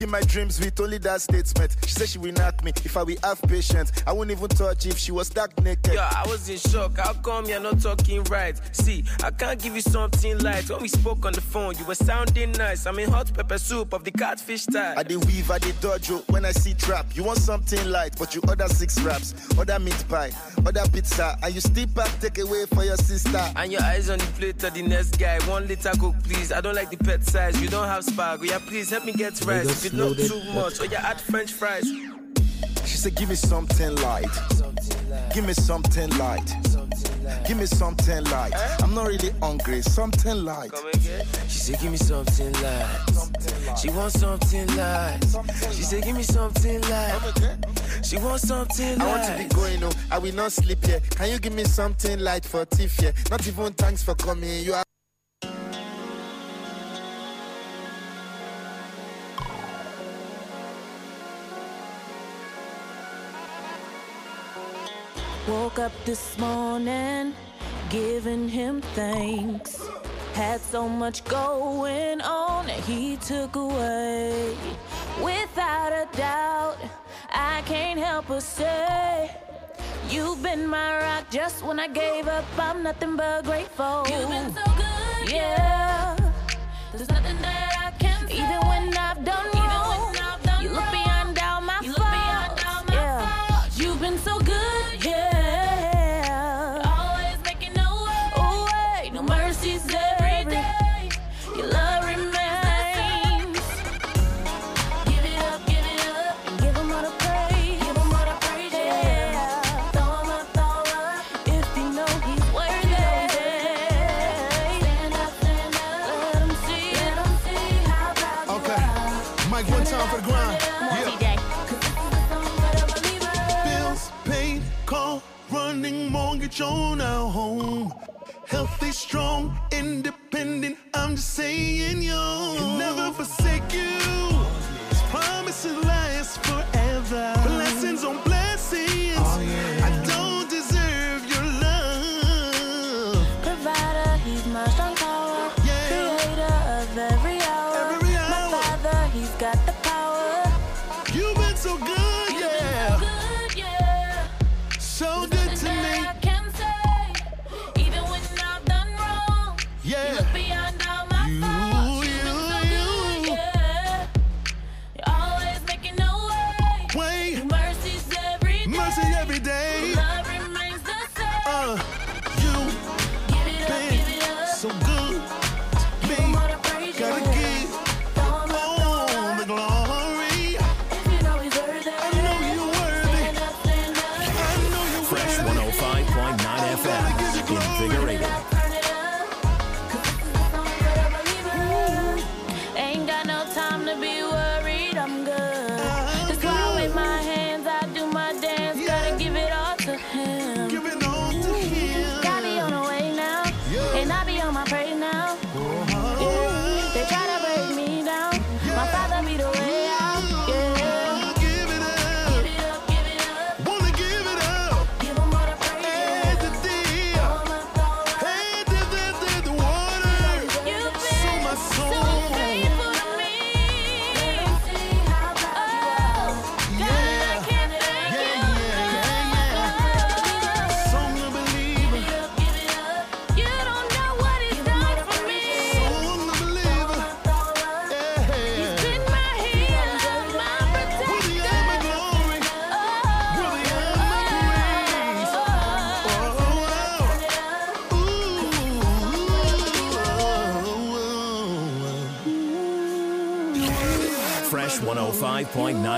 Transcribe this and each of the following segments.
In my dreams with only that statement. She said she will knock me if I will have patience. I won't even touch if she was stuck naked. Yeah, I was in shock. How come you're not talking right? See, I can't give you something light. When we spoke on the phone, you were sounding nice. I'm in hot pepper soup of the catfish type. I did weave, I did dojo oh, when I see trap. You want something light, but you order six wraps, order meat pie, order pizza, and you still pack take away for your sister. And your eyes on the plate of the next guy. One liter coke, please. I don't like the pet size. You don't have spark. Oh, yeah, please help me get rice loaded. too much, or you add French fries. She said, Give me something light. Give me something light. Give me something light. I'm not really hungry. Something light. She said, Give me something light. She wants something light. She said, Give me something light. She wants something light. I want to be going home. Oh, I will not sleep here. Can you give me something light for Tiff here? Not even thanks for coming. You are. Woke up this morning, giving him thanks. Had so much going on that he took away. Without a doubt, I can't help but say, You've been my rock just when I gave up. I'm nothing but grateful. You've been so good, yeah. yeah. There's nothing that I can say. Even when that now home. Healthy, strong, independent, I'm just saying yo. will never forsake you. His promises last forever. Blessings on blessings.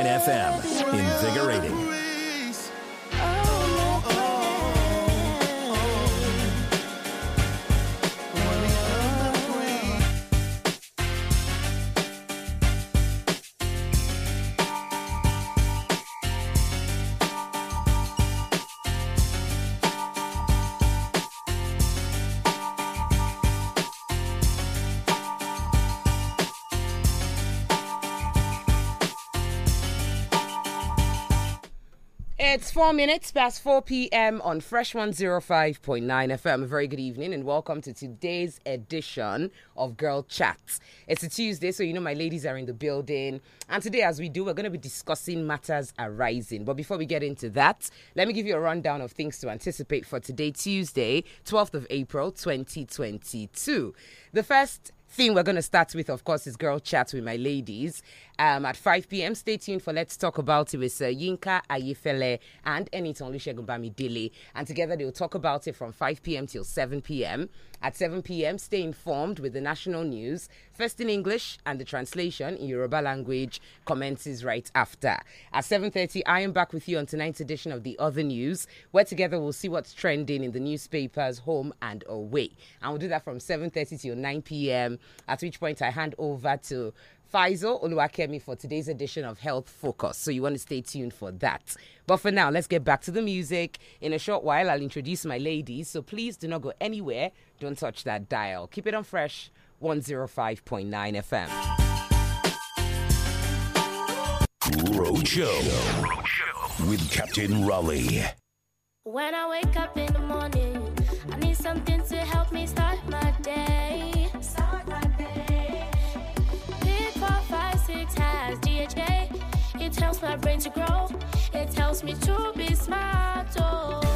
101.9 FM. Invigorating. four minutes past 4 p.m. on Fresh 105.9 FM. A very good evening and welcome to today's edition of Girl Chats. It's a Tuesday, so you know my ladies are in the building. And today, as we do, we're going to be discussing matters arising. But before we get into that, let me give you a rundown of things to anticipate for today, Tuesday, 12th of April, 2022. The first thing we're going to start with, of course, is Girl Chat with my ladies um, at 5 p.m. Stay tuned for Let's Talk About It with Sir uh, Yinka Ayefele and Eniton Gumbami Dili. And together they'll talk about it from 5 p.m. till 7 p.m. At 7 p.m., stay informed with the national news, first in English and the translation in Yoruba language commences right after. At 7.30, I am back with you on tonight's edition of The Other News, where together we'll see what's trending in the newspapers, home and away. And we'll do that from 7.30 till 9 p.m., at which point I hand over to Faisal Oluwakemi for today's edition of Health Focus. So you want to stay tuned for that. But for now, let's get back to the music. In a short while, I'll introduce my ladies. So please do not go anywhere. Don't touch that dial. Keep it on fresh 105.9 FM. Roadshow. Roadshow with Captain Raleigh. When I wake up in the morning, I need something to help me start my day. my brain to grow. It helps me to be smart. Oh.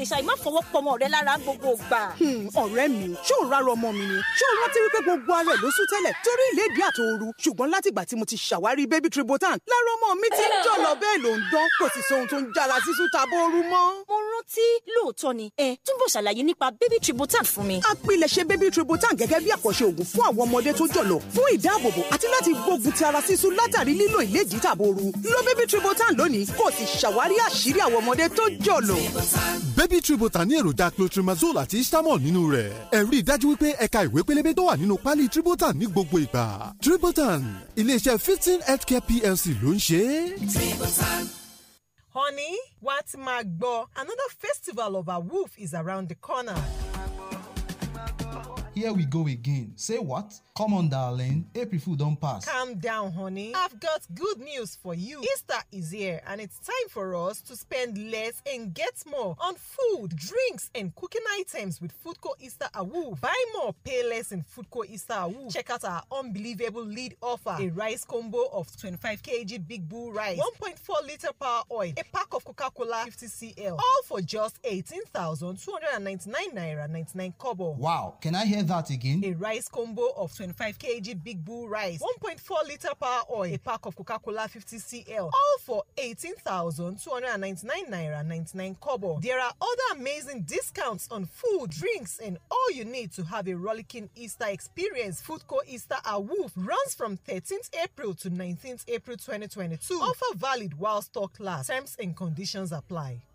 ni ṣáà fọwọ́ pọmọ rẹ lára gbogbo gbà. Hmm, ọ̀rẹ́ mi ṣé ò rárọ ọmọ mi ni ṣé ò rántí wípé gbogbo ara ló sún tẹ́lẹ̀ torí ìlédìí àtòoru ṣùgbọ́n látìgbà tí mo ti ṣàwárí baby tributan lára ọmọ mi ti ń jọ̀lọ̀ bẹ́ẹ̀ ló ń dán kò sì sóhun tó ń jára sísú tabóoru mọ́. mo rántí lóòótọ́ ni ẹ túbọ̀ ṣàlàyé nípa baby tributan fún mi. apilẹ̀ṣẹ̀ baby tributan gẹ́gẹ́ bí àkọ́ṣe òògùn fún àwọn ọmọdé tó jọ̀lọ̀ fún ìdáàbòbò àti láti gbógun ti ara sísú látàrí lílo ìlédìí tàbóoru lo baby tributan lónìí kò sì ṣàwárí àṣírí àwọn ọmọdé tó jọ̀lọ̀ baby tributan ní èròjà clotrimazole àti istamol nínú rẹ̀ ẹ rí i dájú wípé ẹ̀ka ìwé pélébé tó wà nínú pálí tributan ní gbogbo ìgbà tributan iléeṣẹ́ fifteen healthcare plc ló ń ṣe é. honey wá ti máa gbọ́ another festival of awoof is around the corner. Here we go again. Say what? Come on, darling. April Fool don't pass. Calm down, honey. I've got good news for you. Easter is here, and it's time for us to spend less and get more on food, drinks, and cooking items with Foodco Easter Awu. Buy more, pay less in Foodco Easter Awu. Check out our unbelievable lead offer: a rice combo of 25 kg Big Bull rice, 1.4 liter power oil, a pack of Coca-Cola 50 cl, all for just 18,299 naira 99 kobo. Wow! Can I hear? that again? A rice combo of 25 kg Big Bull rice, 1.4 liter power oil, a pack of Coca Cola 50 cl, all for 18,299 naira 99 kobo. There are other amazing discounts on food, drinks, and all you need to have a rollicking Easter experience. Foodco Easter Awoof runs from 13th April to 19th April 2022. Offer valid while stock lasts. Terms and conditions apply.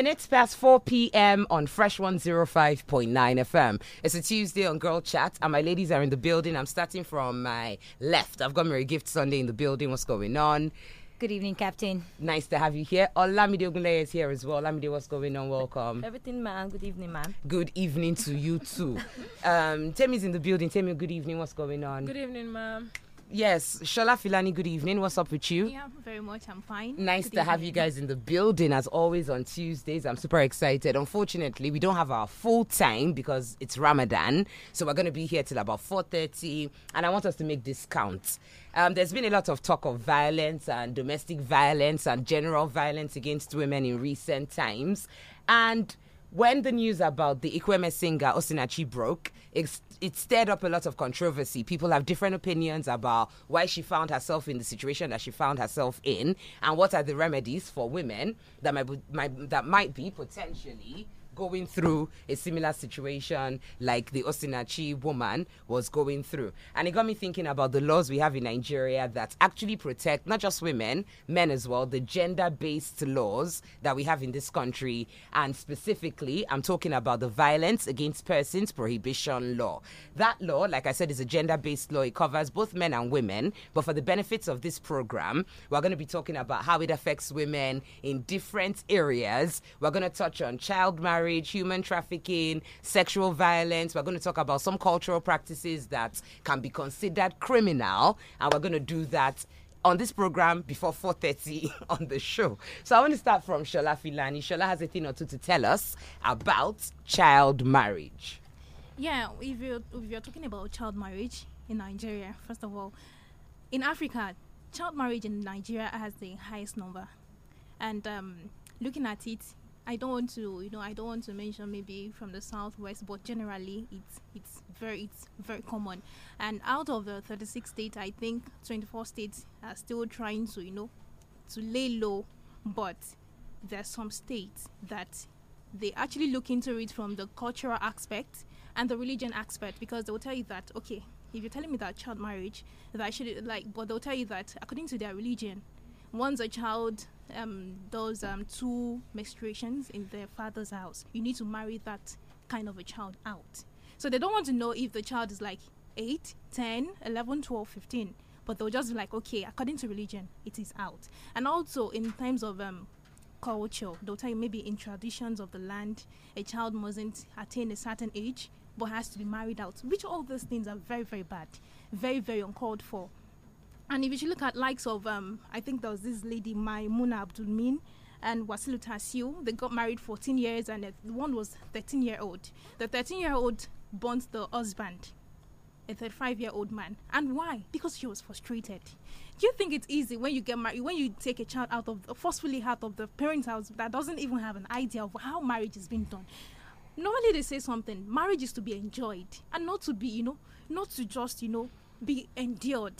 minutes past 4 p.m. on Fresh 105.9 FM. It's a Tuesday on Girl Chat, and my ladies are in the building. I'm starting from my left. I've got Mary Gift Sunday in the building. What's going on? Good evening, Captain. Nice to have you here. Olamide Ogunleye is here as well. Olamide, what's going on? Welcome. Everything, man. Good evening, man. Good evening to you too. um, Temi's in the building. Temi, good evening. What's going on? Good evening, ma'am. Yes, Shola Filani, good evening. What's up with you? Yeah, very much. I'm fine. Nice good to evening. have you guys in the building as always on Tuesdays. I'm super excited. Unfortunately, we don't have our full time because it's Ramadan, so we're going to be here till about 4:30, and I want us to make this count. Um, there's been a lot of talk of violence and domestic violence and general violence against women in recent times, and when the news about the Ikweme singer Osinachi broke, it's it stirred up a lot of controversy. People have different opinions about why she found herself in the situation that she found herself in, and what are the remedies for women that might be, might, that might be potentially going through a similar situation like the Osinachi woman was going through. And it got me thinking about the laws we have in Nigeria that actually protect not just women, men as well, the gender based laws that we have in this country. And specifically, I'm talking about the Violence Against Persons Prohibition Law. That law, like I said, is a gender based law. It covers both men and women. But for the benefits of this program, we're going to be talking about how it affects women in different areas. We're going to touch on child marriage marriage, human trafficking, sexual violence. We're going to talk about some cultural practices that can be considered criminal, and we're going to do that on this program before 4.30 on the show. So I want to start from Shola Filani. Shola has a thing or two to tell us about child marriage. Yeah, if you're, if you're talking about child marriage in Nigeria, first of all, in Africa, child marriage in Nigeria has the highest number. And um, looking at it, I don't want to, you know, I don't want to mention maybe from the southwest, but generally it's it's very it's very common. And out of the 36 states, I think 24 states are still trying to, you know, to lay low, but there's some states that they actually look into it from the cultural aspect and the religion aspect because they will tell you that okay, if you're telling me that child marriage, that I should like, but they'll tell you that according to their religion, once a child um, those um, two menstruations in their father's house, you need to marry that kind of a child out. So they don't want to know if the child is like 8, 10, 11, 12, 15. But they'll just be like, okay, according to religion, it is out. And also, in terms of um, culture, they'll tell you maybe in traditions of the land, a child mustn't attain a certain age but has to be married out, which all those things are very, very bad, very, very uncalled for. And if you look at likes of, um, I think there was this lady, Muna Abdulmin and Wasilu Tasiu, they got married 14 years and the one was 13 year old. The 13 year old burnt the husband, a 35 year old man. And why? Because she was frustrated. Do you think it's easy when you get married, when you take a child out of, forcefully out of the parents' house that doesn't even have an idea of how marriage is being done? Normally they say something, marriage is to be enjoyed and not to be, you know, not to just, you know, be endured.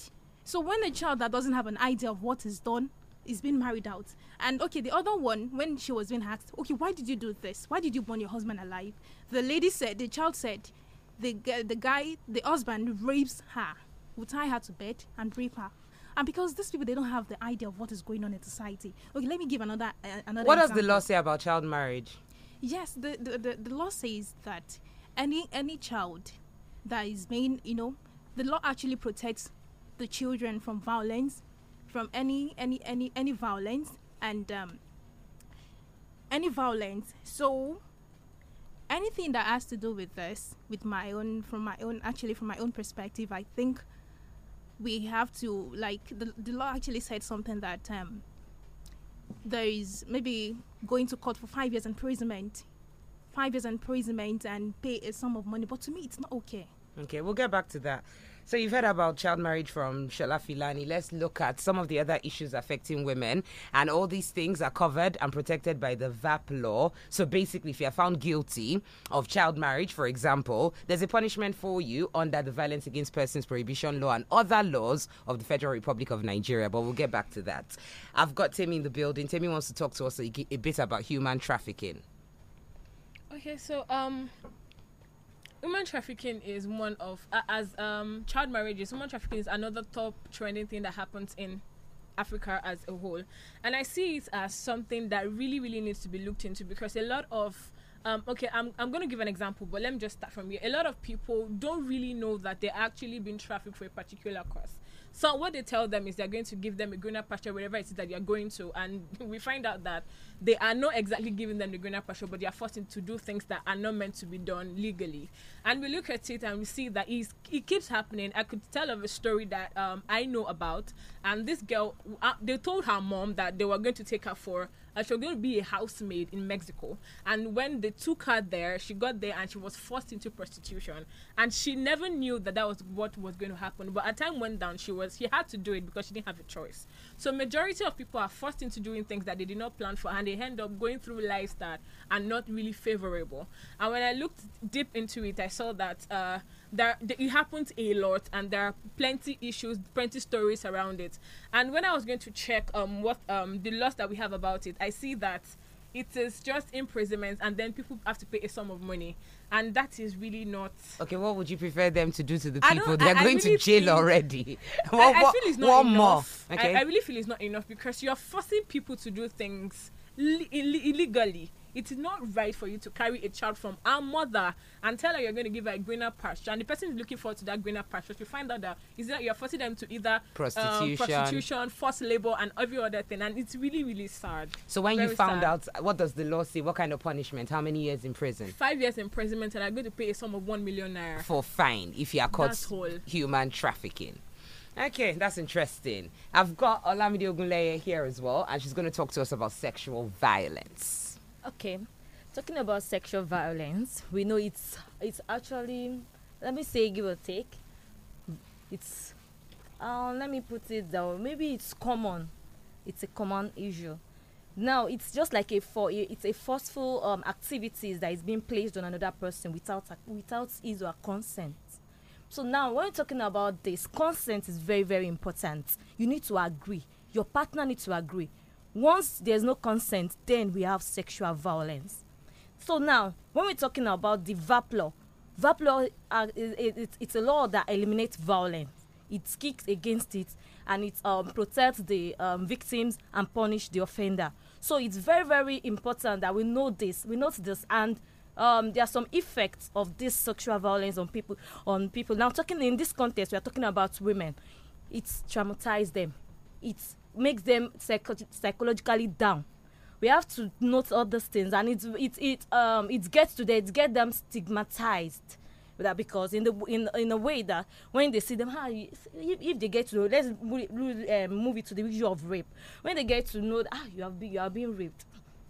So when a child that doesn't have an idea of what is done is being married out, and okay, the other one when she was being asked, okay, why did you do this? Why did you burn your husband alive? The lady said, the child said, the the guy, the husband rapes her, will tie her to bed and rape her. And because these people, they don't have the idea of what is going on in society. Okay, let me give another uh, another. What example. does the law say about child marriage? Yes, the, the, the, the law says that any any child that is being, you know, the law actually protects the children from violence, from any any any any violence and um, any violence. So anything that has to do with this, with my own from my own actually from my own perspective, I think we have to like the, the law actually said something that um, there is maybe going to court for five years imprisonment five years imprisonment and pay a sum of money. But to me, it's not okay. Okay, we'll get back to that. So you've heard about child marriage from Shola Filani. Let's look at some of the other issues affecting women. And all these things are covered and protected by the VAP law. So basically, if you're found guilty of child marriage, for example, there's a punishment for you under the Violence Against Persons Prohibition Law and other laws of the Federal Republic of Nigeria. But we'll get back to that. I've got Timmy in the building. Timmy wants to talk to us a, a bit about human trafficking. Okay, so um, Human trafficking is one of uh, as um, child marriages. Human trafficking is another top trending thing that happens in Africa as a whole, and I see it as something that really, really needs to be looked into because a lot of um, okay, I'm, I'm going to give an example, but let me just start from here. A lot of people don't really know that they're actually being trafficked for a particular cause. So what they tell them is they're going to give them a greener pasture wherever it is that you're going to, and we find out that they are not exactly giving them the greener pasture, but they are forcing to do things that are not meant to be done legally. And we look at it and we see that it keeps happening. I could tell of a story that um, I know about, and this girl, uh, they told her mom that they were going to take her for uh, she was going to be a housemaid in Mexico. And when they took her there, she got there and she was forced into prostitution. And she never knew that that was what was going to happen. But as time went down, she was she had to do it because she didn't have a choice. So majority of people are forced into doing things that they did not plan for, and they end up going through lives that are not really favorable. And when I looked deep into it, I saw that. Uh, it happens a lot and there are plenty issues plenty stories around it and when i was going to check um what um the laws that we have about it i see that it is just imprisonment and then people have to pay a sum of money and that is really not okay what would you prefer them to do to the people they're going really to jail already what, I, I, feel it's not enough more. okay I, I really feel it's not enough because you're forcing people to do things illegally it is not right for you to carry a child from our mother and tell her you're going to give her a greener pasture, and the person is looking forward to that greener pasture. You find out that is that you're forcing them to either um, prostitution, um, prostitution forced labor, and every other thing, and it's really, really sad. So when Very you found sad. out, what does the law say? What kind of punishment? How many years in prison? Five years imprisonment, and I'm going to pay a sum of one million naira for fine if you are caught human trafficking. Okay, that's interesting. I've got Olamide Ogunleye here as well, and she's going to talk to us about sexual violence. Okay, talking about sexual violence, we know it's it's actually let me say give or take. It's uh, let me put it down. Maybe it's common. It's a common issue. Now it's just like a for it's a forceful um, activities that is being placed on another person without without his or consent. So now when we are talking about this, consent is very very important. You need to agree. Your partner needs to agree once there's no consent, then we have sexual violence. So now, when we're talking about the VAP law, VAP law uh, it, it, it's a law that eliminates violence. It kicks against it and it um, protects the um, victims and punish the offender. So it's very, very important that we know this. We note this, and um, there are some effects of this sexual violence on people. On people. Now, talking in this context, we are talking about women. It's traumatized them. It's makes them psycho- psychologically down we have to note all these things and it it it um it gets to them it gets them stigmatized that because in the in in a way that when they see them ah, if, if they get to know let's um, move it to the issue of rape when they get to know that ah, you have been you are being raped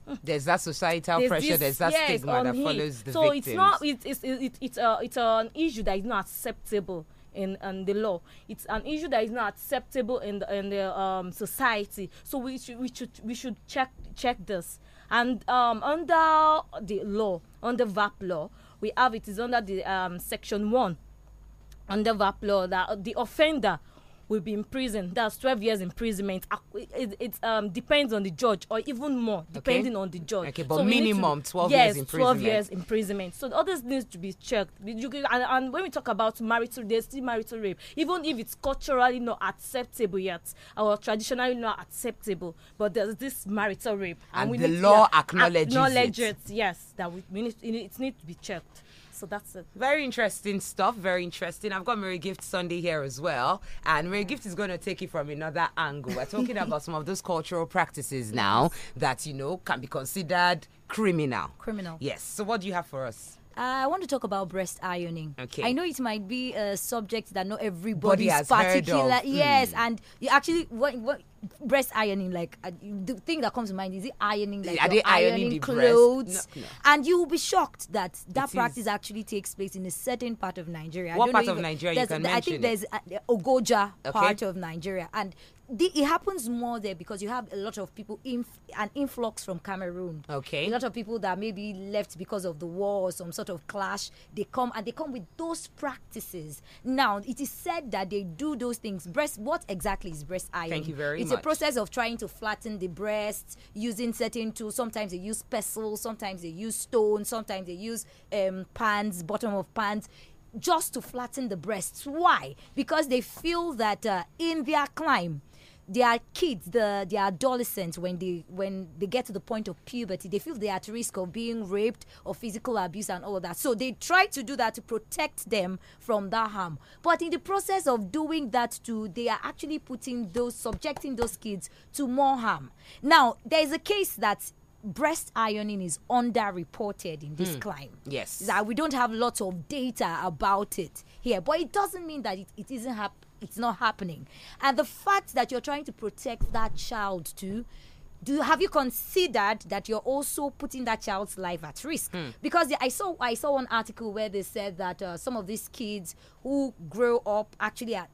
hmm. there's that societal there's pressure this, there's that yes, stigma that him. follows the so victims. it's not it, it's it, it, it's a uh, it's an issue that is not acceptable in, in the law. It's an issue that is not acceptable in the, in the um, society. So we should we should we should check check this. And um, under the law, under VAP law, we have it is under the um, section one under VAP law that the offender will be in prison. That's 12 years imprisonment. It, it um, depends on the judge, or even more, depending okay. on the judge. Okay, but so minimum to, 12 yes, years imprisonment. 12 years imprisonment. So all this needs to be checked. You can, and, and, when we talk about marital, there's still marital rape. Even if it's culturally not acceptable yet, or traditionally not acceptable, but there's this marital rape. And, and the law acknowledges, acknowledges it. Yes, that we, we need, it needs to be checked so that's it. Very interesting stuff. Very interesting. I've got Mary Gift Sunday here as well, and Mary Gift is going to take it from another angle. We're talking about some of those cultural practices now that you know can be considered criminal. Criminal. Yes. So what do you have for us? I want to talk about breast ironing. Okay. I know it might be a subject that not everybody Body particular. Hmm. Yes, mm. and you actually what what breast ironing like uh, the thing that comes to mind is it ironing like Are they ironing, ironing clothes no, no. and you will be shocked that that it practice is. actually takes place in a certain part of Nigeria. What part of Nigeria you can I mention? I think there's a, Ogoja okay. part of Nigeria and it happens more there because you have a lot of people in an influx from Cameroon. Okay. A lot of people that maybe left because of the war or some sort of clash, they come and they come with those practices. Now, it is said that they do those things. Breast, what exactly is breast iron? Thank you very it's much. It's a process of trying to flatten the breast using certain tools. Sometimes they use pestles, sometimes they use stone, sometimes they use um, pans, bottom of pans just to flatten the breasts. Why? Because they feel that uh, in their climb, they are kids, the they are adolescents when they when they get to the point of puberty, they feel they're at risk of being raped or physical abuse and all that. So they try to do that to protect them from that harm. But in the process of doing that too, they are actually putting those subjecting those kids to more harm. Now, there is a case that breast ironing is underreported in this mm. climb. Yes. That we don't have lots of data about it here, but it doesn't mean that it, it isn't happening it's not happening. And the fact that you're trying to protect that child too, do you have you considered that you're also putting that child's life at risk? Mm. Because the, I saw I saw one article where they said that uh, some of these kids who grow up actually are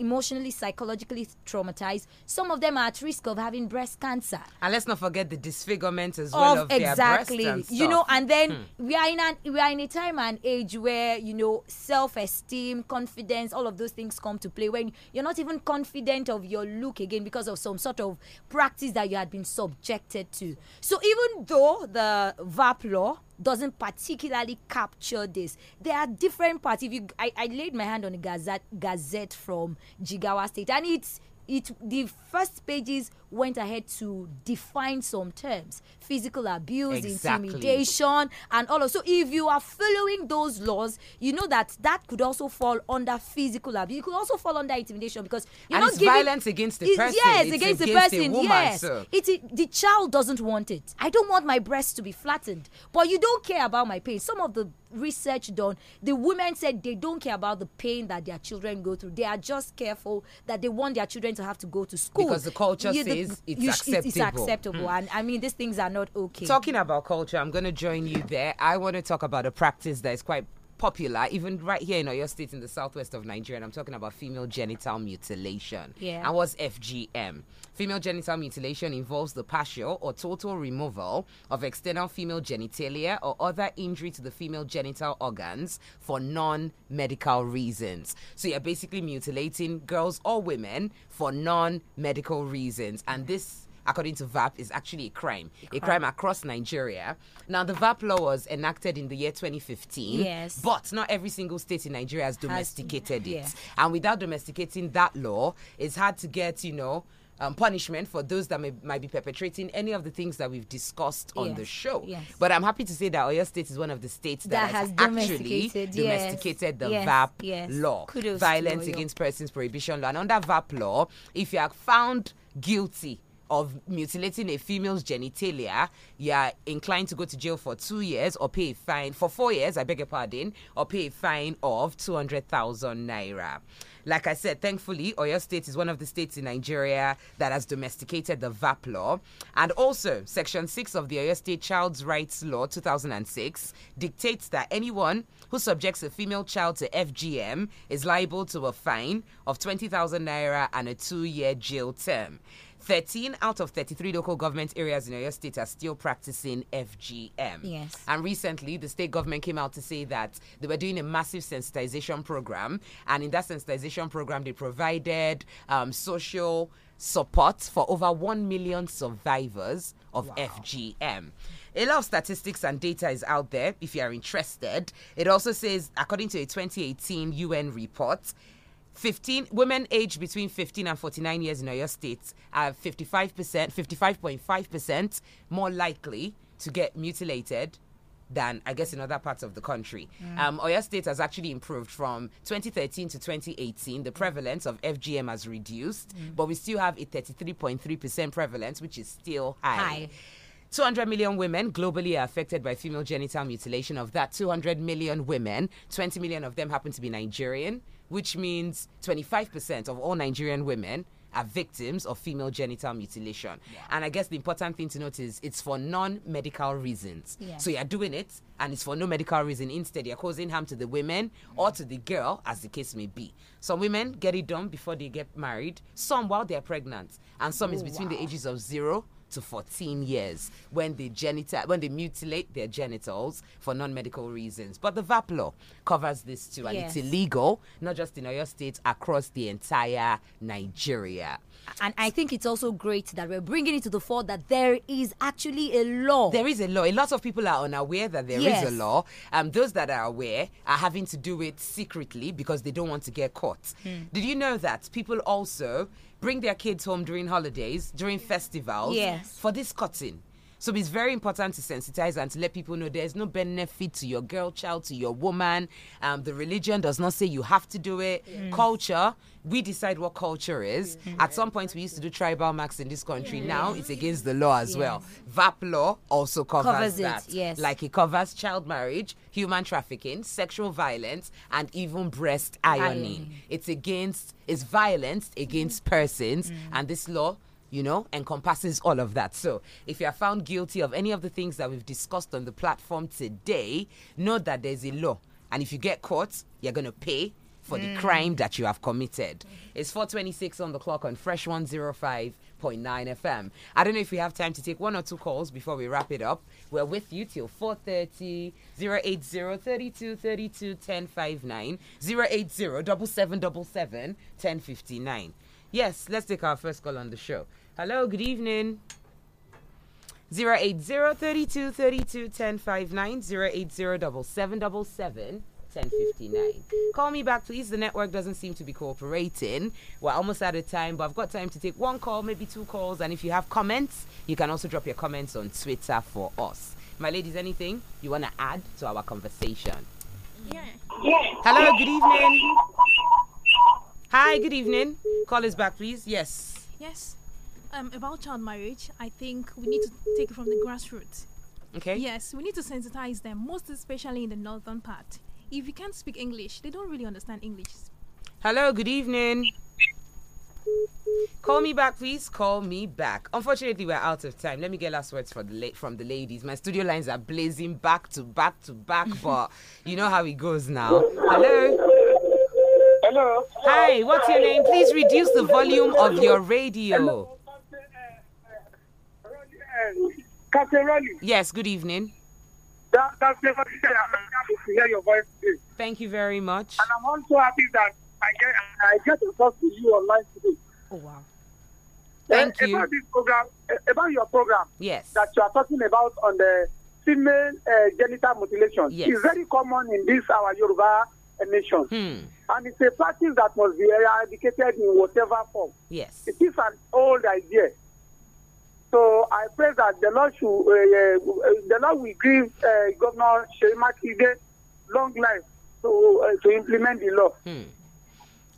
emotionally, psychologically traumatized. Some of them are at risk of having breast cancer. And let's not forget the disfigurement as well of, of exactly. You know, and then hmm. we are in an we are in a time and age where you know self-esteem, confidence, all of those things come to play when you're not even confident of your look again because of some sort of practice that you had been subjected to. So even though the VAP law doesn't particularly capture this. There are different parts. If you, I, I laid my hand on a gazette, gazette from Jigawa State, and it's it the first pages went ahead to define some terms physical abuse, exactly. intimidation, and all of so if you are following those laws, you know that that could also fall under physical abuse. You could also fall under intimidation because you're not giving, violence against the person. Yes, it's against, against, the person. Woman, yes, it, it, the child doesn't want it. I don't want my breasts to be flattened, but you don't care about my pain. Some of the research done, the women said they don't care about the pain that their children go through. They are just careful that they want their children to have to go to school because the culture says is it's sh- acceptable. It's acceptable, mm. and I mean these things are not okay. Talking about culture, I'm going to join you there. I want to talk about a practice that is quite popular, even right here in our State in the southwest of Nigeria. And I'm talking about female genital mutilation. Yeah. And what's FGM? Female genital mutilation involves the partial or total removal of external female genitalia or other injury to the female genital organs for non medical reasons. So you're basically mutilating girls or women for non medical reasons. And this according to VAP, is actually a crime, a crime, a crime across Nigeria. Now, the VAP law was enacted in the year 2015. Yes. But not every single state in Nigeria has domesticated has, yeah. it. And without domesticating that law, it's hard to get, you know, um, punishment for those that may, might be perpetrating any of the things that we've discussed on yes. the show. Yes. But I'm happy to say that Oyo State is one of the states that, that has, has domesticated, actually yes. domesticated the VAP law, Kudos Violence Against Persons Prohibition Law. And under VAP law, if you are found guilty of mutilating a female's genitalia, you are inclined to go to jail for two years or pay a fine for four years, I beg your pardon, or pay a fine of 200,000 naira. Like I said, thankfully, Oyo State is one of the states in Nigeria that has domesticated the VAP law. And also, Section 6 of the Oyo State Child's Rights Law 2006 dictates that anyone who subjects a female child to FGM is liable to a fine of 20,000 naira and a two year jail term. 13 out of 33 local government areas in your State are still practicing FGM. Yes. And recently, the state government came out to say that they were doing a massive sensitization program. And in that sensitization program, they provided um, social support for over 1 million survivors of wow. FGM. A lot of statistics and data is out there if you are interested. It also says, according to a 2018 UN report, 15 women aged between 15 and 49 years in Oyo State are 55%, 55.5% more likely to get mutilated than I guess in other parts of the country. Mm. Um, Oyo State has actually improved from 2013 to 2018. The prevalence of FGM has reduced, mm. but we still have a 33.3% prevalence, which is still high. high. 200 million women globally are affected by female genital mutilation. Of that, 200 million women, 20 million of them happen to be Nigerian which means 25% of all Nigerian women are victims of female genital mutilation. Yeah. And I guess the important thing to note is it's for non medical reasons. So you're doing it and it's for no medical reason. Instead, you're causing harm to the women or to the girl, as the case may be. Some women get it done before they get married, some while they're pregnant, and some is between wow. the ages of zero to 14 years when they genital when they mutilate their genitals for non-medical reasons. But the VAP law covers this too, and yes. it's illegal not just in Oyo State across the entire Nigeria. And I think it's also great that we're bringing it to the fore that there is actually a law. There is a law. A lot of people are unaware that there yes. is a law. Um, those that are aware are having to do it secretly because they don't want to get caught. Hmm. Did you know that people also bring their kids home during holidays, during festivals yes. for this cutting. So it's very important to sensitize and to let people know there's no benefit to your girl child, to your woman. Um, the religion does not say you have to do it. Mm. Culture, we decide what culture is. Mm-hmm. At some point, we used to do tribal marks in this country. Mm-hmm. Now it's against the law as well. VAP law also covers, covers that. yes. Like it covers child marriage, human trafficking, sexual violence, and even breast ironing. It's against, it's violence against mm. persons, mm. and this law you know, encompasses all of that. So, if you are found guilty of any of the things that we've discussed on the platform today, know that there's a law. And if you get caught, you're going to pay for mm. the crime that you have committed. It's 426 on the clock on Fresh 105.9 FM. I don't know if we have time to take one or two calls before we wrap it up. We're with you till 430 080 32 32 1059 080 1059. Yes, let's take our first call on the show. Hello, good evening. 080-3232-1059, 1059 Call me back, please. The network doesn't seem to be cooperating. We're almost out of time, but I've got time to take one call, maybe two calls. And if you have comments, you can also drop your comments on Twitter for us. My ladies, anything you want to add to our conversation? Yeah. yeah. Hello, good evening. Hi, good evening. Call us back, please. Yes. Yes. Um, about child marriage, I think we need to take it from the grassroots. Okay. Yes, we need to sensitize them, most especially in the northern part. If you can't speak English, they don't really understand English. Hello, good evening. Call me back, please. Call me back. Unfortunately, we're out of time. Let me get last words the from the ladies. My studio lines are blazing back to back to back, but you know how it goes now. Hello. Hello. Hi. What's your name? Please reduce the volume of your radio. Captain Yes, good evening. That, that's I'm happy to hear your voice today. Thank you very much. And I'm also happy that I get I get to talk to you online today. Oh wow. Eh, Thank uh, you. About this program, uh, about your program, yes, that you are talking about on the female uh, genital mutilation, yes. is very common in this our Yoruba nation, hmm. and it's a practice that must be eradicated in whatever form. Yes, it is an old idea. So I pray that the Lord should, uh, uh, uh the Lord will give uh, Governor Shema Kide long life to to implement the law. Hmm.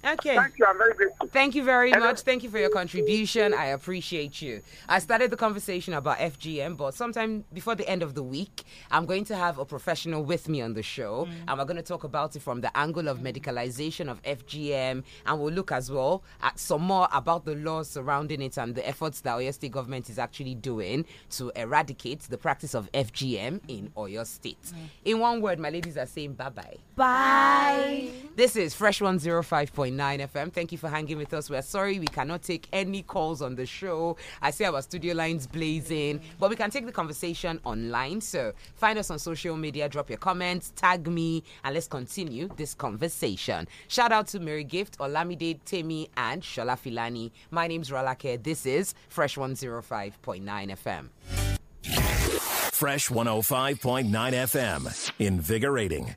Okay. Thank you. I'm very grateful. Thank you very much. Thank you for your contribution. I appreciate you. I started the conversation about FGM, but sometime before the end of the week, I'm going to have a professional with me on the show, mm. and we're going to talk about it from the angle of medicalization of FGM, and we'll look as well at some more about the laws surrounding it and the efforts that Oyo State government is actually doing to eradicate the practice of FGM in Oyo State. Mm. In one word, my ladies are saying bye bye. Bye. This is Fresh 105. Nine FM. Thank you for hanging with us. We're sorry we cannot take any calls on the show. I see our studio lines blazing, but we can take the conversation online. So find us on social media, drop your comments, tag me, and let's continue this conversation. Shout out to Mary Gift, Olamide, Temi, and Shola Filani. My name's Rolake. This is Fresh 105.9 FM. Fresh 105.9 FM. Invigorating.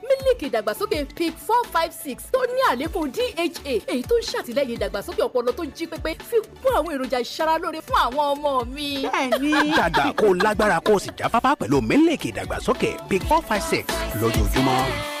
mílìkì ìdàgbàsókè pic four five six tó ní àlékún dha èyí tó ń ṣàtìlẹ́yìn ìdàgbàsókè ọpọlọ tó jí pépé fi kún àwọn èròjà ìṣaralóore fún àwọn ọmọ mi. bẹ́ẹ̀ni. dàgbà kó lágbára kó o sì jáfáfá pẹ̀lú mílìkì ìdàgbàsókè pic four five six lójoojúmọ́.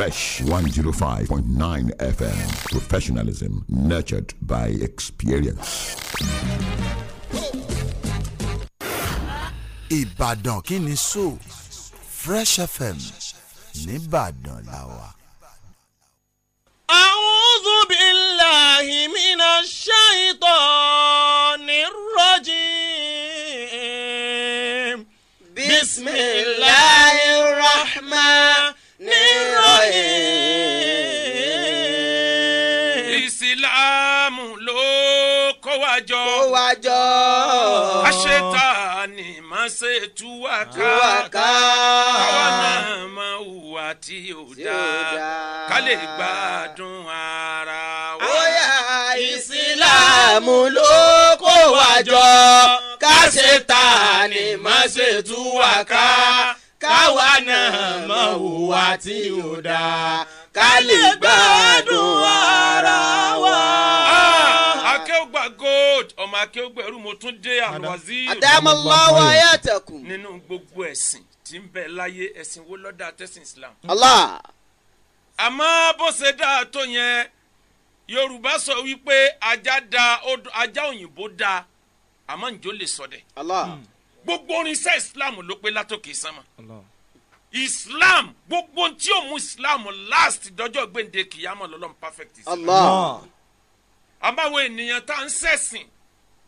Fresh 105.9 FM. Professionalism nurtured by experience. Ìbàdàn kini so Fresh FM nìbàdàn làwà. A'udhu billahi minash shaitanir rajim. Bismillahir rahman. Isilamu ìsìláàmù ló kó wa jọ. kó wa jọ. aṣetani má ṣe tú wa ká. tú wa ká. àwa náà máa hùwà tí ò dáa. ká lè gbádùn ara wa. ó yá ló kó wa jọ. ká ṣe tani má ṣe tú ká. wa na mọ hùwà tí ò dáa ká lè gbádùn ara wa. Ah, gold ọmọ akéwògbà ẹrú mo tún dé àlùwàzí. àdámọ́láwọ̀ ayé àtẹ̀kùn. nínú gbogbo ẹ̀sìn tí ń bẹ láyé ẹ̀sìn wo lọ́dà tẹ̀sìn Islam. Allah. àmọ́ bó ṣe tó yẹn yorùbá sọ wípé ajá da ajá òyìnbó da àmọ́ njó lè sọ hmm. gbogbo orin sẹ́ Islam ló pé látòkè sánmà. islam gbogbo tí o mú islam last dọjọ́ gbèǹde kìyàmọ̀ lọ́lọ́run perfect islam. Allah. àbáwo ènìyàn tá à ń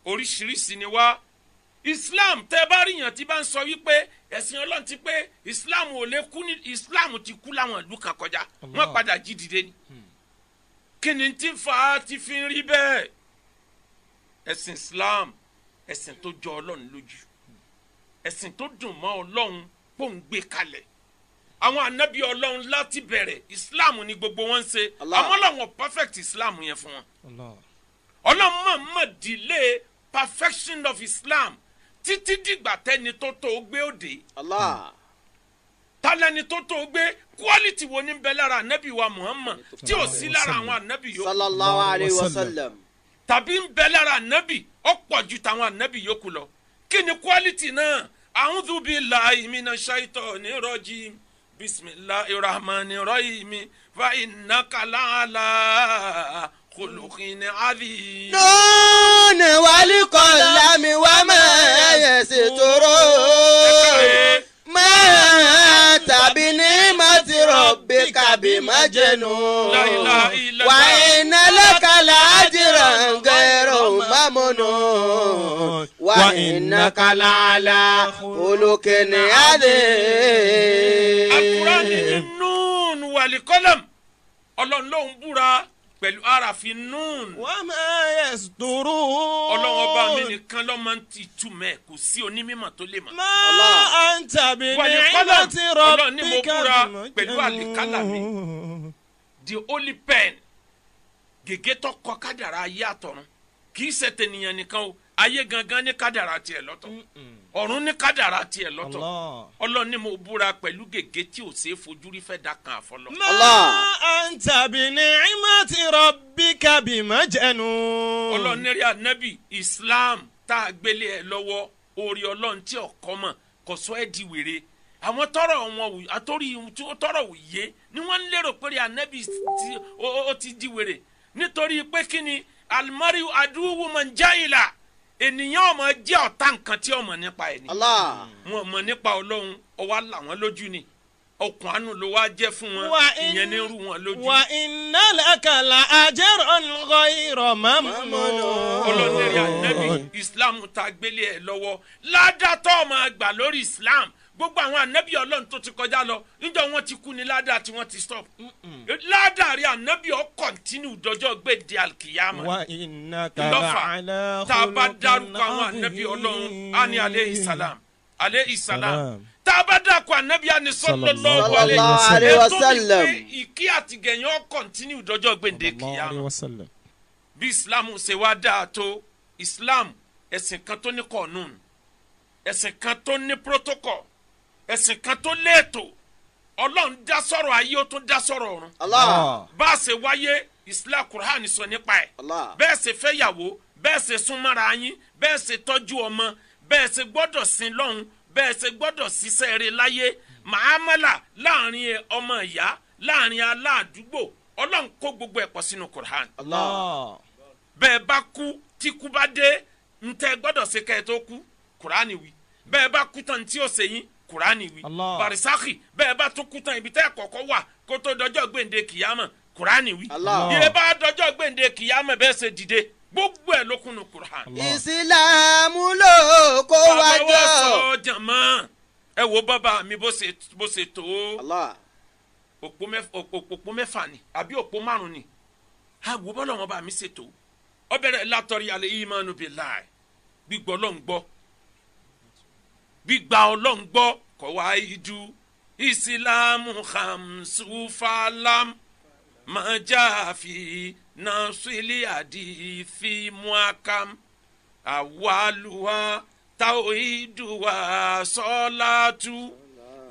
oríṣiríṣi ni wá islam tẹ bá rí yàn tí bá ń sọ wípé ẹ̀sìn ọlọ́run ti pé islam ò lè kú ní islam ti kú láwọn ìlú kan kọjá wọ́n padà jí dìde ni. Hmm. kí ni tí fa ti fi rí bẹ́ẹ̀ ẹ̀sìn islam ẹ̀sìn tó jọ ọlọ́run lójú ẹ̀sìn tó dùn mọ́ ọlọ́run pòun gbé àwọn anabi ọlọ́run láti bẹ̀rẹ̀ islam ni gbogbo wọn ń ṣe àmọ́ làwọn perfect islam yẹn fún wọn ọlọ́run mọ̀ mọ̀ delay perfection of islam títí dìgbà tẹ́ni tó tó gbé òde talẹni tó tó gbé quality wo ni bẹ lára anabi wa muhammad tí ò sí lára àwọn anabi yòókù sallallahu alayhi wa sallam tàbí ń bẹ lára anabi ó pọ̀ ju tàwọn anabi yòókù lọ kí ni quality náà a'udhu billahi minash shaitani rajim bisimilahi rahmani rahimi fa innaka laala kulukin adi. nọ́ọ̀nì wálé kan lámì wá máa yẹ sí tóró máa tàbí ní mọ́tì rọ̀bì kàbí mamunu wa innaka la'ala khuluqin adhim. akurani nun walikolam ọlọ́run ló ń búra pẹ̀lú arafi nun. wà á máa yẹ sùtúrù. ọlọ́run ọba mi nìkan ló máa ń ti tú mẹ́ kò sí onímọ̀ tó lè mọ̀. máa à ń tàbí ní ìmọ̀ tí rọ́bì kan. ọlọ́run ni mo búra pẹ̀lú àlìkálà mi the holy pen gègé tó kọ kádàrá ayé àtọ̀run kì í ṣètènìyàn nìkan o ayé gangan ní kádàrá tiẹ̀ lọ́tọ̀ ọ̀run ní kádàrá tiẹ̀ lọ́tọ̀ ọlọ́run ni mo búra pẹ̀lú gègé tí ò ṣeé fojú rí fẹ́ da kan àfọlọ. ma anta bi ni'mati rabbika bi majnun. ọlọ́run ní rí anabi islam tá a gbélé ẹ lọ́wọ́ orí ọlọ́run tí ọkọ mọ̀ kò sọ ẹ́ di wèrè àwọn tọrọ wọn àtọrí tí ó tọrọ òye ni wọn lérò pé anabi ti di wèrè nítorí pé kí ni alimari aduwu man jaila ènìyàn ọmọ jẹ́ ọ̀tá nǹkan tí ọmọ nípa ẹ̀ wọn mọ̀ nípa ọlọ́run ọwọ́ là wọ́n lójú ni ọkùn àánú ló wá jẹ́ fún wọn ìyẹn ní rú wọn lójú. wà iná lẹ́kàlà àjẹrò ńlọ ìrọ̀ mọ́mọ́. ọlọ́nẹ́rì ànábì islam ta gbélé ẹ̀ lọ́wọ́ ládàtọ̀ ọmọ àgbà lórí islam gbogbo àwọn ànábì ọlọ́run tó ti kọjá lọ níjọ wọn ti kú ni ládàá tí wọ́n ti stop ládàá rí ọ kọ̀ntínú dọjọ́ gbèdé alkiyama lọ́fà tá a bá dárúkọ àwọn ànábì ọlọ́run á aleyhi salam aleyhi salam tá a bá dárúkọ ànábì á ní sallallahu aleyhi wasallam ètò ìkí àtìgẹ̀yìn ọ kọ̀ntínú dọjọ́ gbèdé kiyama bí islam ṣe wá dáa tó islam ẹ̀sìn kan tó ní kọ̀ọ̀nù ẹ̀sìn kan tó ní protocol ẹ̀sìn kan tó léètò ọlọ́run dá sọ̀rọ̀ ayé ó tún dá sọ̀rọ̀ ọ̀run. bá a ṣe wáyé islam quran sọ nípa ẹ̀ bẹ́ẹ̀ ṣe fẹ́ yàwó bẹ́ẹ̀ ṣe súnmọ́ra yín bẹ́ẹ̀ ṣe tọ́jú ọmọ bẹ́ẹ̀ ṣe gbọ́dọ̀ sin lọ́hùn bẹ́ẹ̀ ṣe gbọ́dọ̀ ṣiṣẹ́ rẹ̀ láyé màámálà láàrin ọmọ ìyá láàrin aládùúgbò ọlọ́run kó gbogbo ẹ̀ pọ̀ sínú quran. bẹ́ẹ̀ bá kú tí kú bá dé ntẹ́ gbọ́dọ̀ ṣe kẹ́ tó kú quran wí bẹ́ẹ̀ bá kú tán tí ó ṣe yín kùránì wí barisaki bẹ́ẹ̀ bá tún kú tán ibi tẹ́ kọ́kọ́ wà kó tó dọjọ́ gbèǹde kìyàmọ̀ kùránì wí ìyẹ bá dọjọ́ gbèǹde kìyàmọ̀ bẹ́ẹ̀ ṣe dìde gbogbo ẹ̀ ló kúnnu kùránì. ìsìlámù ló kó wá jọ. bàbá wa sọ jàmọ́ ẹ wo bàbá mi bó ṣe tó òpó mẹ́fà ni àbí òpó márùn-ún ni àwòbọ́lọ́wọ́n bá mi ṣètò ọbẹ̀rẹ̀ látọ̀rí alẹ́ ìmánu bíi láì gbígbọ́ lọ́n gbígba ọlọ́run gbọ́ kọ́ wá ijú ìsìlámù hamsufalam majafi nasili adifi muakam awaluwa tauhiduwa sọlatu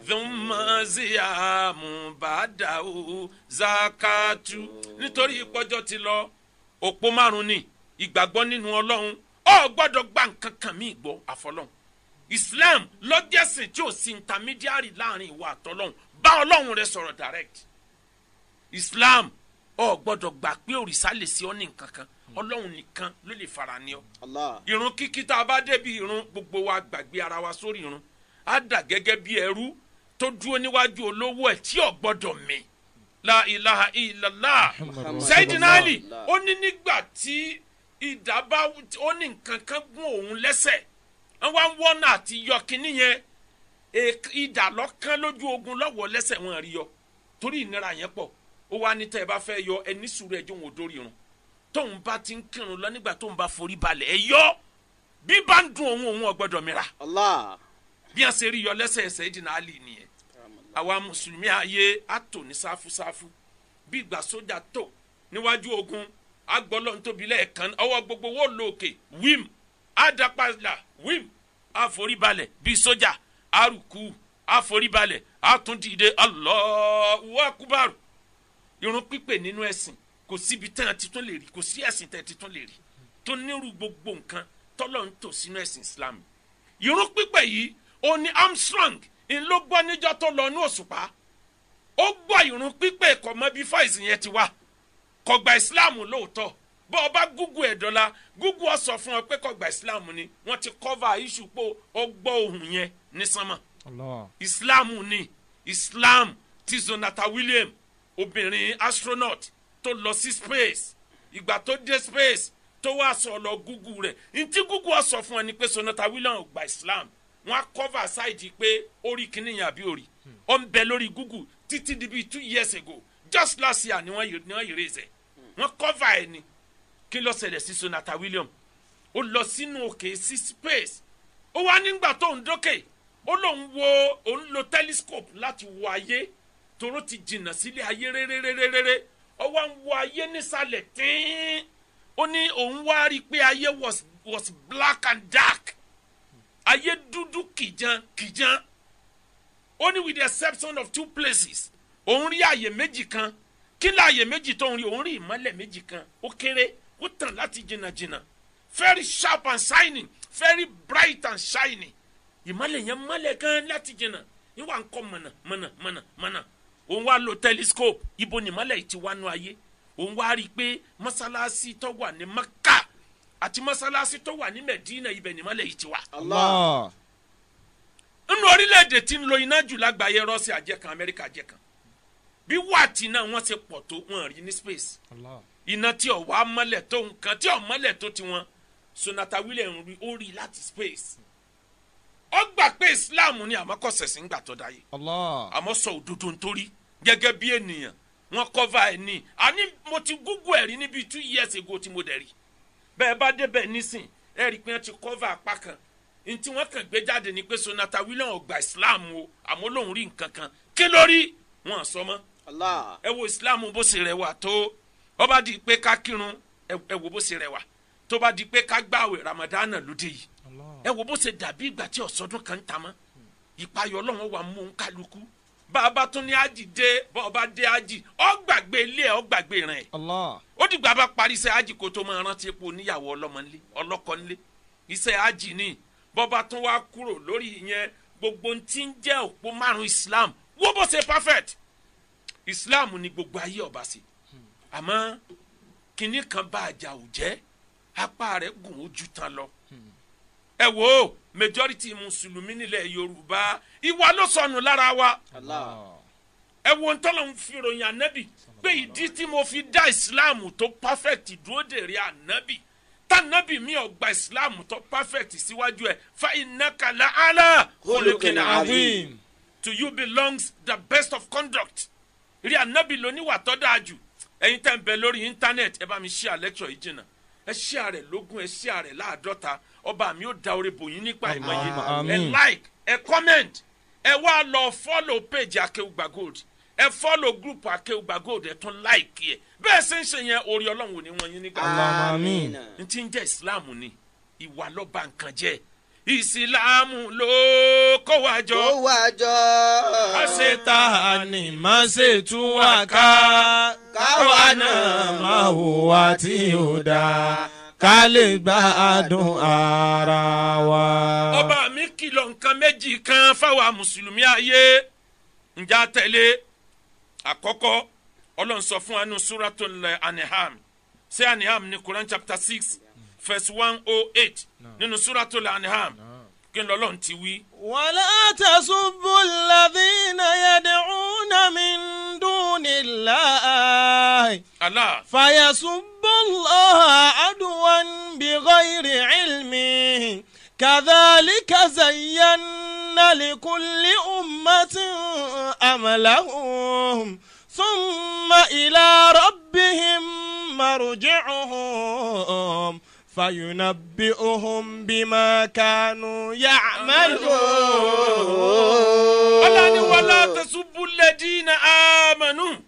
dhumaziamu badau zakatu nítorí ìpọ́jọ́ ti lọ òpó márùn-ún ni ìgbàgbọ́ nínú ọlọ́run ò gbọ́dọ̀ gba nǹkan kan mí gbọ́ àfọlọ́run islam lọ́jẹ̀sìn tí ò sí intermediary láàrin ìwà àtọ́lọ́hún bá ọlọ́run rẹ sọ̀rọ̀ direct islam ọ gbọ́dọ̀ gbà pé òrìṣà lè ṣe ọ́ ní nǹkan kan ọlọ́run nìkan ló lè fara ní ọ. irun kíkí tá a bá débi irun gbogbo wa gbàgbé ara wa sórí irun á dà gẹ́gẹ́ bí ẹrú tó dúró níwájú olówó ẹ̀ tí ò gbọ́dọ̀ mì la ilaha illallah Sayyidina Ali ó ní nígbà tí ìdá bá ó ní nǹkan kan gún òun lẹ́sẹ̀ wá ń wọ́nà àti yọ kínní yẹn ogun lọ́wọ́ lẹ́sẹ̀ wọn rí yọ torí ìnira yẹn pọ̀ ó wá ní tẹ́ yọ ẹni sùúrù ẹjọ́ wọn ò dórí irun ti ń kírun lọ nígbà tóun bá forí balẹ̀ ẹ yọ bí bá ń dun òun òun ò mìíràn bí wọn ṣe rí yọ lẹ́sẹ̀ ẹsẹ̀ ìdìnnà àlì nìyẹn àwa mùsùlùmí ayé ogun lẹ́ẹ̀kan ọwọ́ gbogbo wíìmù adapadà wim aforibalè bi soja aruku aforibalè àtúndìde Allahu irun pípé nínú ẹ̀sìn kò síbi tán àti titun lè rí kò sí ẹ̀sìn tán àti tún lè rí tó nírú gbogbo nǹkan tọlọ ń tò sínú Islam irun pípé yìí o ní Armstrong ń ló gbọ́ níjọ́ tó lọ ní òṣùpá ó gbọ́ irun pípé kò mọ bí fáìsì yẹn ti wá gba Islam lóòótọ́ bọ́ ọ bá gúgù ẹ̀ dọ́la gúgù ọ sọ fún ọ pé kó gba islam ni wọ́n ti cover issue pé ó gbọ́ ohùn yẹn ní sánmà. islam ni islam ti zonata william obìnrin astronaut tó lọ sí space ìgbà tó dé space tó wá sọ lọ Google. rẹ̀ ntí gúgù ọ sọ fún ọ ni pé zonata william ò gba islam wọ́n á cover side pé orí kìíní yẹn àbí orí ọ ń bẹ lórí gúgù títí di bíi two years ago just last year ni wọ́n yìí raise ẹ̀ wọ́n cover ẹ̀ ni kí ló ṣẹlẹ̀ sí Sonata Williams ó lọ sínú òkè sí space ó wá nígbà tó ń dókè ó lóun wo òun lo telescope láti wo ayé toró ti jìnnà sílé ayé réréréréré ó wá ń was was black and dark ayé dúdú kìjan kìjan ó with the exception of two places òun rí àyè méjì kan kí ni àyè méjì tó ó tàn láti jìnnàjìnnà very sharp and shining very bright and shiny. ìmọ̀lẹ̀ yẹn mọ̀lẹ̀ gan láti jìnnà ní wà ń kọ́ mọ̀nà mọ̀nà mọ̀nà mọ̀nà òun wá lo telescope ibo ni ìmọ̀lẹ̀ yìí ti wá nu ayé òun wá rí i pé mọ́sálásí tó wà ní Maka àti mọ́sálásí tó wà ní Medina ibẹ̀ ni ìmọ̀lẹ̀ yìí ti wá. Allah nínú orílẹ̀-èdè tí ń lo iná jù lágbàáyé Russia jẹ́ kan Amẹ́ríkà jẹ́ bí wáàtí náà wọ́n ṣe pọ̀ tó wọ́n rí ní space. Allah iná tí ọ̀wá mọ́lẹ̀ tó nǹkan tí ọ̀mọ́lẹ̀ tó tiwọn Sonata Williams rí ó rí láti space ó gbà pé Islam ni àmọ́ kò ṣẹ̀sìn gbà tó dáyé Allah àmọ́ sọ òdodo nítorí gẹ́gẹ́ bí ènìyàn wọ́n cover ẹ̀ ní àní mo ti google ẹ̀rí níbi two years ago tí mo dẹ̀ rí bẹ́ẹ̀ bá débẹ̀ nísìn ẹ̀ rí pé wọ́n ti cover apá kan ntí wọ́n kàn gbé jáde ni pé Sonata Williams ọgbà Islam o àmọ́ lòun rí nǹkan kan kí lórí wọn sọ mọ́ ẹ wo Islam bó ṣe rẹwà tó ó bá di pé ká kírun ẹ wò bó ṣe rẹwà tó bá di pé ká gbààwẹ̀ ramadana lóde yìí ẹ wò bó ṣe dàbí ìgbà tí ọ̀sọ́dún kan ń ta mọ́ ìpayọ̀ ọlọ́run wà mú un kálukú bá a bá tún ní ájì dé bá a bá dé ájì ọ gbàgbé ilé ẹ ọ gbàgbé rẹ ó dìgbà bá parí iṣẹ́ ájì kó tó máa rántí epo níyàwó ọlọ́mọ nílé ọlọ́kọ nílé iṣẹ́ ájì ni bọ́ba tún wá kúrò lórí ìyẹn gbogbo tí ń jẹ́ òpó márùn Islam wo bó ṣe perfect Islam ni gbogbo ayé ọba sí àmọ́ kinní kan bá àjà ò apá rẹ̀ gùn ojú tán lọ. Hmm. ẹ wo majority mùsùlùmí nílẹ̀ yorùbá ìwà ló sọnù lára wa. ẹ wo ntọ́lọ̀ ń fi ròyìn ànábì pé ìdí tí mo fi dá ìsìláàmù tó perfect dúró dèrè ànábì tànàbì mi ò gba ìsìláàmù tó perfect síwájú ẹ̀ fa innaka la ala khuluqin azim to you belongs the best of conduct rí ànábì lóníwà tó dáa jù ẹ̀yin tẹ́ ń bẹ lórí íńtánẹ́ẹ̀tì ẹ bá mi ṣí àlẹ́kṣọ̀ yìí jìnnà ẹ ṣí àrẹ̀ lógún ẹ ṣí àrẹ̀ láàdọ́ta ọba mi ó da orí bò nípa ìmọ̀ yìí ẹ like ẹ comment ẹ wá lọ follow page akéwùgbà gold ẹ follow group akéwùgbà gold ẹ tún like yẹ bẹ́ẹ̀ ṣe ń ṣe yẹn orí ọlọ́run ò ní wọ́n yín nígbà. àmín. n ti ń jẹ́ ìsìláàmù ni ìwà lọ́ba nǹkan jẹ́ ìsìláàmù ló kó wa jọ. kó wa jọ. a ṣe ta ni má ṣe tú wa ká. káwa náà máa hùwà tí ò dáa ká lè gbádùn ara wa. ọba mi kìlọ̀ nǹkan méjì kan fáwa mùsùlùmí ayé ǹjẹ́ àtẹ̀lé àkọ́kọ́ ọlọ́run sọ fún wa suratul aniham sí aniham ní Quran chapter six verse 108 nínú suratul anham kin lo lohun ti wí. wàlá tasubbu alladhina yad'una min dunillahi. ala fayasubbu Allah adwan bighayri ilmi. كذلك زينا لكل أمة أملهم ثم إلى ربهم مرجعهم fayunabbi'uhum bima kanu ya'malun. Allah ni wala tasubbu alladhina amanu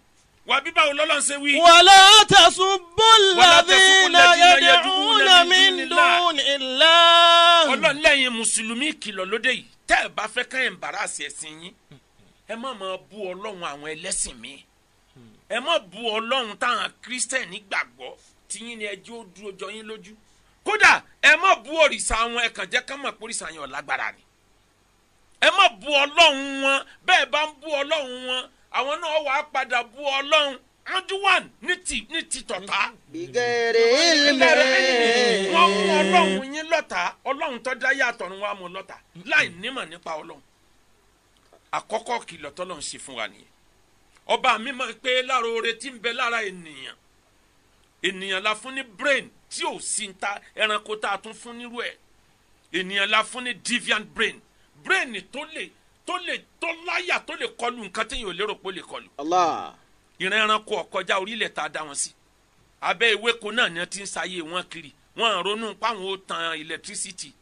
wà bíbá olólùn ṣe wí. wala tasubbu alladhina yad'una min dunillah. ọlọ́run lẹ́yìn mùsùlùmí kìlọ̀ lóde yìí tẹ́ ẹ bá fẹ́ ká ẹ̀ ń bàrà sí ẹ̀sìn yín ẹ má máa bú ọlọ́run àwọn ẹlẹ́sìn mi ẹ má bú ọlọ́run táwọn kírísítẹ̀nì gbàgbọ́ tiyín ni ẹjọ́ dúró jọ yín lójú. kódà ẹ má bu òrìṣà wọn ẹ kàn jẹ́ ká mọ̀ pé òrìṣà yẹn ò ni ẹ má bu ọlọ́run wọn bẹ́ẹ̀ bá ń bu ọlọ́run wọn àwọn náà wàá padà bu ọlọ́run anduwan ní ti ní ti tọ̀tá. bìgẹ̀rẹ̀ ilmẹ̀. wọ́n mú ọlọ́run yín lọ́tà ọlọ́run tó dá yàtọ̀ ni wọ́n á mú lọ́tà láì nímọ̀ nípa ọlọ́run. àkọ́kọ́ kìlọ̀ tọ́lọ́ ṣe fún wa nìyẹn. ọba mi mọ̀ pé lára oore tí ń bẹ lára ènìyàn ènìyàn la fún ní brain tí ò sí ta ẹranko tá a tún fún nírú ẹ̀ ènìyàn la fún ní deviant brain brain tó lè tó lè tó láyà tó lè kọlu nǹkan téèyàn ò lérò pé ó lè kọlu. Allah. ìran ẹranko ọ̀kọjá orílẹ̀ tá dá wọn sí abẹ́ ewéko náà ni wọ́n ti ń sáyé wọn kiri wọ́n ronú páwọn ó tan electricity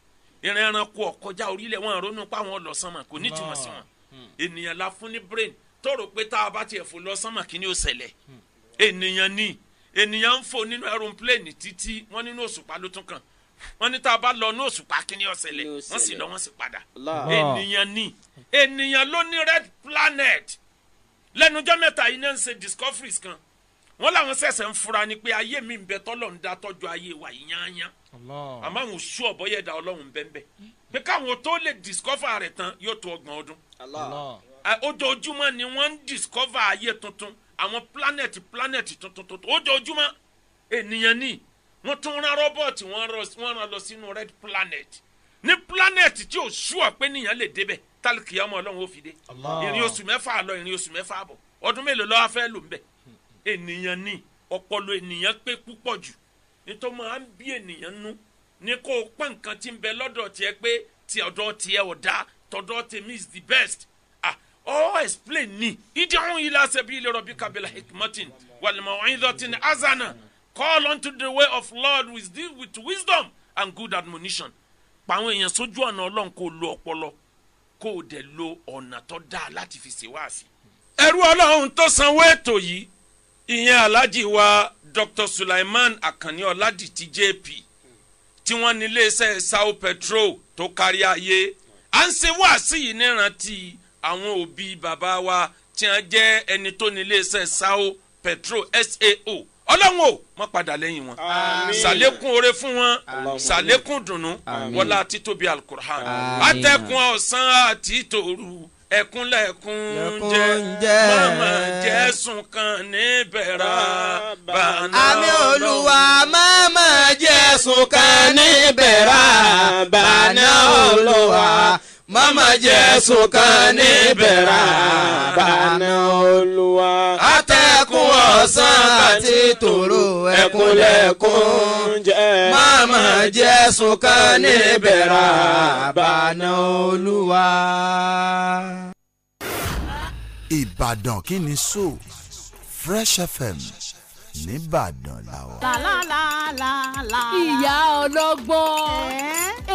ìran ẹranko ọ̀kọjá orílẹ̀ wọ́n ronú páwọn ọlọ́sánmà kò ní tiwọn sí wọn hmm. ènìyàn la fún ní brain tó rò pé tá a bá tiẹ̀ fò lọ sánmà kí ni ó ṣẹlẹ̀ hmm. ènìyàn ni ènìyàn ń fò nínú aeroplane títí wọ́n nínú òṣùpá ló tún kàn wọ́n ní tá a bá lọ ní òṣùpá kíní ọ̀sẹ̀lẹ̀ wọ́n sì lọ wọ́n sì padà ènìyàn ni ènìyàn ló ní red planet lẹ́nujọ́ mẹ́ta yìí náà ń ṣe discoveries kan wọ́n làwọn ṣẹ̀ṣẹ̀ ń fura ni pé ayé mi ń bẹ tọ́lọ̀ ń da tọ́jú ayé wa yìí yányán àmọ́ àwọn oṣù ọ̀bọ̀yẹ̀dà ọlọ́run bẹ́ẹ̀ pé káwọn tó lè discover rẹ̀ tán yóò tó ọgbọ̀n ọdún ojoojúmọ́ ni wọ́n ń discover ayé tuntun àwọn planet planet tuntun ó jọjúmọ́ ènìyàn ní wọ́n tún rán robot, wọ́n rán lọ sínú red planet ní planet tí ò ṣùọ́ pé nìyẹn lè débẹ̀ tálíkì ọmọ ọlọ́run ó fi dé ìrìn oṣù mẹ́fà lọ ìrìn oṣù mẹ́fà bọ̀ ọdún mélòó lọ́wọ́ fẹ́ lò ń bẹ̀ ènìyàn ní ọpọlọ ènìyàn pé púpọ̀ jù nítorí máa ń bí ènìyàn nú ní kó o pọ́n nǹkan tí ń bẹ lọ́dọ̀ tiẹ̀ pé ti ọ̀dọ̀ tiẹ̀ ọ̀dà tọ̀dọ̀ tèmi is the best ó explain ni idi'u ila sabili rabbika bil hikmatin wal maw'izatin Azana call unto the way of Lord with, the, with wisdom and good admonition pa àwọn èèyàn sójú ọ̀nà ọlọ́run kó lo ọpọlọ kó o dẹ̀ lo ọ̀nà tó dáa láti fi ṣe wáàsí. ẹrú ọlọ́run tó sanwó ètò yìí ìyẹn aláàjì wa Dr. Sulaiman Akànní Ọládìtì JP tí wọ́n ní iléeṣẹ́ Sao Petro tó kárí ayé à ń ṣe wáàsí yìí nírántí àwọn òbí bàbá wa tí wọ́n jẹ́ ẹni tó ní iléeṣẹ́ sao petro sao ọlọ́run ò mọ́ padà lẹ́yìn wọn sàlékún oore fún wọn sàlékún dùnú wọlá títóbi alukur'an atẹ́kùn ọ̀sán àti tòru ẹkúnlẹ̀kún jẹ́ màmá jẹ́sùn kan níbẹ̀rà bàná. àmì olúwa màmá jẹ́sùn kan níbẹ̀rà bàná olúwa. Mama Jésù kan níbẹ̀ rà bàánà Olúwa. Atẹ́kùn ọ̀sán àti tòró ẹkúnlẹ̀kún jẹ́. Mama Jésù kan níbẹ̀ rà bàánà Olúwa. Ìbàdàn kí ni so Fresh FM nìbàdàn làwà. Ìyá ọlọ́gbọ́n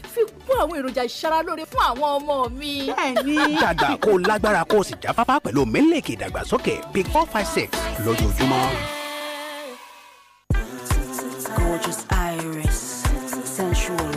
pé fi kún àwọn èròjà ìṣaralóore fún àwọn ọmọ mi. bẹ́ẹ̀ni. dàgbà kó lágbára kó sì jáfáfá pẹ̀lú mílíkì ìdàgbàsókè big four five six lójoojúmọ́. Gorgeous iris sensual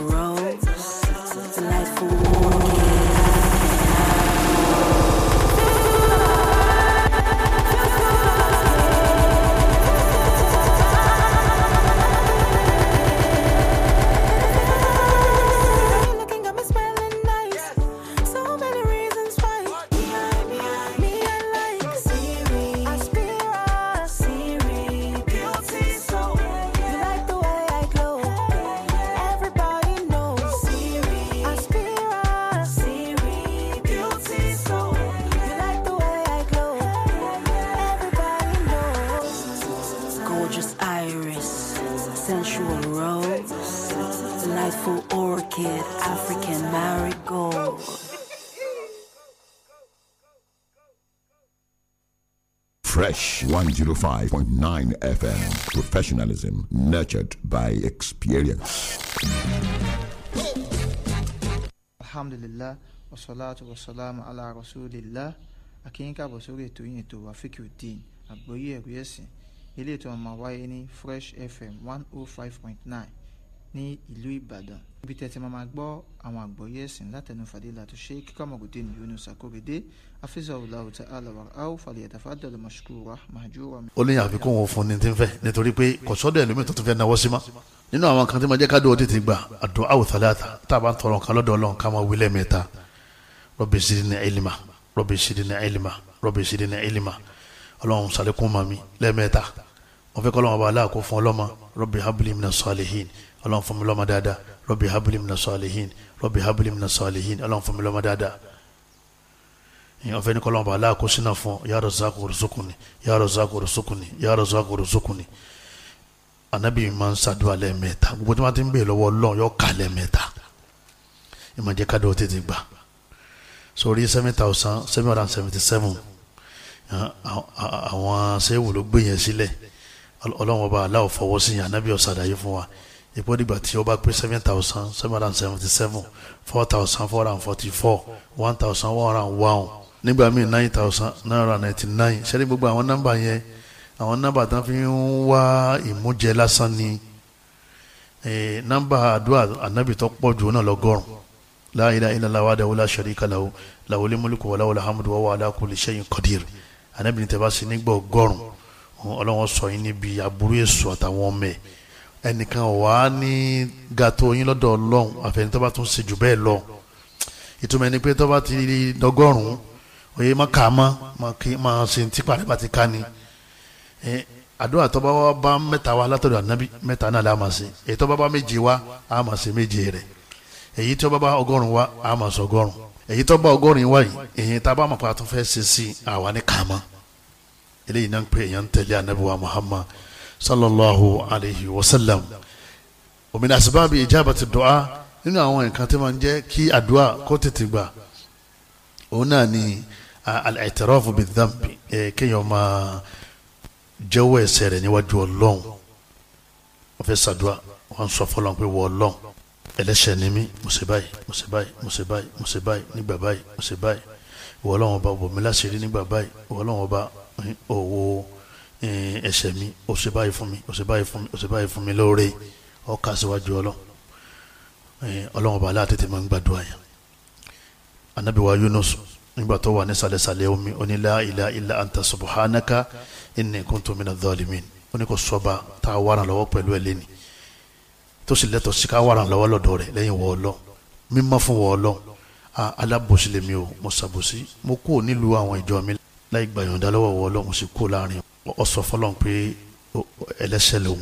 105.9 FM. Professionalism nurtured by experience. Alhamdulillah, wa salatu wa salam ala rasulillah. Akínká bọ̀ sórí ètò yìí ètò Afikiudeen àgbọ́yé ẹ̀rí ẹ̀sìn. Ilé ìtọ́ máa Fresh FM 105.9 ní ìlú ìbàdàn ibi tẹ́tí máa gbọ́ àwọn àgbọ̀yé ẹ̀sìn látẹnu fàdílà tó ṣe kíkọ́ ọmọgòdè ní yunus akóredé afizahulawo ta alawara awo falẹ̀yàtàfà dọ̀lẹ̀ mọ̀ṣukúra mahajura. ó ní àfikún òun fún ni tí ń fẹ́ nítorí pé kò sọ́dọ̀ ẹ̀lómi tó tún fẹ́ náwó sí ma nínú àwọn kan tí máa jẹ́ ká dúró títí gbà àdó àwò tàlàtà tá a bá ń tọrọ nǹkan lọ́dọ̀ ọlọ́run ká máa wílẹ̀ mẹ́ta rọ́bì sí ní ẹlìmà rọ́bì sí ní ẹlìmà rọ́bì sí ní ẹlìmà ọlọ́run sàlékún mami lẹ́ẹ̀mẹ́ta wọ́n fẹ́ ọlọ́run fún mi lọ́mọ dáadáa rọ́bì habili mina sọ́ọ̀lìhìn rọ́bì habili mina sọ́ọ̀lìhìn ọlọ́run fún mi lọ́mọ dáadáa ọ̀fẹ́ ní kọ́lọ́mọba aláàkó sínú fún ya Razzaqu ruzukuni ya Razzaqu ruzukuni ya Razzaqu ruzukuni anabi máa ń ṣàdúrà lẹ́ẹ̀mẹ́ta gbogbo tí wọ́n ti ń bèè lọ́wọ́ ọlọ́run yóò kà lẹ́ẹ̀mẹ́ta ìmọ̀jẹ́ kádọ́ tètè gbà sórí seven thousand seven hundred and seventy seven àwọn sẹ́wò ló gbé yẹn sílẹ̀ ọlọ́run ọba aláwọ̀ fọwọ́ sí yẹn anabi ọ̀sàdáyé fún wa ìpò dìgbà tí ó bá pé seven thousand seven hundred seventy seven four thousand four hundred forty four one thousand one hundred one nígbà míì nine thousand nine hundred ninety nine ṣẹ́ni gbogbo àwọn nọ́mbà yẹn àwọn nọ́mbà tán fi ń wá ìmújẹ lásán ni nọ́mbà àdúrà ànábì tó pọ̀ jù náà lọ́gọ́rùn la ilaha illallah wahdahu la sharika lahu lahul mulku wa lahul hamdu wa huwa ala kulli shay'in qadir ànábì ní tẹ́ bá sí nígbà ọgọ́rùn-ún ọlọ́wọ́n sọ yín níbi aburú èso àtàwọn ọmọ ẹ̀ ẹnìkan wà ní gàtó yín lọ́dọ̀ ọlọ́run àfẹ́ni tó bá tún ṣe jù bẹ́ẹ̀ lọ ìtumọ̀ ẹni pé tó bá ti dọ́gọ́rùn-ún òye má kà á mọ́ má ṣe ti parí bá ti ká ni àdúrà tó bá wá bá mẹ́ta wá látọ̀dọ̀ ànábì mẹ́ta náà la máa ṣe èyí tó bá bá méje wá á máa ṣe méje rẹ̀ èyí tó bá bá ọgọ́rùn-ún wá á máa ṣe ọgọ́rùn èyí tó bá ọgọ́rùn-ún wá yìí èyí tá a bá mọ̀ sallallahu alayhi wa sallam òmìnira asibabi ìjábàtì dùá nínú àwọn nǹkan tí wọ́n jẹ́ kí àdúrà kó tètè gbà òun náà ni al-i'tirafu bid-dhanbi kéèyàn máa jẹ́wọ́ ẹ̀ṣẹ̀ rẹ̀ níwájú ọlọ́run wọ́n fẹ́ sàdúrà wọ́n ń sọ fọlọ́n pé wọ́n ọlọ́run ẹlẹ́ṣẹ̀ ni mí mo ṣe báyìí mo ṣe báyìí mo ṣe báyìí mo ṣe báyìí nígbà báyìí mo ṣe báyìí ìwọ ọlọ́run ọba bò mí láṣìírí nígbà báyìí ìwọ ọlọ́run ọba òwò ẹ̀ṣẹ̀ mi ó ṣe báyìí fún mi ó ṣe báyìí fún mi ó ṣe báyìí fún mi lóore ọkà síwájú ọlọ́run ọlọ́run bàálà tètè máa ń gbàdúrà yẹn anabiwa Yunus nígbà tó wà ní sàlẹ̀sàlẹ̀ omi ó ní la ilaha illa anta subhanaka inni kuntu minadh dhalimin ó ní kò sọba tá a wàràn lọ́wọ́ pẹ̀lú ẹ̀ lẹ́ni tó sì lẹ́tọ̀ sí ká wàràn lọ́wọ́ lọ́dọ̀ rẹ̀ lẹ́yìn wọ́ ọlọ́ mímọ́ fún wọ́ ọlọ́ alábòsílẹ̀ mi ò mo ṣàbòsí mo nílùú àwọn ìjọ mi láì gbàyànjá lọ́wọ́ wọ́ ọlọ́ mo sì kú láàrin ọ sọ fọlọ́n pé ẹlẹ́sẹ̀ lòun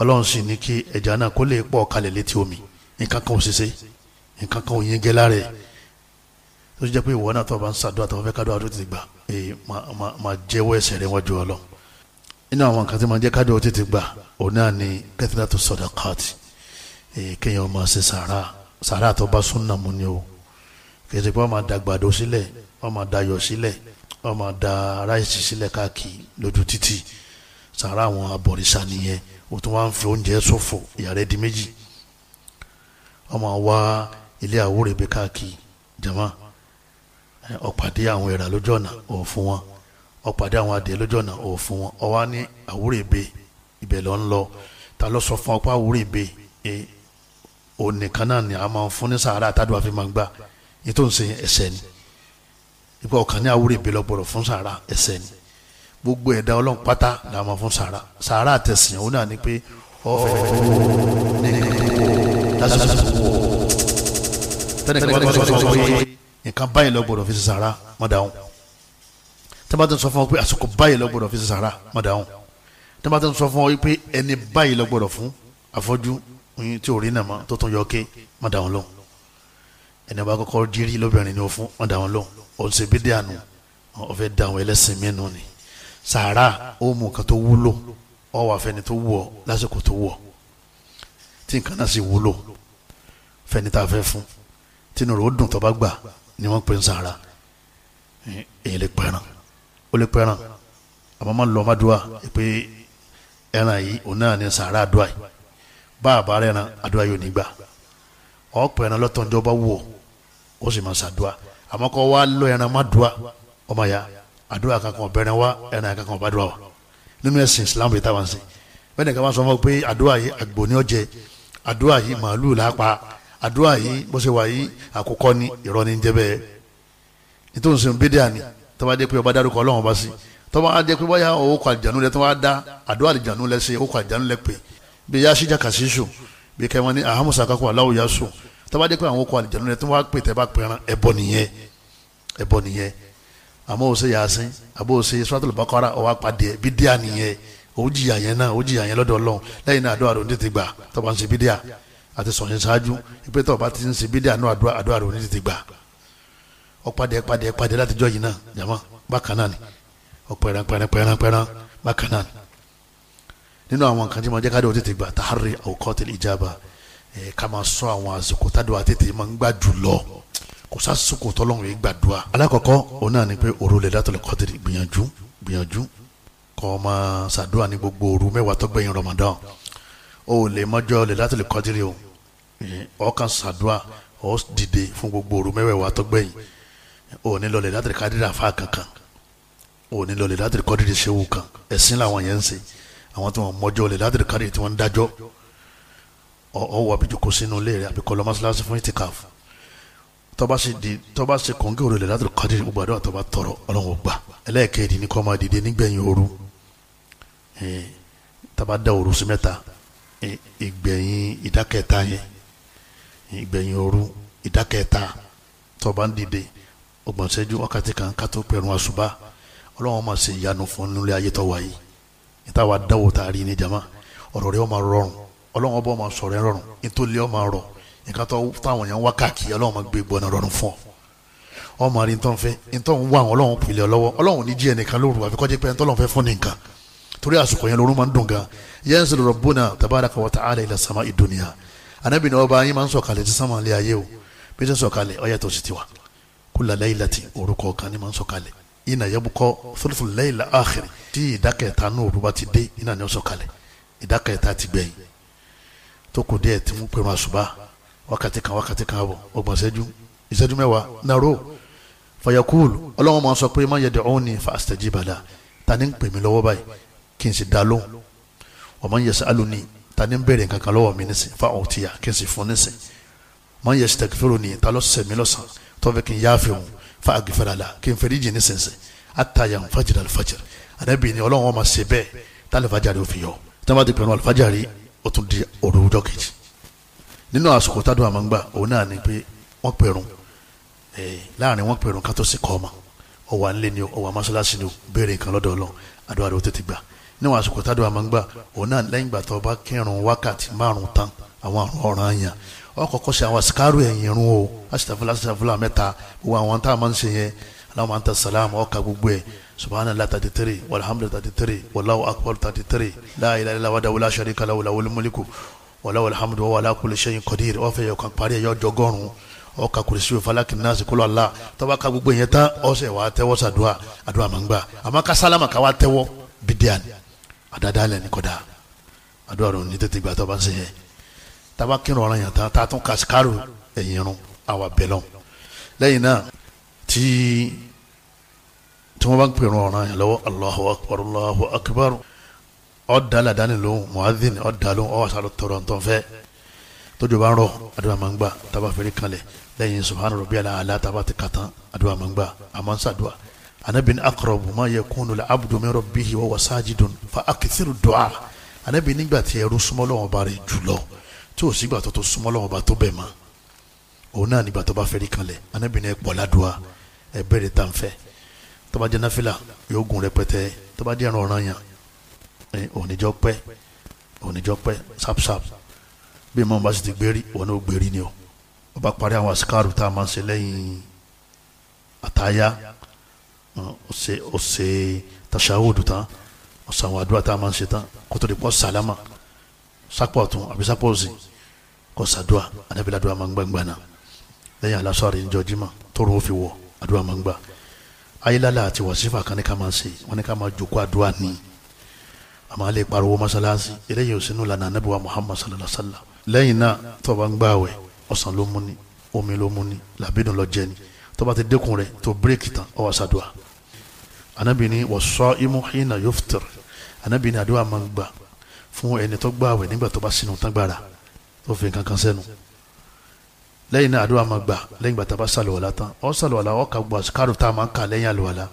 ọlọ́run sì ní kí ẹja náà kó lè pọ̀ kalẹ̀ létí omi nǹkan kan ò ṣiṣẹ́ nǹkan kan ò yín gẹ́ lára ẹ̀ tó jẹ́ pé ìwọ náà tó bá ń ṣàdúrà tó fẹ́ kádùá tó ti gbà ee máa jẹ́wọ́ ẹ̀ṣẹ̀ rẹ̀ wájú ọlọ́ inú àwọn nǹkan tí máa jẹ́ kádùá tó ti gbà òun náà ni kẹ́tìlá tó sọ̀dọ̀ káàtì ee kéèyàn máa ṣe sàrà sàrà tó bá súnnà mú ni o kèsì pé wọ́n máa dàgbàdo sílẹ̀ wọ́n máa dayọ̀ sílẹ̀ wọ́n da ráìsì sílẹ̀ káàkiri lójú títì sàrà àwọn abọ̀rìṣà nìyẹn o tún wá ń fi oúnjẹ ṣòfò ìyàrá di méjì wọ́n máa ilé àwòrán káàkiri jama ọ̀pàdé àwọn ìrà lójú ọ̀nà ò fún wọn ọ̀pàdé àwọn adìẹ lójú ọ̀nà ò fún wọn ọ̀wá ní àwòrán ibi ibẹ̀ lọ ń lọ ta ló sọ fún ọ pé àwòrán ibi nìkan náà ni a máa ń fún ní sàárà tádùn àfi máa ń gbà ètò ìsìn ẹsẹ̀ ni ipa ọ̀kan ní awúrẹ́ ìbílẹ̀ ọ̀bọ̀rọ̀ fún sàrà ẹsẹ̀ ni gbogbo ẹ̀dá ọlọ́run pátá là máa fún sàrà sàrà àtẹ̀sìn òun náà ni pé ọ̀fẹ́ ní lásìkò wọ̀ tẹ́lẹ̀ kí wọ́n sọ pé nǹkan báyìí lọ́gbọ̀dọ̀ fi sàrà mọ́ dáhùn tẹ́lẹ̀ tó sọ fún ọ pé àsìkò báyìí lọ́gbọ̀dọ̀ fi sàrà mọ́ dáhùn tẹ́lẹ̀ tó sọ fún ọ pé ẹni báyìí lọ́gbọ̀dọ̀ fún àfọ́jú tí ò rí náà mọ́ tó tún yọ ké mọ́ dáhùn lọ́hùn ẹni bá kọ́kọ́ jírí lóbìnrin ni ó fún mọ́ dáhùn lọ́hùn ọ̀sẹ̀ bí díà nù ọ̀fẹ́ da àwọn ẹlẹ́sìn mi nù ni sàárà ó mú nǹkan tó wúlò ọ wà fẹ́ni tó wù ọ lásìkò tó wù ọ tí nǹkan náà sì wúlò fẹ́ni tá a fẹ́ fún tínú rò ó dùn tó bá gbà ni wọ́n pè ń sàárà èyí lè pẹ́ràn ó lè pẹ́ràn àmọ́ máa ń lọ ọmọdúnwà pé ẹran yìí òun náà ni sàárà àdúrà yìí bá a bá rẹ̀ ran àdúrà yóò nígbà ọ̀ lọ́tọ̀ọ́jọ́ bá wù ọ ó sì máa ṣàdúrà àmọ́ kọ́ wa lọ ẹran má dùá ọmọ ya àdúrà kankan bẹ̀rẹ̀ wa ẹran kankan bá dùá wa nínú ẹ̀sìn Islam yìí táwọn sìn bẹ́ẹ̀ nìkan máa sọ fún pé àdúrà yìí àgbò ní ọ̀jẹ̀ àdúrà yìí màálù làápa àdúrà yìí bó ṣe wà yìí àkókò ni irọ́ ni ń jẹ́ bẹ́ẹ̀ nítorí sìn bídíà ni tó bá dé pé ọba dárúkọ Ọlọ́run bá sí tó bá dé pé bóyá owó kọ àlìjànú lẹ tó bá dá àdúrà àlìjànú lẹ ṣe owó kọ àlìjànú lẹ pè bí yá síjà kàṣíṣù bí kẹwọn ní ahamusa kakọ aláwọ yá tọ́ba jẹ́ pé àwọn okò àlìjẹ̀nu rẹ̀ tí wọ́n á pè tẹ́ bá pẹran ẹbọ nìyẹn ẹbọ nìyẹn àmọ́ ó ṣe yasin àbó ṣe suratul bakara ọwọ́ apàdé bídíà nìyẹn ó jìyà yẹn náà ó jìyà yẹn lọ́dọ̀ ọlọ́run lẹ́yìn náà àdó àròyìn tètè gbà tọ́ba ń ṣe bídíà àti sọ̀yìn ṣáájú ìpè tọ́ba ti ń ṣe bídíà náà àdó àròyìn tètè gbà ọ̀padẹ padẹ padẹ látijọ́ yìí náà jàmọ́ bákan náà ni ọ̀pẹ̀rẹ̀ pẹ̀rẹ̀ pẹ̀rẹ̀ pẹ̀rẹ̀ bákan náà ni nínú àwọn nǹkan tí mo jẹ́ ká ká máa sọ àwọn àsìkò tádùá tètè máa ń gbà jù lọ kò sásìkò tọ́lọ́run yìí gbàdúrà. alákọ̀ọ́kọ́ òun náà ni pé òru lè dátọ̀ lè kọ́tìrì gbìyànjú gbìyànjú kọ́ ọ máa ṣàdúrà ní gbogbo òru mẹ́wàá tó gbẹ̀yìn Ramadan o lè mọ́jọ́ lè dátọ̀ lè kọ́tìrì o ọkàn ṣàdúrà ọ dìde fún gbogbo òru mẹ́wàá tó gbẹ̀yìn o ní lọ lè dátọ̀ lè kádìrì àfa kankan o ní lọ lè dátọ̀ kọ́tìrì ṣéwù kan ẹ̀sìn làwọn yẹn ń ṣe àwọn tí wọ́n mọ́jọ́ lè dátọ̀ kádìrì tí wọ́n ń dájọ́ ọ wà bí jòkó sínú ilé rẹ àbí kọ́ lọ fún itikaf tọ́ba ṣe di tọ́ba ṣe kọ̀ǹgẹ́ òru lẹ̀ látọ̀ kadiri gbogbo àdúrà tọ́ba tọrọ ọlọ́run gbà ẹlẹ́ẹ̀kẹ́ẹ̀dì ní kọ́ máa dìde nígbẹ̀yìn òru tọ́ba da òru sí mẹ́ta ìgbẹ̀yìn ìdákẹ́ta yẹn ìgbẹ̀yìn òru ìdákẹ́ta tọ́ba ń dìde ọgbọ̀n ṣẹ́jú wákàtí kan ká tó pẹ̀rùn àṣùbá ọlọ́run máa ṣe ìyanu fún nílé ayé yìí ìtawà dáwọ́ tá ní jama ọ̀rọ̀ rẹ̀ ó máa rọrùn ọlọ́run ọba máa sọ̀rọ̀ ẹ rọrùn nítorí ọ máa rọ nǹkan tó táwọn èèyàn wá káàkiri ọlọ́run máa gbé gbọ́nà rọrùn fún ọ ọmọ rí nítorí fẹ́ nítorí wà wọn ọlọ́run pìlẹ̀ lọ́wọ́ ọlọ́run ní jí ẹnìkan lóru àfikọ́ jẹ́ pé ẹni tọ́lọ́run fẹ́ fún nìkan torí àsìkò yẹn lorun máa ń dùn gan yanzilu rabbuna tabaraka wa ta'ala ila sama'i dunya anabi ni ọba yín máa ń sọ̀kalẹ̀ ti sánmà ilé ayé o bí ṣe ń sọ̀kalẹ̀ ọ̀yà tó sì ti wà kulla laylati orúkọ kan ni máa ina yabukọ thuluthul layl akhir tí ìdákẹ́ta ti gbẹ̀yìn tó kù díẹ̀ tí wọ́n pèrún àṣùbà wákàtí kan wákàtí kan àbọ̀ ọgbọ̀n ìṣẹ́jú ìṣẹ́jú mẹ́wàá nàró fayakul ọlọ́wọ́n máa sọ pé má yẹ dẹ̀ọ́n ní fa astajiba la ta ni ń pè mí lọ́wọ́ báyìí kí n sì dá lóhùn wa man yasaluni ta ni ń béèrè nǹkan kan lọ́wọ́ mi nísìn fa utiya kí n sì fún nísìn man yastaghfiruni ta ló ṣẹ̀ mí lọ́sàn tó fẹ́ kí n yááfẹ́ òun fa aghfira la kí n fẹ́rí jì nísinsìn hatta yanfajira al-fajr àdẹ́bìnrin ó tún di òru ọjọ́ kejì nínú àsìkò tádùn àmọ́ngbà òun náà ni pé wọ́n pẹ̀rùn láàrin wọ́n pẹ̀rùn kátó sí kọ́ ọmọ ọwà ńlẹ̀ ni o mọ́ṣáláṣí ni o béèrè nǹkan lọ́dọ̀ ọlọ́ àdúrà rẹ̀ ó tètè gbà níwọ̀n àsìkò tádùn àmọ́ngbà òun náà lẹ́yìn ìgbà tó bá kírun wákàtí márùn tán àwọn àrùn ọ̀ràn àyàn ọkọ̀ọ̀kọ̀ ṣe àwọn àsìkárù ẹ̀yìn irun o àṣìṣàfúlà àṣìṣàfúlà mẹ́ta gbogbo àwọn tá a máa ń ṣe yẹn aláwọ̀ máa ń ta sàlámù ọkà gbogbo ẹ̀ subhanallah thirty three walhamdulilah thirty three wallahu akbar thirty three la ilaha illa wada wula sharika la wula wuli muliku wala walhamdu wa wala kulli shay'in qadir ó fẹ́ yọ kan pari yọ dọgọ́rùn ó ka kurisi falaki nasi kulu Allah tó bá ka gbogbo yẹn tán ó ṣe wá tẹ́wọ́ sàdúà àdúà máa ń gbà àmọ́ ká sálámà ká wá tẹ́wọ́ bidian àdáda lẹ ní kódà àdúà rò tètè gbà tó bá ń ṣe yẹn tába yẹn tán tá a tún irun àwa bẹ̀lọ́n lẹ́yìn náà tí tí wọ́n bá ń pè rún ọ̀ràn yẹn lọ́wọ́ Allahu akbar Allahu akbar ọ̀dà làdáni lòun muadhin ọ̀dà lòun ọ̀wà sàrò tọrọ ntọ́ fẹ́ tójú bá ń rọ àdúrà máa ń gbà tábà fèrè kalẹ̀ lẹ́yìn subhana rabbiyal a'la tábà ti kà tán àdúrà máa ń gbà àmọ́ ń sàdúà anabi ni aqrabu ma yakunu al-abdu min rabbihi wa huwa sajidun fa akthiru du'a anabi nígbà tí ẹrú súnmọ́ Ọlọ́hun Ọba rẹ̀ jùlọ tí ò sígbà tó tó súnmọ́ Ọlọ́hun Ọba tó bẹ̀ mọ́ òun náà nígbà tó bá fẹ́rí kanlẹ̀ anábìnrin ẹ̀ pọ̀ ládùá ẹ̀ bẹ̀rẹ̀ tá n fẹ́ tó bá nafila, náfìlà yóò gùn rẹpẹtẹ tó bá jẹ́ ìrun ọ̀ranyàn òníjọ́ pẹ́ òníjọ́ pẹ́ sapsap bí mọ́ bá sì ti gbérí wọn ò gbérí ni o wọ́n bá parí àwọn àsìkáàrù tá a máa ń ṣe lẹ́yìn àtàyà ọ̀sẹ̀ ọ̀sẹ̀ tàṣàwòdù tán ọ̀sẹ̀ àwọn àdúrà tá a máa ń ṣe tán kó tó di pọ́ sàlámà sápò ọ̀tún àbí sápò òsì kó sàdúà ànábìlà àdúrà máa ń gbàgbà náà lẹ́yìn àlásọ̀rì níjọ́ jimá tó rò ó fi wọ̀ àdúrà máa ń gbà ayélálà àti wàsífà kan ní ká máa ṣe wọn ní ká máa jòkó àdúrà ní àmọ́ alẹ́ pariwo mọ́sálásí eléyìí ò lànà anábìwá Muhammad sallallahu alaihi wa sallam lẹ́yìn náà tó bá ń gbààwẹ̀ ọ̀sán ló mú ni omi ló mú ni làbídùn lọ jẹ ni tó bá ti dẹ́kun rẹ̀ tó bírèkì tán ó wá ṣàdúà anábì ní was-sā'imu ḥīna yufṭir anábì ní àdúrà máa ń gbà fún ẹni tó gbààwẹ̀ nígbà tó bá sinú tán gbàrà tó fi nǹkan sẹ́nu lẹ́yìn náà àdúrà máa gbà lẹ́yìn gbàtà bá sàlùwàlà tán ọ sàlùwàlà ọ kà gbọ́ àsìkárò tá a máa ń kà lẹ́yìn àlùwàlà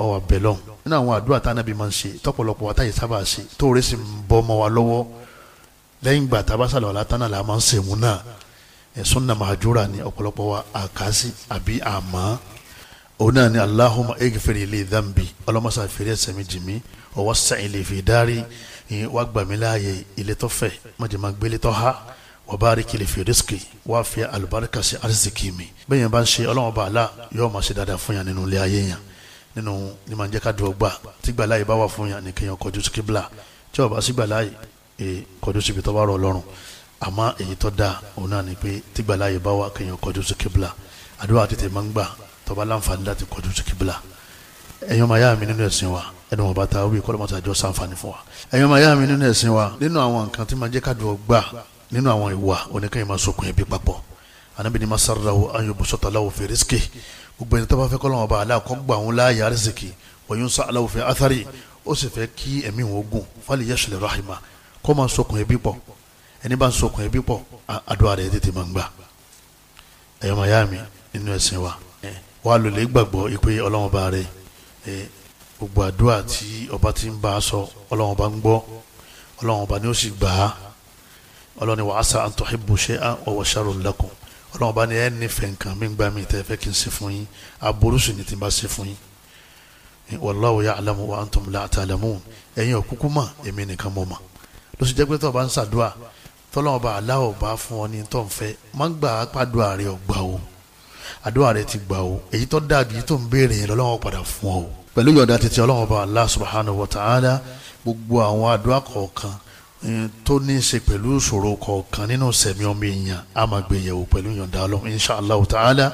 ọ wà bẹ̀ lọ́hùn nínú àwọn àdúrà tá anábì máa ń ṣe tọ́pọ̀lọpọ̀ wa táyì sábà ṣe tóore sì ń bọ́ ọmọ wa lọ́wọ́ lẹ́yìn gbàtà bá sàlùwàlà tán náà la máa ń sèmú náà ẹ̀sùn náà máa jóra ní ọ̀pọ̀lọpọ̀ wa àkásí àbí àmọ́ òun náà ni Allahumma egifere ilé dhambi ọlọ́mọṣà fèrè ẹ̀ṣẹ̀ mi jì mí ọwọ́ sẹ́yìn lè fi dárí wàá gbàmíláàyè ilé tó fẹ̀ mọ̀jẹ̀ tó há wabariki lè fi risiki wá fi alibarika sí arizikì mi bẹ́ẹ̀ yẹn bá ń ṣe ọlọ́wọ́n bá a la yóò máa ṣe dáadáa fún yàn nínú ilé ayé yàn nínú ní máa ń jẹ́ ká dùn ọgbà tígbà láyé bá wà fún yàn ní kéèyàn kọjú sí kíbla tí ọba sígbà láyé ee kọjú síbi tó bá rọ ọlọ́run àmọ́ èyí tó dáa òun náà ni pé tígbà láyé bá wà kéèyàn kọjú sí kíbla àdúrà tètè máa ń gbà tó láǹfààní láti kọjú sí kíbla ẹ̀yin máa yá mi nínú ẹ̀sìn wa ẹnu wọn bá ta wí kọ́lọ́mọ́tà jọ sáǹfààní fún wa ẹ̀yin máa yá mi nínú ẹ̀sìn wa nínú àwọn nǹkan tí máa jẹ́ ká dùn ọgbà nínú àwọn ìwà oníkẹ́yìn máa sokùn ẹbí papọ̀ anabi ni masarrahu ayọ̀bùsọ̀tà aláwọ̀ fi rìsíkì gbogbo ẹni tó bá fẹ́ kọ́lọ́wọ́n bá aláàkọ́ gbà wọn láàyè àrísìkì wọ̀nyún sá aláwọ̀ fi athari ó sì fẹ́ kí ẹ̀mí wọn gùn fali yẹ́sùlẹ̀ rahima kó máa sokùn ẹbí pọ̀ ẹni bá ń sokùn ẹbí pọ̀ àdúrà rẹ̀ tètè máa ń gbà ẹ̀yọ́ mayami nínú ẹ̀sìn wa wà á lòlẹ́ gbàgbọ́ ìpè ọlọ́wọ́n bá rẹ̀ gbogbo àdúrà tí ọba ti ń bá a sọ ọlọ́wọ́n bá ń gbọ́ ọlọ́wọ́n bá ni ó sì gbà á ọlọ́ni wa asa an tuhibbu shay'an wa huwa sharrun lakum ọlọ́run bá ní ẹ nífẹ̀ẹ́ nǹkan mi gbà mí tẹ́ fẹ́ kí n ṣe fún yín aburú sì ni tí n bá ṣe fún yín wallahu ya'lamu wa antum la ta'lamun ẹ̀yin òkúkú mà èmi nìkan mọ̀ mà ló sì tó o bá ń ṣàdúrà tọ́lọ́wọ́n bá aláwọ̀ bá fún ọ ní tó ń fẹ́ má ń gbà á pàdúrà rẹ ọgbà o àdúrà rẹ ti gbà o èyí tó dàbí èyí tó ń béèrè yẹn lọ́lọ́wọ́n padà fún ọ pẹ̀lú yọ̀ǹda títí ọlọ́wọ́n bá Allah subhanahu wa ta'ala gbogbo àwọn àdúrà kọ̀ọ̀kan Eh, tó ní í ṣe pẹ̀lú ìṣòro kọ̀ọ̀kan nínú sẹ̀mí ọmọ èèyàn a máa gbé yẹ̀wò pẹ̀lú yọ̀ǹda Ọlọ́run inshallah ta'ala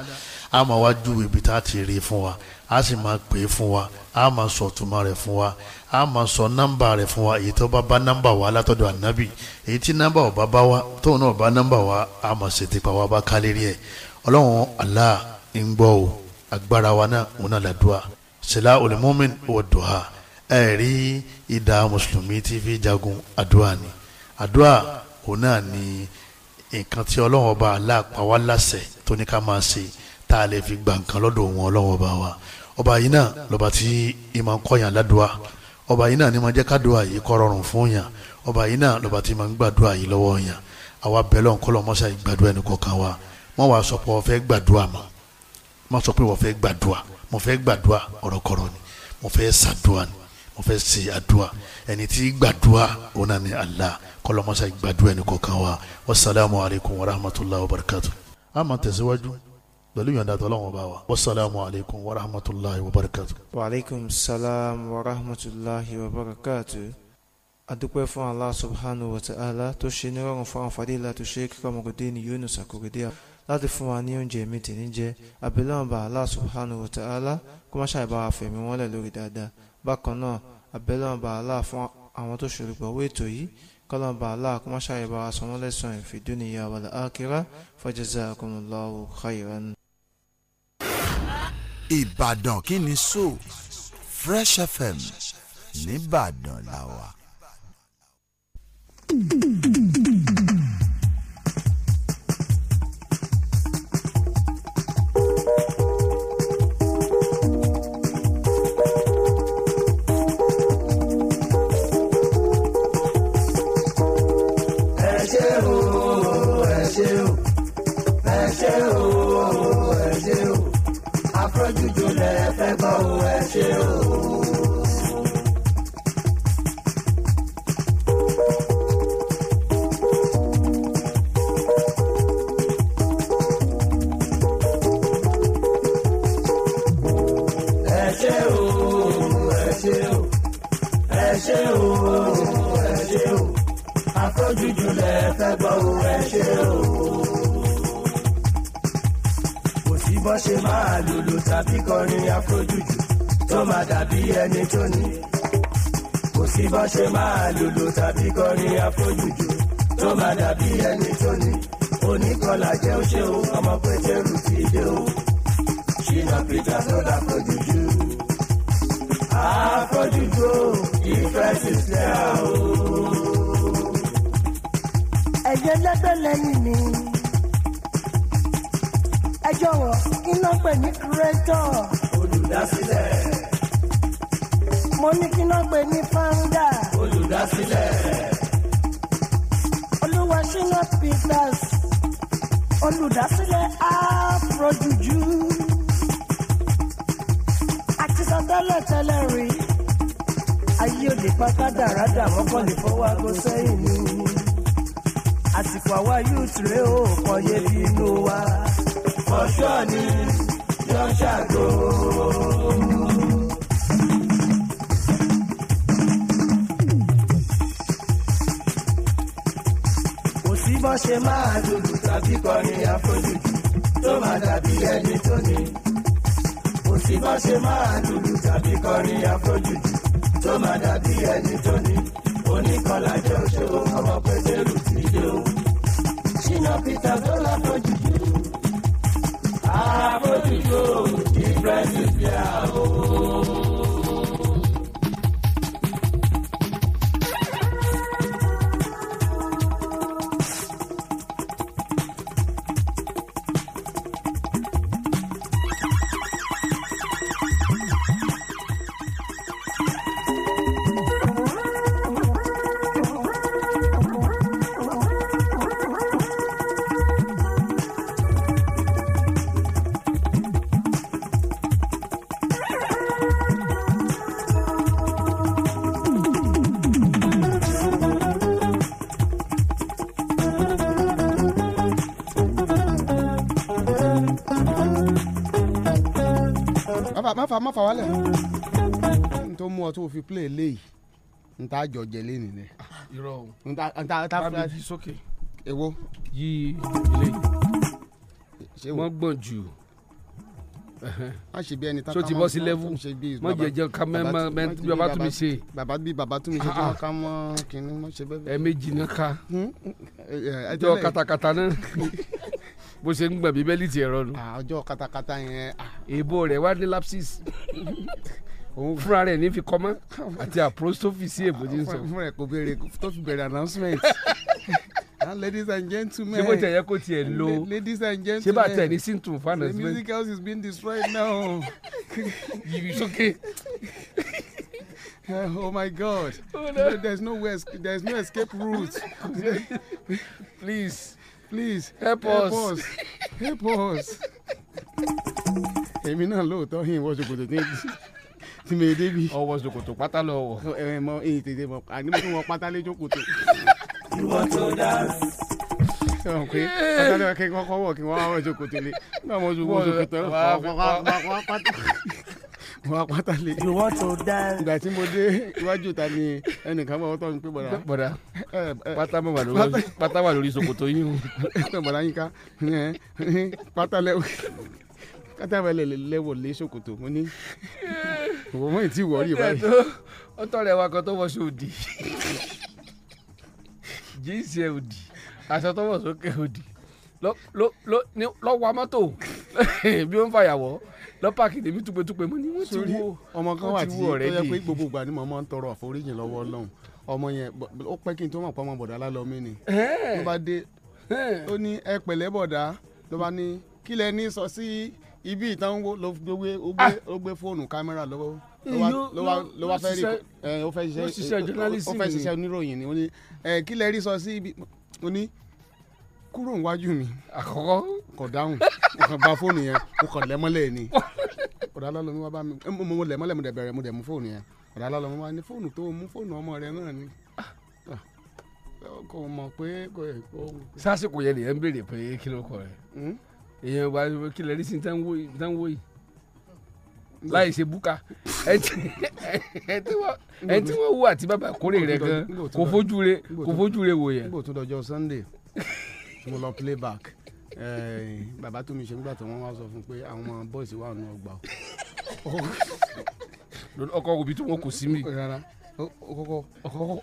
a máa wá ju ibi tá a ti rí fún wa a sì máa pè é fún wa a máa sọ ìtumọ̀ rẹ̀ fún wa a máa sọ nọ́mbà rẹ̀ fún wa èyí tó bá bá nọ́mbà wa látọ̀dọ̀ ànábì èyí tí nọ́mbà ò bá bá wa tóun náà bá nọ́mbà wa a máa ṣètì pa wa bá ká lérí ẹ̀ Ọlọ́run Allah ń gbọ́ o agbára wa náà òun náà làdúrà sila olùmọ́mìn wọ́n dùn ha ẹ̀rí ìdá mùsùlùmí tí fi jagun àdúrà ni àdúrà òun náà ni nǹkan tí ọlọ́run ọba aláàpáwá láṣẹ tó ní ká máa ṣe tá a lè fi gba nǹkan lọ́dọ̀ òun ọlọ́run ọba wa ọba yìí náà lọ́ba tí ìmọ̀ ń kọ́yàn ládùúà ọba yìí náà ni máa jẹ́ kádùúà yìí kó rọrùn fún yàn ọba yìí náà lọ́ba tí máa ń gbàdúrà yìí lọ́wọ́ yàn àwa bẹ̀rẹ̀ ọ̀nkọ́lọ́ mọ́ṣá ìgbàdúrà ẹni kọ̀ọ̀kan wa wọ́n wàá sọ pé wọ́n fẹ́ gbàdúrà mọ́ wọ́n fẹ́ ṣe àdúrà ẹni tí gbàdúrà òun náà ni Allah kọlọmọsá gbàdúrà ẹni kọ̀ọ̀kan wa wasalaamu alaykum wa rahmatulahi wa barakatu. a máa tẹ̀síwájú pẹ̀lú yọ̀ǹda tó lọ́wọ́ bá wa wasalaamu alaykum wa rahmatulahi wa barakatu. wa aleykum salaam wa rahmatulahi wa barakatu. adúpẹ́ fún Allah subhanahu wa ta'ala tó ṣe nírọ̀rùn fún àǹfààní láti ṣe kíkọ́ ọmọkùnrin ní Yunus Akorede láti fún wa ní oúnjẹ mi tì ní jẹ àbílẹ̀ Allah subhanahu wa ta'ala kó má ṣàìbára fẹ̀mí wọn lẹ̀ lórí dáadáa bákan náà abẹ́lẹ́wọ̀n bá aláà fún àwọn tó ṣòro pẹ̀lú ètò yìí kọ́lọ́n bá aláà kó má ṣàyẹ̀ bá aṣọ wọn lẹ́sàn án fi dunya wal akhirah fajazakumullahu khairan. Ìbàdàn kí ni so Fresh FM nìbàdàn làwà. Oeste eu bọ́ ṣe máa lòlò tàbí kọrin afrojuju tó máa dàbí ẹni tó ní. kò sí bọ́ ṣe máa lòlò tàbí kọrin afrojuju tó máa dàbí ẹni tó ní. oníkọlà jẹ́ ó ṣe o ọmọ pẹ́tẹ́rù ti dé o. ṣìnà pété ló dá afrojuju. afrojuju ìfẹ́ sísẹ́ o. ẹ̀jẹ̀ lẹ́gbẹ̀ẹ́ lẹ́yìn ẹ jọ̀wọ́ iná pè ní creator. olùdásílẹ̀. mo ní kí iná pè ní founder. olùdásílẹ̀. olúwa ṣínà business olùdásílẹ̀ afrojuju àti sandálẹ̀ tẹ́lẹ̀ rí ayé òde pátá dáradà mọ́kànlé fọwọ́ aago sẹ́yìn ni àsìkò àwa yóò tìrẹ́ ò kọ́ yé bínú wa fọṣọ ni yọ ṣàgò. kò sí bọ́n ṣe máa lùlù tàbí kọrin àfojúdi tó máa dàbí ẹni tó ní. kò sí bọ́n ṣe máa lùlù tàbí kọrin àfojúdi tó máa dàbí ẹni tó ní. oníkọlá jọ ṣòwò ọmọ pẹ̀lú tìjọ. ṣínà peter tó láfojú. Africa, different is there. fà wálẹ̀ n tó mú ọ tó fi play léyìí n ta jọ jẹ lé nìyẹn. irọ́ o n ta n ta ta fi sókè. èwo. yí ilé yìí gbọ̀n jù má ṣe bọ́ sí lẹ́wù mọ jẹjẹ ká bàbá tún mi bàbá bí bàbá tún mi ṣe wọ́n ká mọ́ kínní mọ́ ṣe ẹ méjì náà ká hmm? jọ katakata náà. bó ṣe ń gbà bíbélì tiẹ̀ rọnu. ọjọ́ katakata yẹn. èèbó rẹ̀ wá ní lapsis fúnra rẹ̀ ní fi kọ́mọ́ àti apostrophe sí èèbó ń sọ. fúnra rẹ̀ kò béèrè tó fi bẹ̀rẹ̀ announcement. ladies and gentlemen. ṣé bó tẹ̀ kó tiẹ̀ lo ladies and gentlemen. ṣé bá tẹ̀ ní symptom fún announcement. the music house is being destroyed now. yìí okay. Uh, oh my God! Oh no. There's no way. There's no escape route. Please please help, help us. us help us. èmi náà lóòótọ́ yìí wọ́n ṣòkòtò tí tí mi débi. ọwọ́ ṣòkòtò pátá lọ wọ. ẹ ẹ mọ èyí tètè mọ àní mo tún wọ pátá lé jókòtò. ìwọ tó dáa. sọ pé pátá lọ kí n kọ́kọ́ wọ̀ kí n wọ́n wọ́n ṣòkòtò lé. báwo ṣòkòtò lọ wọn apáta lè. you want to die. ìgbà tí mo dé iwájú ta ni ẹnìkan bọ̀ wọ́tọ̀ mi pé bọ̀dà. bọ̀dà pátá mọ̀ wà lórí pátá wà lórí ṣòkòtò yín o. bọ̀dà yín ká pátá lẹ́wọ̀ kátà bẹ̀ lẹ́wọ̀ lé ṣòkòtò mo ní. òwò mọ̀ ètí wọ̀ rí báyìí. ó tọ̀rẹ̀ wa kan tó wọ sóòdì jíìsì ẹ̀ òdì aṣọ tó wọ sókè òdì lọ́wọ́ mọ́tò bí ó ń fàyàwọ́ lọ́pàkì tèmi túpetúpe mo ní wọ́n ti wo ọmọ kan wà tí ó yẹ pé gbogbo ìgbà ni mo máa ń tọrọ àforíjìn lọ́wọ́ Ọlọ́run ọmọ yẹn ó pẹ́ kí n tó mọ̀ pé ọmọ bọ̀dá lálọ́mí ni ló bá dé ó ní ẹ pẹ̀lẹ́ bọ̀dá ló bá ní kí lẹ ní sọ sí ibi ìtàn wo ló gbé ó gbé ah! fóònù kámẹ́rà lọ́wọ́ ló wá fẹ́ rí ó fẹ́ ṣiṣẹ́ oníròyìn ni ó ní kí lẹ rí sọ sí ibi ó ní kúrò níwájú mi àkọ́kọ́ kò dáhùn mo bá fóònù yẹn mo kàn lẹ́mọ́lẹ̀ ni ọ̀dà alálọ́mi wá bá mi mo lẹ́mọ́lẹ̀ mo dẹ̀ bẹ̀rẹ̀ mo dẹ̀ mú fóònù yẹn ọ̀dà alálọ́mi wá ní fóònù tó mú fóònù ọmọ rẹ náà ni ah, kò mọ̀ pé kò yẹ kó. sásìkò yẹn nìyẹn ń béèrè pé kí ló kọ rẹ èèyàn hmm? wá kí lè rí sí tán wó yìí hmm. láì ṣe búkà ẹ tí wọ́n wú àti bàbá kórè rẹ̀ gan kò fojú rẹ̀ wò yẹn. nígbà tó dọjọ́ Sunday mo lọ playback bàbá tó mi ṣe nígbà tó wọ́n wá sọ fún pé àwọn bọ́ọ̀sì wà nù ọgbà o. ọkọ òbí tó wọn kò sí mi. ó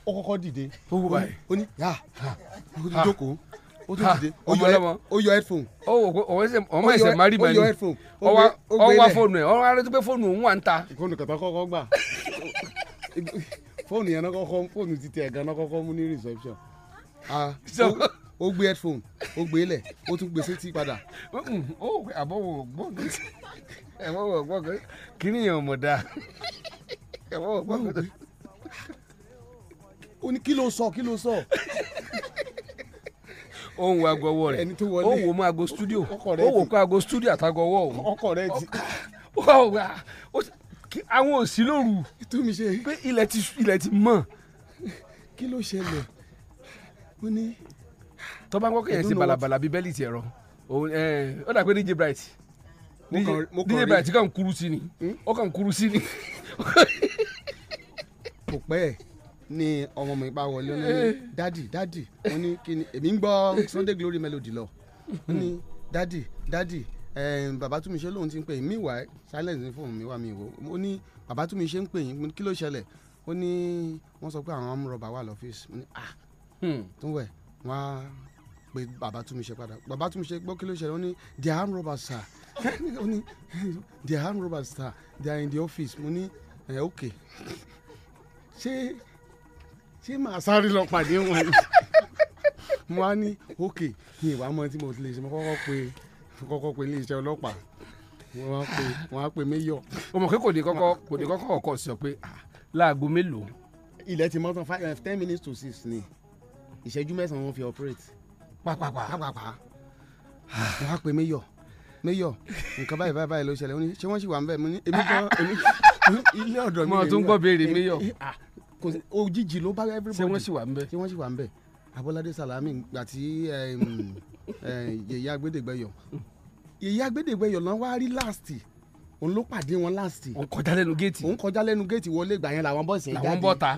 kọ́kọ́ dìde ó ní yá ó ti jókòó ó tún dìde ó yọ ó yọ headphone. ó wò ó ṣe ọmọ ẹsẹ mari mari ó yọ headphone. ó wá ó wá fóònù ẹ ó wá rántí pé fóònù òun wà ń ta. fóònù kàtà kọ́kọ́ gbà fóònù yẹn náà kọ́kọ́ fóònù ti tẹ̀ gan-an kọ́kọ́ mú ní reception. Ah, ó gbé headphone ó gbé lẹ̀ ó tún gbé sétí padà. ó àbọ̀ wò gbọ́ngàn ẹ̀wọ̀n wò gbọ́ngàn kíní yẹn ò mọ̀ dáa ẹ̀wọ̀n wò gbọ́ngàn. ó ní kí ló sọ kí ló sọ ó ń wo aago ọwọ́ rẹ̀ ó wò mọ aago studio ó wò kó aago studio àtàgọ ọwọ́ òun ọkọ rẹ ti àwọn òsì lóru pé ilẹ̀ ti mọ̀. kí ló ṣẹlẹ̀ ó ní tó bá ń gbọ́ kéèyàn ṣe balabala bíi ti ẹ̀rọ ó dà pé DJ Bright DJ Bright kàn kúrú sí ni hmm? ó kàn kúrú sí ni. kò pẹ́ ẹ̀ ni ọmọ mi pa wọlé ní dádì dádì wọn ní kí ni èmi ń gbọ́ Sunday Glory Melody lọ wọn ní dádì dádì babatunmise lòun ti ń pè yín meanwhile silence ní fóònù mi wà mí wò ó ní babatunmise ń pè yín kí ló ṣẹlẹ̀ ó ní wọ́n sọ pé àwọn amúrọ̀bà wà lọ́fíìsì ó ní ah hmm. tún wẹ̀ wọ́n á pé bàbá Túnmiṣe padà bàbá Túnmiṣe gbọ́ kí ló ṣẹlẹ̀ ó ní the armed robbers sir ó ní the armed robbers sir they are in the office mo ní ẹ ok ṣé ṣé màá sáré lọ pàdé wọn mo á ní ok ní ìwà mọ tí mo ti lè ṣe mo kọ́kọ́ pe kọ́kọ́ pe iléeṣẹ́ ọlọ́pàá wọ́n á pe wọ́n á pe mayor. ọmọ kí kò dé kọ́kọ́ kò dé kọ́kọ́ ọkọ̀ sọ pé ah, láago mélòó. ilẹ̀ ti mọ́tàn eh, ten minutes to six ni ìṣẹ́jú mẹ́sàn-án wọ́n fi operate pàpàpà pàpàpà mo wá pe mayor mayor nǹkan báyìí báyìí báyìí ló ṣẹlẹ̀ ó ní ṣé wọ́n sì wà ń bẹ̀ mo ní èmi kọ́ ah, ah. èmi ilé ọ̀dọ̀ mi mo tún gbọ́ béèrè mayor ah, òjijì ló bá everybody ṣé wọ́n sì wà ń bẹ̀ ṣé wọ́n sì wà ń bẹ̀ Abọ́ládé Salami gbà tí yèyé agbẹ́dẹ́gbẹ́yọ yèyé náà wá rí láàstì òun ló pàdé wọn láàstì. òun kọjá lẹ́nu géètì. òun kọjá lẹ́nu géètì wọlé ìgbà yẹn làwọn bọ́ọ̀sì yẹn jáde. làwọn bọ́ọ̀ta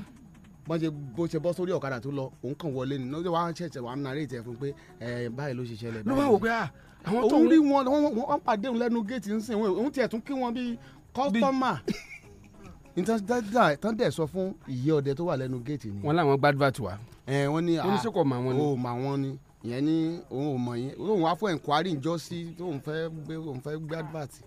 bọ́n ṣe bó ṣe bọ́ sórí ọ̀kadà tó lọ òun kàn wọlé ni lọ́jọ́ wàá ṣẹ̀ṣẹ̀ wàá nàárẹ̀ ìtẹ̀ fún pé ẹ báyìí ló ṣe ṣẹlẹ̀. ló bá wò pé à ah, àwọn tó ń rí wọn wọn pàdé òun lẹ́nu géètì ń sìn òun tiẹ̀ tún kí wọn bíi kọ́sítọ́mà tán dẹ̀ sọ fún ìyẹ́ ọdẹ tó wà lẹ́nu géètì ni. wọ́n láwọn gbàdúrà tù wá. ẹ wọ́n ní oníṣègùn ah, mà wọ́n ni. o mà wọ́n ni ìyẹn ní òun ò mọ̀ yín òun wá fún ẹ̀ńkwárì ìjọ́sí tóun fẹ́ gbàdúrà tì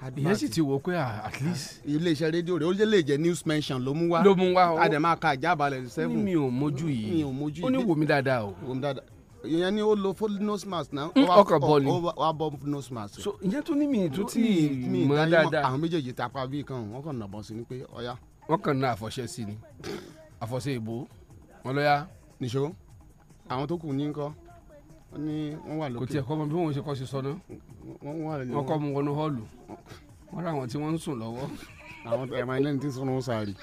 ìyẹn sì ti wò pé ah, at least. Ah, iléeṣẹ́ rédíò rẹ̀ ó lè jẹ́ news mention ló mú wá ló mú wá o àdèmà ka àjábalẹ̀ seven. ní mi ò mójú yìí mi ò mójú yìí ó ní wò mí dáadáa o. wò mí dáadáa ìyẹn ni ó lo full nose mask náà. Hmm, ọkọ bọ ni ó bọ nose mask. so ìyẹn tún ní mi tún ti mọ dáadáa. àwọn méjèèjì tapa bíi kan wọn kàn nàbọ sí ni pé ọyá. wọn kàn ná àfọ̀ṣẹ sí ni àfọ̀ṣẹ ìbò wọn lọ yá. nìṣó àwọn tó kù ní ń kọ́ wọ́n ní wọ́n wà lókè. kò tiẹ̀ kọ́ mọ bí wọ́n ṣe kọ́ ṣe sọ náà. wọ́n wà lókè. wọ́n kọ́ mu wọnú họ́ọ̀lù wọ́n rà àwọn tí wọ́n ń sùn lọ́wọ́. àwọn ẹ̀ma ilé ní tí sunu sàárì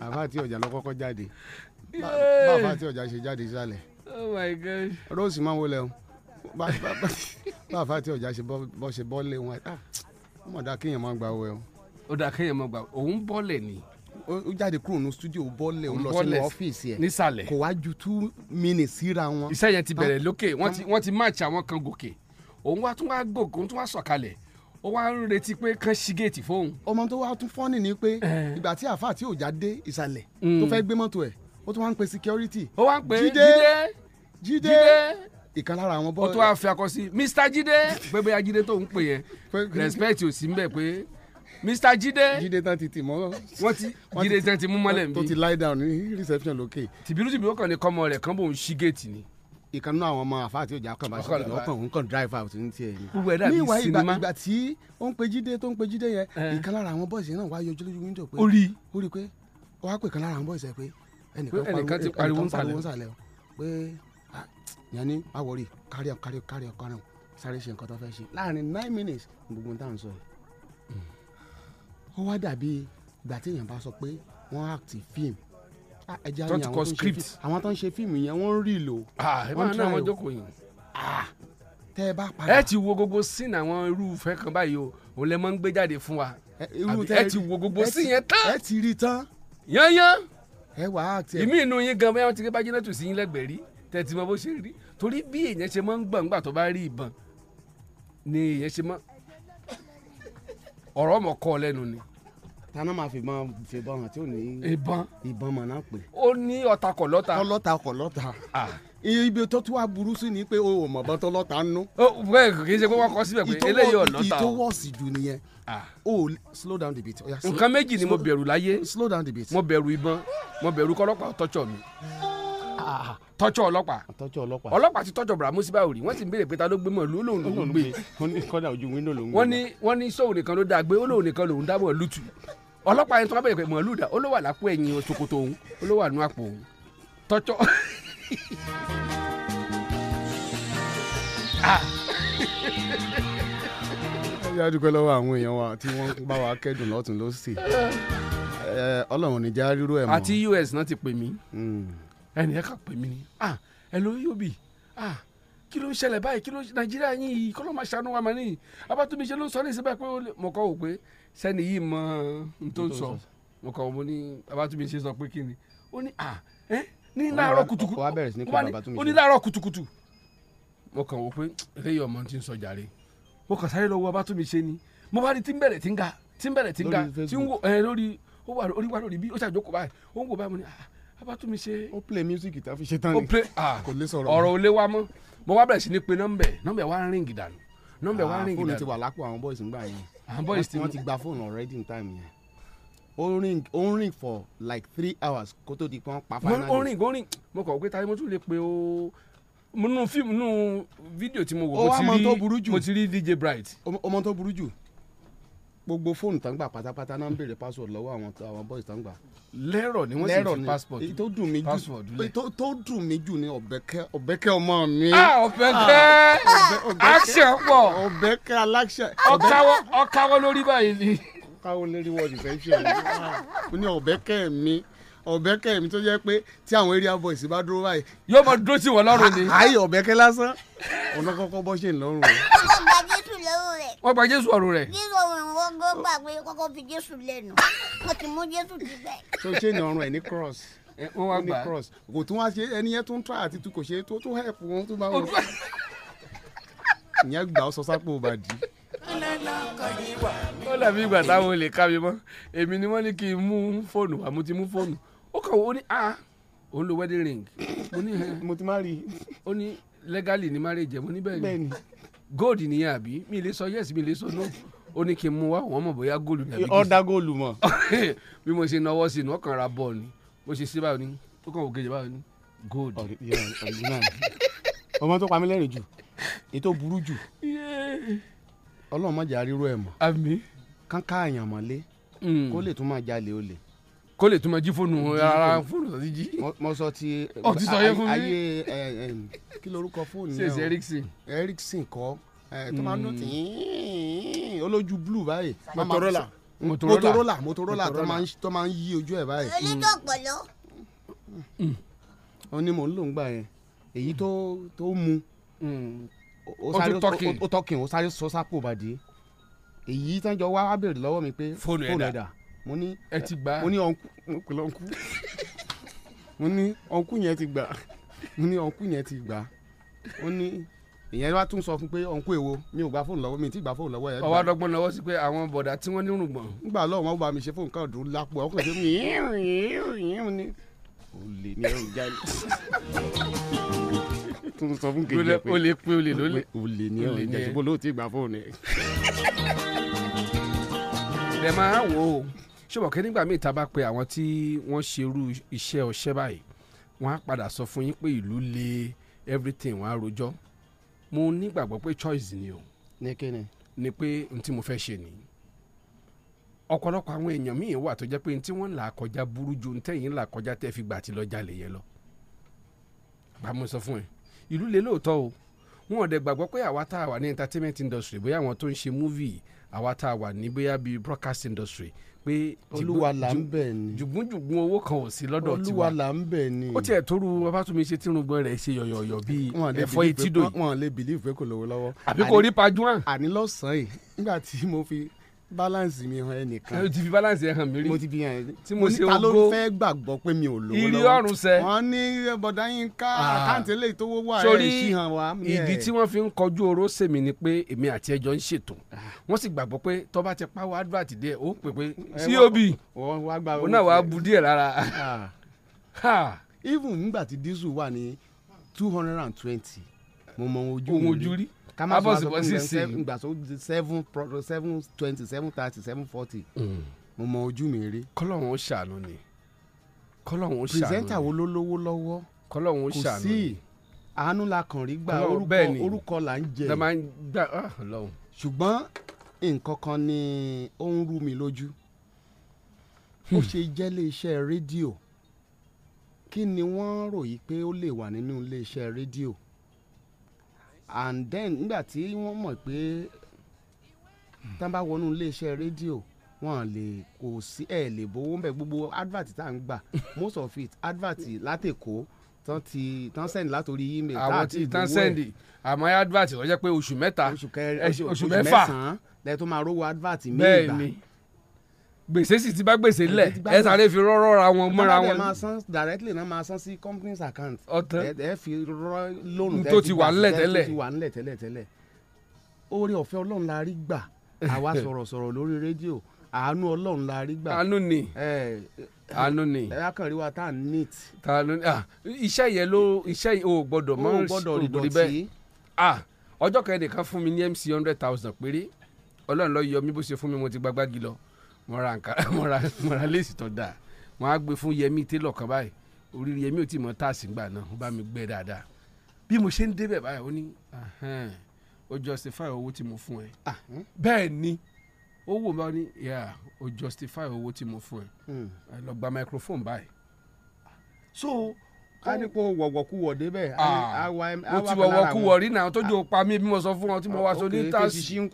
bàbá àti ọjà lọ kọ́kọ́ jáde bàbá àti ọjà ṣe jáde sálẹ̀. oh my god. rose máa wọlé o bàbá àti ọjà ṣe bọ́ ṣe bọ́ lé wọn. Ah, ó mọ̀ máa gbà wẹ̀ o. ó máa gbà òun bọ́lẹ̀ ni ó jáde kúrò ní studio bọ́lẹ̀ ó lọ sínú ọ́fíìsì ẹ̀ nísàlẹ̀ kò wá ju two minutes síra wọn. iṣẹ́ yẹn ti bẹ̀rẹ̀ lókè wọ́n ti match àwọn kan gòkè òun wá tún wá gòkè òun tún wá sọ̀kalẹ̀ ó wá ń retí pé kán ṣí géètì fóun. ọmọ tó wá tún fọ́nì ni pé ìgbà tí àáfàá tí òjá dé ìsàlẹ̀ hmm. tó fẹ́ gbé mọ́tò ẹ̀ ó tún wá ń pe security. ó wá ń pe jíde jíde ìkan lára àwọn bọ́ọ̀lù. ó tún wá fi akọ sí mr jíde pé bóyá jíde tó ń pè yẹn respect ò sí ń bẹ̀ pé mr jide. jide tán ti tì mọ́ wọ́n ti. jide tán ti mú mọ́lẹ̀ mi. tó ti lie down ní reception lókè. tìbírútìbí ó kàn ní kọ́mọ rẹ̀ kán bóun ṣí géètì ni. ìkan náà àwọn ọmọ àfa àti òjà kan bá ṣe lọ kàn ń kàn drive out ní tiẹ̀ ni. gbogbo ẹ̀dá bíi sinimá. ìgbà tí ó ń pe jide tó ń pe jide yẹn eh. ìkan lára àwọn bọ́ọ̀sì náà wá yọjú lójú window pé. ó rí i. i pé ó wá pè kan lára àwọn bọ́ọ̀sì ẹ pé ẹnìkan ti pariwo ń sàlẹ̀ pé yanni awọ́rì kárí ọ̀ nine minutes wọ́n wá dàbí ìgbà tí èèyàn bá sọ pé wọ́n act film ah, ẹja ni àwọn tó ń ṣe fíìmù àwọn tó ń ṣe fíìmù yẹn wọ́n ń rí lò. Ah, ẹ máa ná àwọn jókòó yìí. Ah, tẹ ẹ bá padà. ẹ ti wo gbogbo sínú àwọn irúfẹ́ kan báyìí o òun lè máa ń gbé jáde fún wa. Eh, ẹ ti wo gbogbo sí yẹn tán. ẹ ti rí tán. yányán. ẹ wà á tiẹ̀. ìmí inú yín gan bẹ́ẹ̀ wọ́n ti ké bá jẹ́nẹ́tù sí yín lẹ́gbẹ̀ẹ́ rí tẹ̀tì mọ bó ṣe rí torí bí èèyàn ṣe máa ń gbọ̀ngbà tó bá rí ìbọn ni èèyàn ṣe máa ọ̀rọ̀ ọmọ kọ́ lẹ́nu ni. tana máa fìbọn ban hàn tí ò ní. ìbọn ìbọn mọ̀ náà pè. ó ní ọ̀tà kọ̀ lọ́ta. ọlọ́ta kọ̀ lọ́ta. ibi tó tún wá burú sí ni pé o ò mọ̀ bọ́ tó lọ́ta ń nú. bẹ́ẹ̀ kì í ṣe pé wọ́n kọ́ síbẹ̀ pé eléyìí ọ̀lọ́ta o. ìtọ́wọ́sì jù nìyẹn. o slow down the beat. nǹkan méjì ni mo bẹ̀rù láyé. slow down the beat. mo bẹ̀rù ìbọn mo bẹ̀rù kọ́lọ́pàá tọ́jọ́ mi. Ah, tọ́jọ́ ọlọ́pàá tọ́jọ́ ọlọ́pàá ọlọ́pàá ti tọ́jọ́ Bramusi báwò rí wọ́n sì ń béèrè pé ta ló gbé mọ̀ lóun lòun gbé kọ́dà ojú wíńdò lòun gbé wọ́n ní wọ́n ní sóun nìkan ló dáa gbé ó lóun nìkan lòun dábọ̀ lùtù ọlọ́pàá yẹn tó wá bẹ̀rẹ̀ pé mọ̀ọ́lù dà ó ló wà lápò ẹ̀yìn ṣòkòtò òun ó ló wà nú àpò òun tọ́jọ́ ah. yá dúpẹ́ lọ́wọ́ àwọn èèyàn wa tí wọ́n bá wa kẹ́dùn lọ́tún lọ́sì ọlọ́run ní já rírú ẹ̀ mọ́ àti US náà ti pè mí. Hmm ẹnì yẹn kà pè mí ni ah ẹ ló yóò bì ah kí ló ń ṣẹlẹ̀ báyìí kí ló nàìjíríà yín yìí kọ́ ló máa ṣàánú wa mà ní abátúmí ṣe ló ń sọ ní ìsìnbẹ́ pé mo kọ́ wò pé sẹ́ni yìí mọ n tó ń sọ mo kọ́ mo ní abátúmí ṣe sọ pé kí ni ó ní ah ẹ ní láàárọ̀ kutukutu. ó ní láàárọ̀ kùtùkùtù mo kàn wò pé eléyìí ọmọ ti ń sọ jàre mo kàn sáré lọ abátúmí ṣe ni mo bá rí tí ń bẹ̀rẹ̀ tí ń ga tí ń bẹ̀rẹ̀ tí ń ga tí ń wò ẹ lórí ó wà bàbá tún mi ṣe. ó play music tá a fi ṣe tán ni kò lè sọ̀rọ̀ ọ̀rọ̀ ò lè wá mọ́ mo wá bẹ̀rẹ̀ sí ní pe nọ́mbẹ̀ nọ́mbẹ̀ wá ń ríǹgì dànù nọ́mbẹ̀ wá ń ríǹgì dànù. fóònù ti wà lápò àwọn boys ńgbà yẹn àwọn boys ti wọ́n ti gba fóònù already in time yẹn ó ń ring ó ń ring for like three hours kó tó di pé wọ́n pa finally. ó ń ring ó ń ring mo kàn pé tayé mo tún lè pe ó nínú fíìmù nínú fídíò tí mo wò mo ti rí DJ Bright. ọmọ tó burú jù gbogbo fóònù tá ń gbà pátápátá náà ń béèrè password lọ́wọ́ àwọn àwọn boys tá ń gbà. lẹ́rọ̀ ni wọ́n sì fi passport tó dùn mí jù tó dùn mí jù ni ọ̀bẹ́kẹ́ ọ̀bẹ́kẹ́ ọmọ mi. Ah, ah, ọ̀bẹ́kẹ́ action pọ̀ ọ̀bẹ́kẹ́ aláṣẹ. ọ̀káwọ́ ọ̀káwọ́ lórí báyìí ni. ọ̀káwọ́ lórí wọ́ọ̀dì fẹ́ ṣe ọ̀hún ní ọ̀bẹ́kẹ́ mi ọ̀bẹ́kẹ́ mi tó jẹ́ pé tí àwọn area boys bá dúró báyìí. yóò mọ dúró sí wọn lọ́rùn ni. àyè ọ̀bẹ́kẹ́ lásán ọ̀nà kọ́kọ́ bọ́ ṣe ń lọ́rùn o lọ́rùn rẹ̀. wọ́n gba jésù ọ̀rùn rẹ̀. jésù ọ̀rùn wọn gbọ́ gbà pé kọ́kọ́ fi jésù lẹ́nu wọ́n ti mú jésù ti bẹ̀. tó ṣe ní ọrùn ẹ̀ ní cross wọ́n wá gbà kò tún wá ṣe ẹni yẹn tó ń tọ́ àti tó kò ṣe tó tó help wọn tó bá wọn. ìyẹn gbà ó sọ sápò òbàdì ó dàbí ìgbà táwọn olè ká mi mọ́ èmi ni wọ́n ní kí n mú fóònù wá mo ti mú fóònù ó kàn wọ́n ní ah òun lo wedding ring mo ní. mo ti má rí i. ó ní legally ni marriage jẹ́ mo ní bẹ́ẹ̀ ni gold nìyẹn àbí mi lè sọ yes mi lè sọ no ó ní kí n mú wá wọn mọ̀ bóyá góòlù nàbí. ọ da góòlù mọ. bí mo ṣe nawọ́ sí i ní ọkàn ra bọ́ọ̀ ni mo ṣe sí báyìí ni ó kàn wò kejì báyìí ni gold. ọmọ tó pa mí lẹ́rìn jù ètò burú jù ọlọ́run má jà ríró ẹ̀ mọ́. àmín. àyàn mọ́lé mm. kó lè tún máa jalè olè kó lè tún máa jí fóònù rárá fóònù tó ti jí. mo sọ ti ayé kí lorúkọ fóònù náà ṣèṣe Ericsson Ericsson kọ tó máa ń dùn olójú blue báyìí Motorola Motorola Motorola tó máa ń yí ojú ẹ̀ báyìí. onídọ̀ hmm. pọ̀lọ́. Hmm. ó ní mò ń lò ń gbà yẹn èyí tó mu hmm. ó sáré ó tọkìn ó sáré sọ sápò bàdí èyí tán jọ wá wá béèrè lọ́wọ́ mi pé fóònù ẹ̀dà mo ní ẹ ti gbà mo ní ọ̀nkú mo pè lọ́nkú mo ní ọ̀nkú yẹn ti gbà mo ní ọ̀nkú yẹn ti gbà ó ní ìyẹn wá tún sọ fún pé ọ̀nkú èwo mi ò gbà fóònù lọ́wọ́ mi ti gbà fóònù lọ́wọ́ ẹ̀. ọwọ́ adọ́gbọ́n lọ́wọ́ sí pé àwọn bọ̀dà tí wọ́n ní rùngbọ̀n. nígbà lọ́wọ́ wọn bá mi ṣe fóònù kan dùn lápò ọkùnrin ṣe mí ní olè ní ẹrù jáde. tún sọ fún kejì ẹ pé olè pé olè lólè. olè ní ẹrù jáde bó ló ti gbà fóònù ẹ. ẹ máa wò ó ṣùgbọ́n kí nígbà míì tá a bá pe àwọn tí wọ́n ṣerú iṣẹ́ ọṣẹ́ báyìí wọ́n á padà sọ fún yín pé ìlú le everything wọ́n á rojọ́ mo nígbàgbọ́ pé choice ni o. ní kíni. ni pé n tí mo fẹ́ ṣe nìyí ọ̀pọ̀lọpọ̀ àwọn èèyàn míì wà tó jẹ́ pé n tí wọ́n ń là kọjá burú ju ntẹ́yìn là kọjá tẹ́ fi gbà tí lọ́ọ́ jalè yẹn lọ. bàmú sọ fún ẹ ìlú le lóòótọ́ o wọn ò dẹ̀ gbàgbọ́ pé àwa tá a wà ní entertainment industry bóyá àwọn tó ń ṣe movie àwa tá a wà ní bóyá bíi broadcast industry pé olúwa là ń bẹ̀ ni jùgúnjùgún owó kan ò sí lọ́dọ̀ tiwa olúwa là ń bẹ̀ ni ó tiẹ̀ tó ru Ọbátúnjí ṣe tírúgbọ́n rẹ̀ ṣe yọ̀yọ̀yọ̀ bíi ẹ̀fọ́ etídò yìí wọn lè bìlíìfù pé kò lówó lọ́wọ́ àbí kò rí pajúwọ̀n. àní lọ́sàn-án yìí nígbà tí mo fi balance mi hàn ẹnìkan. o ti fi balance yẹn hàn mí rí. mo ti fi hàn yẹn. tí mo ṣe ogo ta ló fẹ́ gbàgbọ́ pé mi ò lówó lọ́wọ́. irí ọ̀run sẹ. wọ́n ní bọ̀dá yín ká ah. àkáǹtì eléyìí tó wà ẹ̀ sí hàn wá. ìdí tí wọ́n fi ń kọjú oró sèmi ni pé èmi àti ẹjọ́ ń ṣètò ah. wọ́n sì gbàgbọ́ pé tó bá ti pa wàá àti díẹ̀ ó pè pé cob òun náà wàá bu díẹ̀ lára. Ah. even nígbà tí diesel wà ní two hundred and twenty mo mọ ojú rí ká má ah, sọ àtọkùn rẹ ìgbà tó seven seven twenty seven thirty seven forty mm. mo mọ ojú mi rí. kọ́lọ́hún ó ṣàánú ni kọ́lọ́hún ó ṣàánú ni pírẹsẹ́ńtà wo ló lówó lọ́wọ́ kọ́lọ́hún ó ṣàánú ni kò sí àánú la kàn rí gbà orúkọ là ń jẹ ah, ṣùgbọ́n nǹkan kan ni ó ń rú mi lójú ó hmm. ṣe jẹ́ iléeṣẹ́ rédíò kí ni wọ́n ròyìn pé ó lè wà nínú iléeṣẹ́ rédíò and then nígbà tí wọ́n mọ̀ pé tá a bá wọnú iléeṣẹ́ rédíò wọn lè kò sí ẹ̀ lè bówó ńbẹ gbogbo advert tá à ń gbà most of it advert látèkó tán ti tán sẹ́ndì látòrí email àwọn tí tán sẹ́ndì àmọ́ advert ó jẹ́ pé oṣù mẹ́ta oṣù mẹ́fà lẹ́ẹ̀ tó máa rówó advert mí ìgbà gbèsè sì ti bá gbèsè lẹ̀ ẹ sáré fi rọ́rọ́ ra wọn mọ́ra wọn. máa san directly náà máa san sí company's account. ọ̀tẹ́ ẹ fi rọ́ lónìí tó ti wà ńlẹ̀ tẹ́lẹ̀ tó ti wà ńlẹ̀ tẹ́lẹ̀ tẹ́lẹ̀ oore ọ̀fẹ́ ọlọ́run la rí gbà àwa sọ̀rọ̀sọ̀rọ̀ lórí rédíò àánú ọlọ́run la rí gbà. àánú ni àánú ni. ẹ akànrí wa tá à ń neat. tá à ń ah iṣẹ́ yẹn ló iṣẹ́ yẹn o gbọ́dọ̀ mọ́ o gbọ́dọ̀ rí bẹ́ẹ̀ ah ọjọ́ kẹ́ẹ̀ẹ́dẹ̀kan fún mi ní mc hundred thousand péré ọlọ́run ló yọ mí bó ṣe fún mi mo ti gbagbági lọ mo ra nǹkan mo ra mo ra léèsì tó dáa wọn á gbé fún yẹmí télọ̀ kan báyìí orí yẹmí ò tí mọ táàsì gbà náà ó bá mi gbẹ dáadáa bí mo ṣe ń débẹ̀ báyìí ó ní ó justify owó tí mo fún ẹ ah, hmm? bẹ́ẹ̀ ni ó wò bá ní yà ó justify owó tí mo fún ẹ hmm. lọ gba microphone báyìí so ká ní kó wọ̀wọ̀kúwọ̀ débẹ̀. Ah. o ti wọ̀wọ̀kúwọ̀ rí náà tójú pa mí bí mo sọ fún ọ tí mo wá ah, sọ ní tàṣì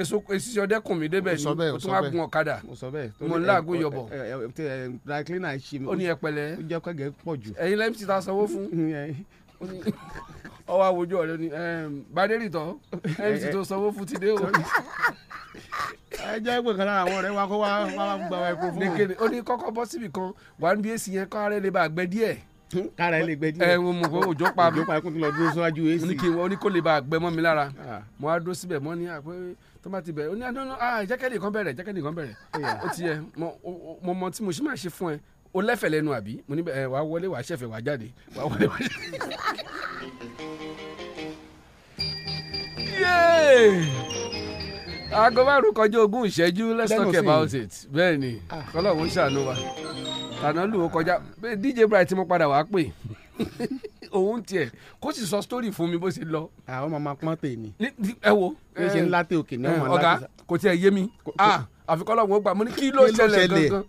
èso èsì ọdẹkùn mi débẹ̀ ni o tún wá gun ọ̀kadà mo ń láàgùn yọ̀bọ̀. dry cleaner ṣe mi. ó ní ẹpẹlẹ. ó jẹ́ pẹ́gẹ́ pọ̀ jù. ẹ̀yin lẹ́yìn tí ta sanwó fún ọwọ́ àwùjọ rẹ ni bàdérì tán mc tó sanwó fún ti dé o. ẹ jẹ́ pé kan lára àwọn ọ̀rẹ́ wa kó wá gba microphone. ó ní kọ́kọ́ bọ́ síbì kan wà á ń bí èsì yẹn kọ́ kára ẹ lè gbẹ díẹ̀. ẹ wo mo fọ òjò pa mi òjò pa ikú tó lọ dúró síwájú èsì. ní kí n lè ba àgbẹ mọ́ mi lára ah. mo á dúró síbẹ̀ mọ́ ní àpẹ́ ah, tó bá ti ní àdánù ah, ah jákèjì kan bẹ̀rẹ̀ jákèjì kan bẹ̀rẹ̀ ó ti yẹ mo mọ tí mo ṣe máa ṣe fún ẹ o lẹ́fẹ̀ lẹ́nu àbí mo ní ẹ wàá wọlé wàá ṣẹ̀fẹ̀ wàá jáde wàá wọlé wàá ṣẹ̀fẹ̀ aago márùn kọjá ogún ìṣẹ́jú let's talk about it bẹ́ẹ̀ ni kọ́lọ́hún ṣàánú wa àná lù ó kọjá DJ Bright tí mo padà wàá pè òun tiẹ̀ kó sì sọ story fún mi bó ṣe lọ. àwọn ọmọ máa pọ́n tèmi. ẹ wo. bí o. ṣe ń láti òkè náà mọ̀ láti sá. ọ̀gá kò tiẹ̀ yé mi àfikọ́ lọ́wọ́ gbà mo ní kí ló ṣẹlẹ̀ gangan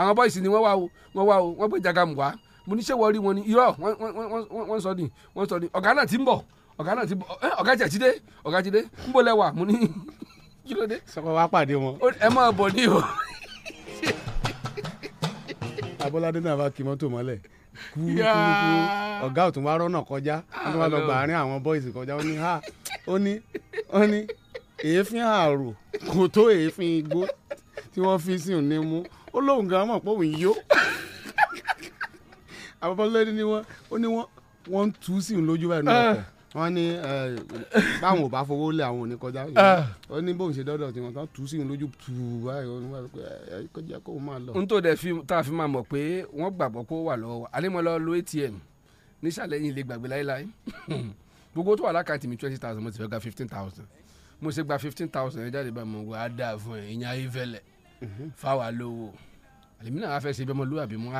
àwọn bọ́ìsì ni wọ́n wá o wọ́n wá o wọ́n gbé jaga mu wá mo ní ṣé wọ́n rí wọn ni irọ́ wọ́n sọ ni wọ́n sọ ni ọ̀gá náà ti ń bọ̀ ọ̀gá náà ti ń bọ̀ ọ̀gá jẹ̀ jíde ọ̀gá jíde ń bọ̀ lẹ́wà mo ní kí ló dé. sọkọ wa pàdé wọn. ẹ máa bọ̀ ní o. abọ́ládé náà bá kí mọ́tò mọ́lẹ̀ kúrúkúrú ọ̀gá ọ̀tún wá rọ́nà kọjá wọ́n wá lọ gbà àárín àwọn bọ́ìsì kọjá ó ní ha ó ní ó ní èéfín àrò kò tó èéfín igbó tí wọ́n fi sí òní mú ó lóun gan mọ̀ pé òun yó abọ́ládé ni wọ́n ó ní wọ́n wọ́n tú sí òun lójú báyìí nínú ọkọ̀ ah wọ́n ní báwọn ò bá fowó lé àwọn ò ní kọjá ah. ó ní bóun ṣe dọ́dọ̀ tí wọ́n tán tù ú sí òun lójú tù ú báyìí ó ní wà pé ẹ kọjá kó máa lọ. n tó dẹ fi tá a fi máa mọ̀ pé wọ́n gbàgbọ́ kó wà lọ́wọ́ alémọ́lọ́ lo atm nísàlẹ̀ yìí lè gbàgbé láéláé gbogbo tó wà lákàtí mi twenty thousand mo ti fẹ́ gba fifteen thousand mo ṣe gba fifteen thousand ẹ jáde bá mi wò á dáa fún ẹ ìyẹn ayé fẹ́lẹ̀ mhm. fáwa lówó àlèmi náà fẹ́ ṣe bẹ́ẹ̀ mo lúwàbí mo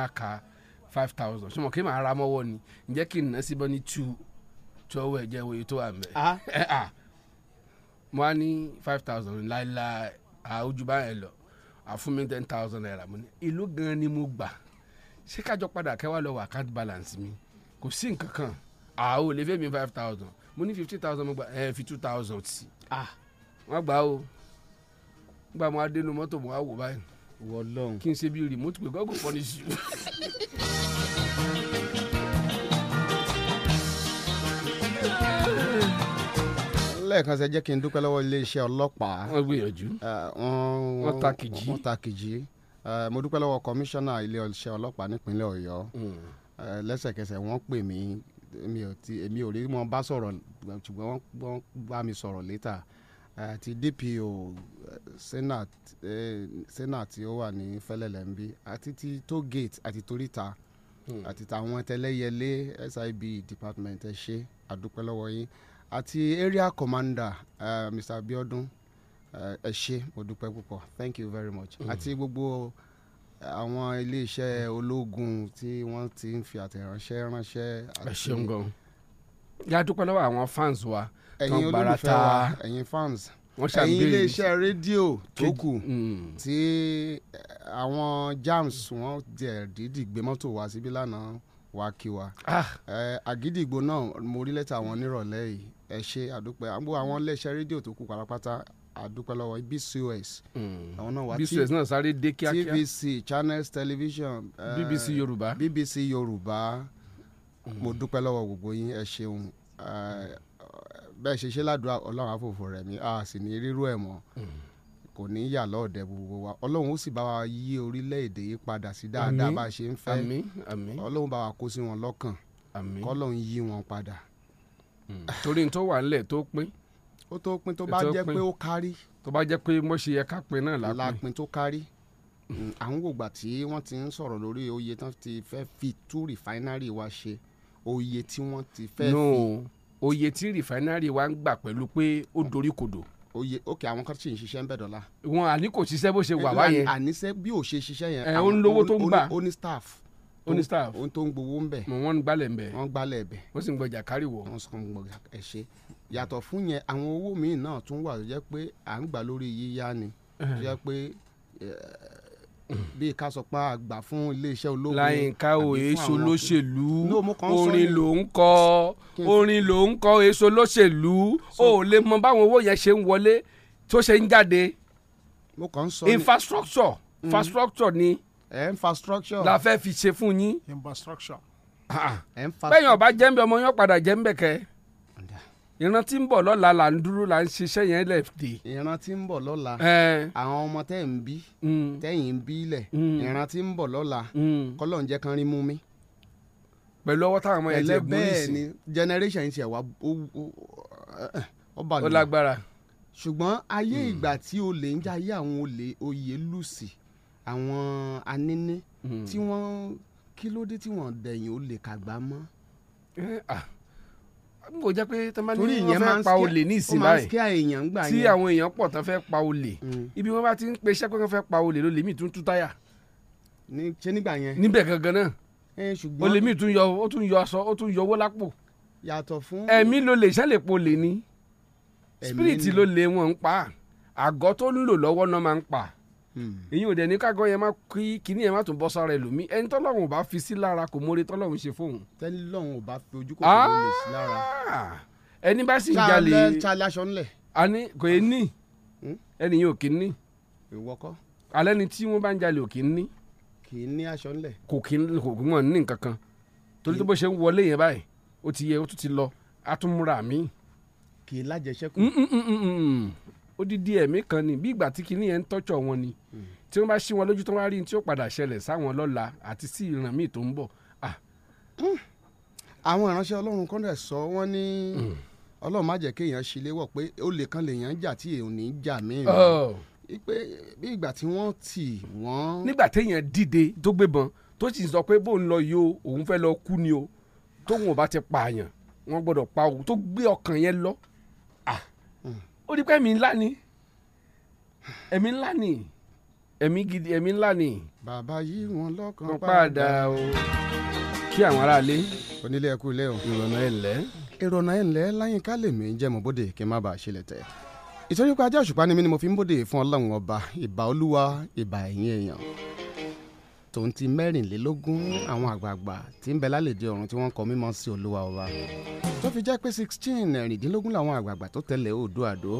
two tí ọwọ́ ẹ̀ jẹ́ owó yìí tó wà mẹ́ ẹ̀ à mo á ní five thousand láìláì àójú báyẹn lọ àfún ten thousand naira mo ní ìlú gan ni mo gbà ṣé kájọ padà kẹwàá lọ wà account balance mi kò sí nǹkan kan àá o lè fẹ́ mi five thousand mo ní fifty thousand mo gbà ẹ eh, fi two thousand sí. Ah. wọ́n gbà o gbà mo adénu mọ́tò mo wá wò báyìí. wọ́n lọ́hùn. kí n ṣe bí remote pé gọ́gùn pọ́nìṣì. lẹ́ẹ̀kan ṣe jẹ́ kí n dúpẹ́ lọ́wọ́ iléeṣẹ́ ọlọ́pàá wọ́n gbìyànjú wọ́n ta kìjì wọ́n ta kìjì mo dúpẹ́ lọ́wọ́ kọmíṣánná iléeṣẹ́ ọlọ́pàá nípínlẹ̀ ọ̀yọ́ hmm. lẹ́sẹ̀kẹsẹ̀ wọ́n pè mí mi ò ti èmi ò rí wọn bá sọ̀rọ̀ ṣùgbọ́n wọ́n bá mi sọ̀rọ̀ létà àti DPO senate tí ó wà ní fẹlẹ́lẹ́ńbí àti ti toll gate àti toríta hmm. àti tàwọn tẹlẹ́yẹlé SIB department ẹ ṣé àdúpẹ́ lọ́wọ́ yín àti area commander uh, eh, Mr. Abiodun eh, ẹ ṣé mo dúpẹ́ púpọ̀ thank you very much mm. àti gbogbo àwọn iléeṣẹ́ ológun tí wọ́n ti ń fi àtẹ̀ránṣẹ́ ránṣẹ́. ẹ ṣeun gan yàtúpẹ́ lọ́wọ́ àwọn fans wa kan gbarata ẹ̀yin fans ẹ̀yin iléeṣẹ́ rédíò tó kù mm. tí eh, àwọn jams wọ́n jẹ̀ dídì gbé mọ́tò wá síbí lánàá wá kí wa ah. àgídìgbò náà mo rí lẹ́tà wọn nírọ̀lẹ́ yìí ẹ ṣe àdúpẹ́ àgbo àwọn iléeṣẹ́ rédíò tó kù pàápàá àdúpẹ́ lọ́wọ́ bcos hmm. àwọn náà wá bcos náà sáré dé kíákíá tvc channels television uh, eh, bbc yorùbá bbc yorùbá hmm. mo dúpẹ́ lọ́wọ́ gbogbo yín ẹ ṣeun eh, bẹ́ẹ̀ ṣe ṣe ládùúgbò ọlọ́run àfòfò rẹ̀ mi a sì ní rírú ẹ̀ mọ́ hmm. kò ní yà lọ́ọ̀dẹ̀ gbogbo wa ọlọ́run ó sì bá wa yí orílẹ̀-èdè yìí padà sí dáadáa bá a ṣe ń fẹ́ ọlọ́run bá wa kó sí wọn lọ́kàn kọ́lọ́run yí wọn padà torí n tó wà nílẹ̀ tó pín. ó tó pín tó bá jẹ́ pé ó kárí. tó bá jẹ́ pé mo ṣe yẹ ká pín náà lápín. lápín tó kárí mm, à ń wògbà tí ti ń sọ̀rọ̀ lórí oyè tán ti fẹ́ fi tú rìfáínárì wa ṣe oyè tí wọ́n ti fẹ́ fi. no oyè tí rìfáínárì wa ń gbà pẹ̀lú pé ó dorí kodò oye ok àwọn kan ṣì ń ṣiṣẹ́ ń bẹ̀ dọ́là. wọn àní kò ṣiṣẹ́ bó ṣe wà wáyé. àníṣe bí ò ṣe ṣiṣẹ́ yẹn. ẹ ń lówó tó ń gbà. ó ní staff ó ní staff ó tó ń gbowó ń bẹ̀. mọ wọn ń gbalẹ̀ ń bẹ̀. wọn ń gbalẹ̀ bẹ̀. ó sì ń gbọjà kárí wọ. wọn sì ń gbọjà ẹ ṣe yàtọ̀ fún yẹn àwọn owó míì náà tún wà tó jẹ́ pé à ń gbà lórí yíyá ni tó pé eh, bíi ká sọ pé a gbà fún iléeṣẹ́ ológun láyìnká èso lóṣèlú orin ló ń kọ orin ló ń kọ èso lóṣèlú o ò lè mọ báwọn owó yẹn ṣe ń wọlé tó ṣe ń jáde infrastructure mm. infrastructure ni. Mm -hmm Eh, infrastructure. la fẹ́ fi ṣe fún yín. infrastructure. Ah, ah. Eh, bẹ́ẹ̀ yẹn ọba jẹ́ ń bẹ ọmọ yẹn padà jẹ́ ń bẹ kẹ́ ìran tí ń bọ̀ lọ́la là ń dúró là ń ṣiṣẹ́ yẹn lẹ̀ dé. ìran tí ń bọ̀ lọ́la eh. àwọn ọmọ tẹ́ ń bí mm. tẹ́yìn ń bí lẹ̀ mm. ìran tí ń bọ̀ lọ́la mm. kọ́lọ̀ ń jẹ́ kan rí mú mi. pẹ̀lú ọwọ́ táwọn ọmọ yẹn ti mú generation ti ẹ̀ wá ó bà mí. ó lágbára. ṣùgbọ́n ayé ìgbà tí olè ń jayé àwọn olè oyè lùsì àwọn aníní hmm. tí wọ́n kí ló dé tí wọ́n dẹ̀yìn ó lè kàgbá mọ́. mo jẹ́ pé tọ́mọ ní wọ́n fẹ́ pa olè ní ìsinmi báyìí tí àwọn èèyàn pọ̀ tán fẹ́ pa olè hmm. ibi wọ́n bá ti ń pe iṣẹ́ pé wọ́n fẹ́ pa olè lólè mí tún tú táyà. ṣé nígbà yẹn. níbẹ̀ gangan náà olè mí tún yọ ó tún yọ aṣọ ó tún yọ owó lápò. yàtọ̀ fún. ẹ̀mí ló lè ṣẹlẹ̀ po lè ní spirit ló lè wọn ń pa àgọ́ tó ń lò lọ́wọ́ náà máa ń pa. Hmm. èyí ò dẹ̀ ní kágọ́ yẹn má kí kíní yẹn má tún bọ́ sára ẹlòmíì ẹni tọ́lọ́hún ò bá fi sí lára kò mórè tọ́lọ́hún ṣe fóun. tẹ́lọ́hún ò bá fi ojú kò kò lè sí lára. Ah! ẹni bá sì jalè. ṣáàlẹ̀ aṣọ ńlẹ̀. a ní kò yé ní hmm? ẹni yìí ò kí ní. ìwọ́kọ́. alẹ́ ni tí wọ́n bá ń jalè ò kí ní. kì í ní aṣọ ńlẹ̀. kò kí ní kò mọ̀ ní nǹkan kan torí tó bó ṣe ń wọlé yẹn báyìí ó ti yẹ ó tún ti lọ odidi ẹ̀mí kan ni bí ìgbà tí kinní yẹn ń tọ́jọ́ wọn ni tí wọ́n bá ṣí wọn lójú tó wá rí ní tí ó padà ṣẹlẹ̀ sáwọn lọ́la àti sí ìran míì tó ń bọ̀. àwọn ìránṣẹ́ ọlọ́run kan dẹ̀ sọ wọ́n ní hmm. ọlọ́run má jẹ́ kéèyàn ṣe léwọ̀ pé ó lè kan lèèyàn jà tí èèyàn ní jà míì oh. pé bí ìgbà tí wọ́n tì wọ́n. nígbà téèyàn dìde tó gbébọn tó sì sọ pé bóun lọ yìí o òun fẹ́ lọ kú ni o tóun ò bá ti pààyàn wọ́n gbọ́dọ̀ pa òun tó gbé ọkàn yẹn lọ ó rí pé ẹ̀mí ńlá ni ẹ̀mí ńlá ni ẹ̀mí gidi ẹ̀mí ńlá ni. bàbá yìí wọn lọ́kàn padà o. kí àwọn aráalé. onílé ẹkú ilé o. ìrọ̀nà ẹ̀ lẹ́. ìrọ̀nà ẹ̀ lẹ́ láyínká lèmi jẹ́ mọ̀ bóde kí n má bàa ṣẹlẹ̀ tẹ̀. ìtọ́jú pé ajá òṣùpá ni mí ni mo fi ń bóde fún ọlọ́run ọba ìbà olúwa ìbà ẹ̀yìn èèyàn tòun ti mẹ́rìnlélógún àwọn àgbààgbà tí ń bẹ lálejò ọ̀run tí wọ́n kọ mímọ́ sí olúwa ọba tó fi jẹ́ pé sixteen ẹ̀rìndínlógún làwọn àgbààgbà tó tẹ̀lé odò àdó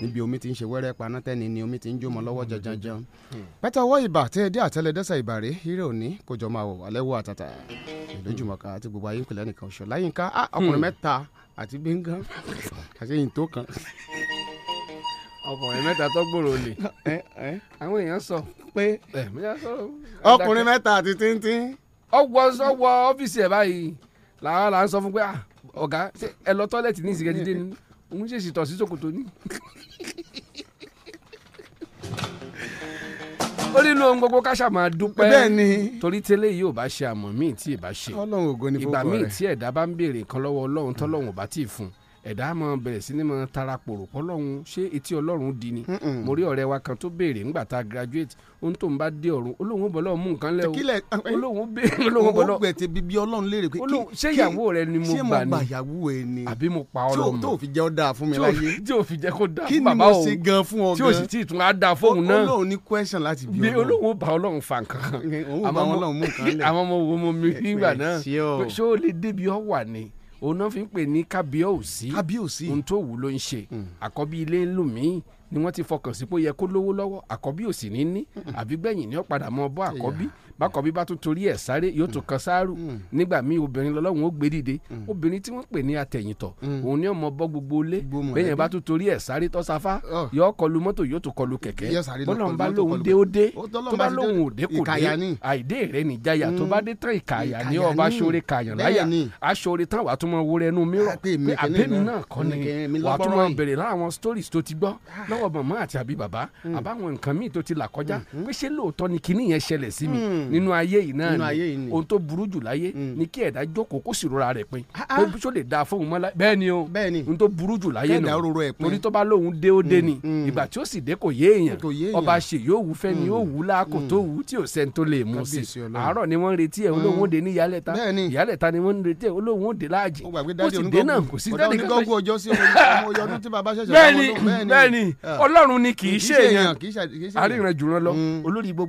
níbi omi ti ń ṣe wẹ́rẹ́ panátẹ́ni ni omi ti ń jómọ lọ́wọ́ janjanjan pẹ́tà ọwọ́ ibà tí èdè àtẹlẹdẹ́sẹ̀ ìbàrẹ̀ eré òní kò jọ máa wò alẹ́ wò àtàtà ìlójúmọ̀ká àti gbogbo ayé ń pèlẹ́ nìkan ṣọ láyínká ọkùnrin mẹ́ta àti gbẹ̀ngàn àti ìyìntó kan ọkùnrin mẹ́ta tó gbòòrò lè àwọn èèyàn sọ pé ọkùnrin mẹ́ta àti tíntín. ọwọ́ ọwọ́ ọ́fíìsì ẹ̀ báyìí làwọn là ń sọ fún pé ah, ọ̀gá ẹ lọ tọ́lẹ̀tì ní ìsìnkẹ́jídé ni òun ṣèṣì tọ̀ sí ṣòkòtò ni. ó nínú ohun gbogbo káṣà máa dúpẹ́ torí tẹ́lẹ̀ yìí ò bá ṣe àmọ́ míì tí ì bá ṣe ìgbà míì tí ẹ̀dá bá ń béèrè nǹkan lọ́wọ́ ọlọ́run tọ́lọ́run ò bá tì í fún ẹ̀dá mọ bẹ̀rẹ̀ sí ni mọ tara pòrò pọ́lọ́run ṣé etí ọlọ́run di ni mo rí ọ̀rẹ́ wa kan tó béèrè ńgbà tá a graduate ohun tó ń bá dé ọ̀run olóhùn bọ́lọ́ mú nǹkan lẹ́ o olóhùn béèrè olóhùn bọ́lọ́ olóhùn gbẹ̀tẹ̀ bíbí ọlọ́run léèrè ṣé ìyàwó rẹ ni mo gbà ni ìyàwó ẹ ni àbí mo pa ọlọ́run tó fi jẹ́ ó dáa fún mi láyé tí ò fi jẹ́ kó dáa fún bàbá òun tí ò sì tí tún á dáa fóun náà olóhùn ní question láti bí ọlọ́run olóhùn bá ọlọ́run fa nǹkan àwọn ọmọ wo mo mi nígbà náà ṣé ó lè débi ọ wà ni òun náà fi ń pè ní kábíyèsí kábíyèsí ohun tó wù ló ń ṣe hmm. àkọ́bí ilé ń lù mí ni wọ́n ti fọkàn sí pé ó yẹ kó lówó lọ́wọ́ àkọ́bí ò ní ní hmm. àbí ni ó padà mọ bọ́ àkọ́bí bákọ̀ bí bá tún torí ẹ̀ sáré yóò tún kan sáárù mm. Mm. nígbà míì obìnrin lọ́lọ́run ó gbé dìde mm. obìnrin tí wọ́n pè ní atẹ̀yìntọ̀ òun ni ọmọ bọ́ gbogbo ilé bẹ́ẹ̀ bá tún torí ẹ̀ sáré tọ́ sáfá oh. yóò kọlu mọ́tò yóò tún kọlu kẹ̀kẹ́ bọ́lọ́run bá lóun dé ó dé tó bá lóun ò dé kò dé àìdé rẹ̀ nìjáyà tó bá dé tán ìkàyà ni ọba aṣọre kàyàn láyà aṣọre tán wàá tún mọ wo rẹ nú mírọ̀ ah, ti gbọ́ ah. lọ́wọ́ màmá àti àbí bàbá àbáwọn nǹkan míì ti là kọjá mm-hmm. pé ṣé lóòótọ́ ni Hmm. nínú ayé yìí náà ni ohun tó burú jù láyé hmm. ni kí ẹ̀dá jókòó kó sì rora rẹ̀ pin bí ah, sọ ah. lè da fóun mọ́ la bẹ́ẹ̀ ni o ohun tó burú jù láyé nù torí tó bá lóun dé ó dé hmm. ni ìgbà tí ó sì dé kò yé èèyàn ọba ṣe yóò wú fẹ́ ni yóò wú láàkó tó wú tí ò sẹ́ni tó lè mú sí àárọ̀ ni wọ́n ń retí ẹ̀ olóhùn òde ní ìyálẹ̀ta ìyálẹ̀ta ni wọ́n ń retí ẹ̀ olóhùn òde láàjì ó sì dé náà kò sí dẹ́nì kankan bẹ́ẹ̀ ah. ọlọ́run ni kì í ṣe èèyàn àríyànjú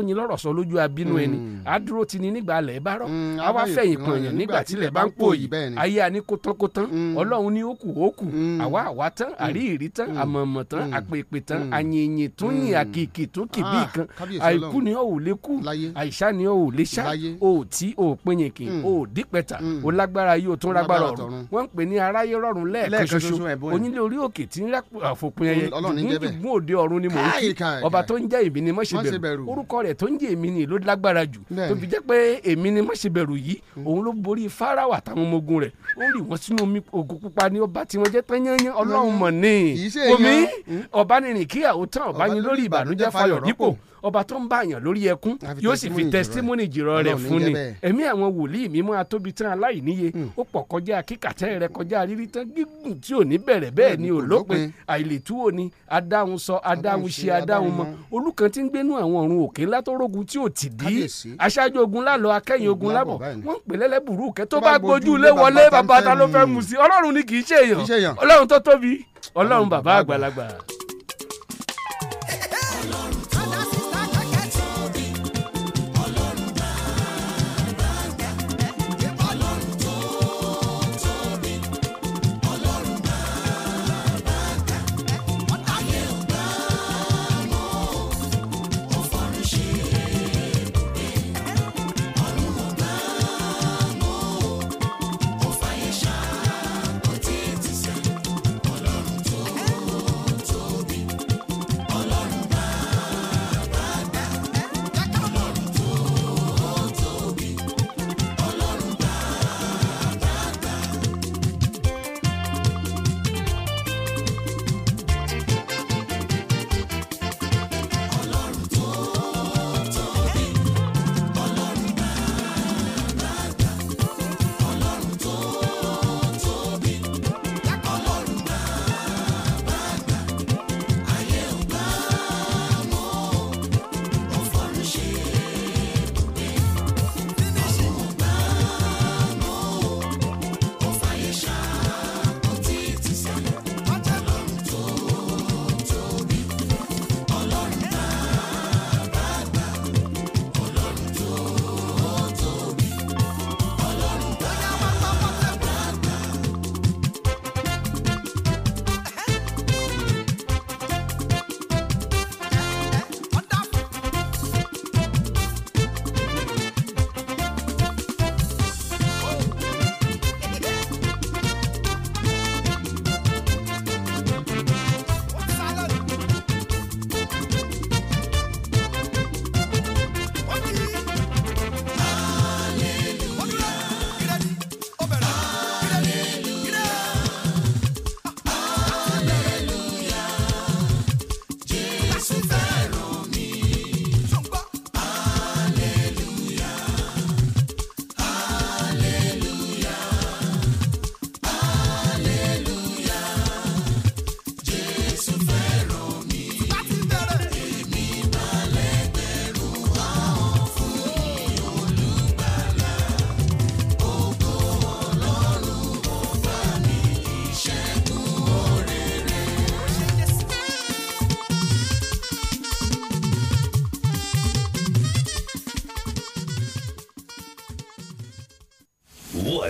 fún yín lọ́rọ̀ sọ lójú abínú ẹni àdúró hmm. ti ni nígbà lẹ̀ bá rọ̀ àwa hmm, fẹ̀yìn kan yàn nígbà tilẹ̀ bá ń pò yìí ayé àní kótánkótán hmm. ọlọ́run ní òkú òkú àwa àwa tán àrí ìrí tán àmọ̀mọ̀ tán àpèpè tán àyìnyìn tún yìn àkìkì tún kìbí ah, kan àìkú ni ó ò lè kú àìsá ni ó ò lè sá ó tí ó pinyìnkì ó dípẹ̀tà ó lágbára yóò tún lágbára ọ̀run wọ́n ń pè ní aráyé rọ̀rùn lẹ́ẹ̀kan onílé orí òkè tí ń rẹ́ àfòpin ẹyẹ ìgbìmọ̀ òde ọ̀run ni mò ń kí ọba tó ń jẹ́ ìbínimọ̀ṣẹ̀bẹ̀rù orúkọ rẹ̀ rẹ̀ tó ń jẹ́ èmi ni ló lágbára jù tó fi jẹ́ pé èmi ni má ṣe bẹ̀rù yìí òun ló borí Fáráò àtàwọn ọmọ ogun rẹ̀ ó rì wọ́n sínú omi ògùn pupa ni ó bá tiwọn jẹ́ tán yányán Ọlọ́run mọ̀ ní omi ọ̀bánirin kíyàwó tán ọ̀bánin lórí ìbànújẹ́ dípò ọba tó ń báyàn lórí ẹkún yóò sì fi testimony jìrọ rẹ̀ fún ni ẹ̀mí àwọn wòlíì mímọ́ atóbi tán aláìníye hmm. ó pọ̀ kọjá kíkàtẹ́ rẹ̀ kọjá rírí tán gígùn tí ò ní bẹ̀rẹ̀ bẹ́ẹ̀ ni ò lópin àìlètúwò ni adáhùn sọ adáhùn ṣe adáhùn mọ olùkan tí ń gbénú àwọn ọ̀run òkè látọ́rọ́gun tí ò ti dí aṣáájú ogun lálọ́ akẹ́yìn ogun lábọ̀ wọ́n ń pè lẹ́lẹ́ burúkẹ́ tó bá gbójú lé wọlé bàbá ta ló fẹ́ mú sí ọlọ́run ni kì í ṣe èèyàn ọlọ́run tó tóbi ọlọ́run bàbá àgbàlagbà.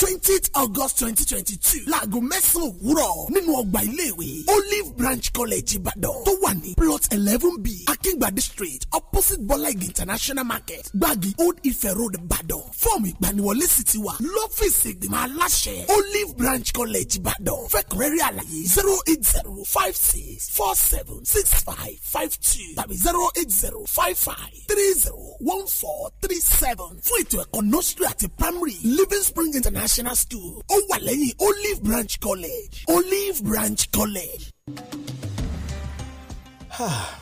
twentieth august twenty twenty two láago mẹ́sàn-án òwúrọ̀ nínú ọgbà iléèwé olive branch college ìbàdàn tó wà ní plot eleven b akíngbadé street opposite bọ́láìgì international market gbági old ife road ìbàdàn fọ́ọ̀mù ìgbaniwọlé sì ti wà lọ́fíìsì ìgbìmọ̀ aláṣẹ olive branch college ìbàdàn fẹ́kùnrẹ́rẹ́ àlàyé zero eight zero five six four seven six five five two tàbí zero eight zero five five three zero one four three seven fún ètò ẹ̀kọ́ nursery àti primary living spring international international school olive branch college olive branch college. ah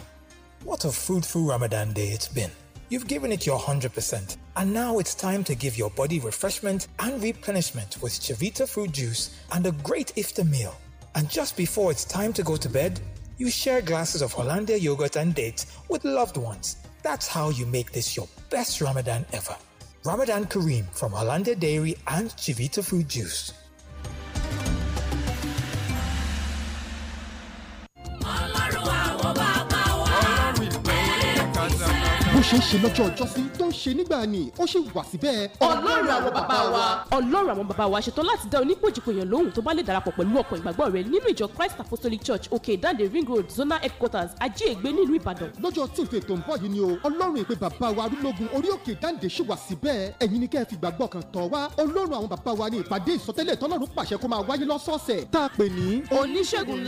what a fruitful ramadan day it's been. You've given it your 100%, and now it's time to give your body refreshment and replenishment with Chavita fruit juice and a great iftar meal. And just before it's time to go to bed, you share glasses of Hollandia yogurt and dates with loved ones. That's how you make this your best Ramadan ever. Ramadan Kareem from Alanda Dairy and Chivita Fruit Juice. Online. bó ṣe ń ṣe lọ́jọ́ ọjọ́sí tó ń ṣe nígbà ni ó ṣì wà síbẹ̀. ọlọ́run àwọn bàbá wa. ọlọ́run àwọn bàbá wa ṣetán láti dá onípòjìpòyàn lóhùn tó bá lè darapọ̀ pẹ̀lú ọkọ̀ ìgbàgbọ́ rẹ nínú ìjọ Christ Apostolic Church òkè ìdáǹdè ring road zonal headquarters ajé ègbé nílùú Ìbàdàn. lọ́jọ́ tuesday tó ń bọ̀ yìí ni o ọlọ́run ìpè bàbá wa arúgbógun orí òkè ìdáǹdè ṣì wà síbẹ̀ ẹ̀yin ni kẹ́ ẹ fi gbàgbọ́ kan wa ni ìpàdé ìsọtẹ́lẹ̀ tọ́lọ́run pàṣẹ kó máa wáyé lọ́sọ̀ọ̀sẹ̀ tá a pè ní. oníṣègùn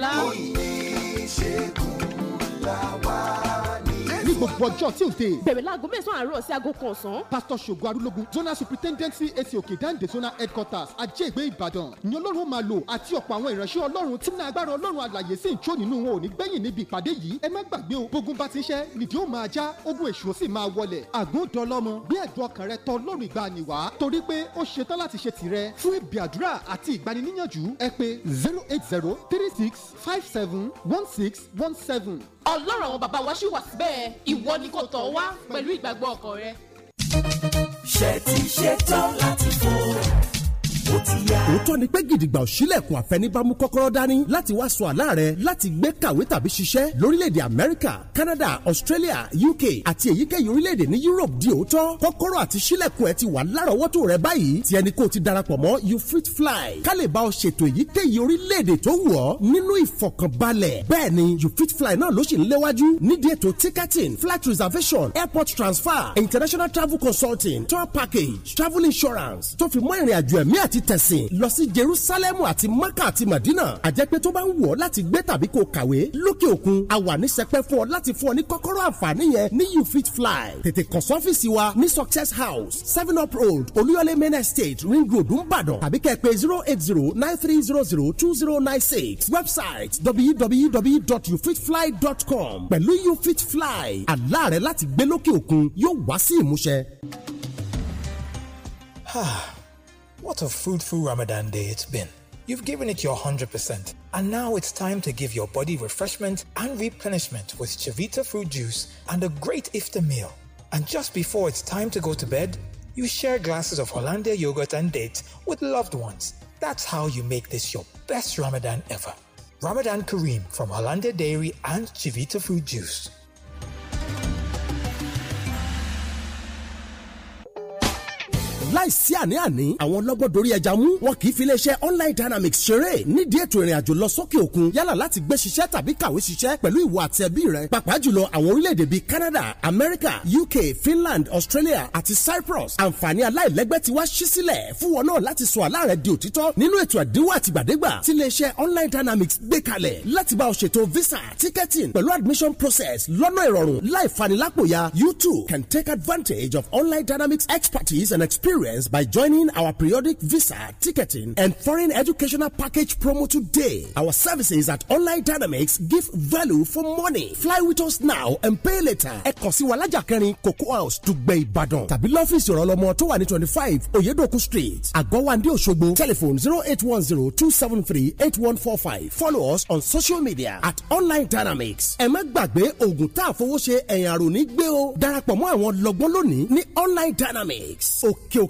gbogbo ọjọ́ tuesday bẹ̀rẹ̀ láago mẹ́sàn-án àárọ̀ sí aago kan ọ̀sán. pásítọ̀ ṣògo arúlógún zonal superintendent cac òkè dáǹdè zonal headquarters àjẹgbé ìbàdàn ni ọlọ́run máa lò àti ọ̀pọ̀ àwọn ìránṣẹ́ ọlọ́run tí náà agbára ọlọ́run àlàyé sì ń jó nínú wọn ò ní gbẹ̀yìn níbi ìpàdé yìí ẹ má gbàgbé o bógun bá ti ń ṣẹ́ nìdí ó máa já ogun èṣù ó sì máa wọlẹ̀ àgùndọ̀lọ́mọ zero eight zero three six five seven one six one seven ọlọ́run àwọn bàbá wa ṣì wà síbẹ̀ ìwọ ni kò tọ̀ wá pẹ̀lú ìgbàgbọ́ ọkàn rẹ. ṣe ti ṣe tán láti fò ti yá. òótọ́ ni pé gidigba òṣìlẹ̀kùn àfẹnibámú kọ́kọ́rọ́ dání láti wá sọ àlá rẹ láti gbé kàwé tàbí ṣiṣẹ́ lórílẹ̀‐èdè amẹ́ríkà canada australia uk àti èyíkéyìí orílẹ̀‐èdè ní europe di òótọ́ kọ́kọ́rọ́ àti ṣílẹ̀kùn ẹ ti wà lárọ̀ọ́wọ́tò rẹ báyìí tí ẹni kò ti darapọ̀ mọ́ you fit fly ká lè bá ọ ṣètò èyíkéyìí orílẹ̀‐èdè tó wù ọ́ nínú fly náà ló sì ń léwájú ticketing flight reservation airport transfer international travel consulting tour package travel insurance tó fi mọ́ ìrìn tẹ̀sìn lọ sí Jerusalemu àti Maka àti Madina àjẹpẹ́ tó bá ń wọ̀ láti gbé tàbí kó kàwé lókè òkun àwa ní sẹpẹ́ fún ọ láti fún ọ ní kọ́kọ́rọ́ àǹfààní yẹn ní you fit fly tètè kàn sọ́fíìsì wa ní Success House seven up road Olúyọ̀lé main estate ring road ńbàdàn tàbí kẹ́ zero eight zero nine three zero zero two zero nine six website www.youfitfly.com pẹ̀lú you fit fly àlá rẹ láti gbé lókè òkun yóò wá sí ìmúṣẹ. Ah. What a fruitful Ramadan day it's been. You've given it your 100%, and now it's time to give your body refreshment and replenishment with Chivita fruit juice and a great iftar meal. And just before it's time to go to bed, you share glasses of Hollandia yogurt and dates with loved ones. That's how you make this your best Ramadan ever. Ramadan Kareem from Hollandia Dairy and Chivita Fruit Juice. láìsí àní-àní àwọn lọ́gbọ́n dorí ẹja mú wọn kì í fi iléeṣẹ́ online dynamics ṣeré nídìí ètò ìrìn àjò lọ sókè òkun yálà láti gbé ṣiṣẹ́ tàbí kàwé ṣiṣẹ́ pẹ̀lú ìwọ àti ẹbí rẹ pàápàá jùlọ àwọn orílẹ̀-èdè bíi Canada America UK Finland Australia àti Cyprus àǹfààní aláìlẹ́gbẹ́ ti wá ṣí sílẹ̀ fún wọn náà láti sọ àlá rẹ di òtítọ́ nínú ètò ẹ̀dínwó àtìgbàdégbà tí iléeṣẹ́ online dynamics gbé kalẹ̀ láti bá ọ ṣètò visa ticketing pẹ̀lú admission process lọ́nà ìrọ̀rùn láìfanilápòyà you too can take advantage of online dynamics expertise and experience experience by joining our periodic visa, ticketing, and foreign educational package promo today. Our services at Online Dynamics give value for money. Fly with us now and pay later. Ẹ kàn sí wa lájàkẹrin Cocoa House Dùgbẹ́ Ìbàdàn tàbí lọ́fíìsì ọ̀rọ̀ ọlọ́mọ tó wà ní twenty five Oyedoku street Agọ́wandé Òṣogbo telephone zero eight one zero two seven three eight one four five follow us on social media at Online Dynamics. Ẹ má gbàgbé oògùn tá a fowó ṣe ẹ̀yìn àròní gbé o darapọ̀ mọ́ àwọn lọ́gbọ́n lónìí ní Online Dynamics. Òkè òkè.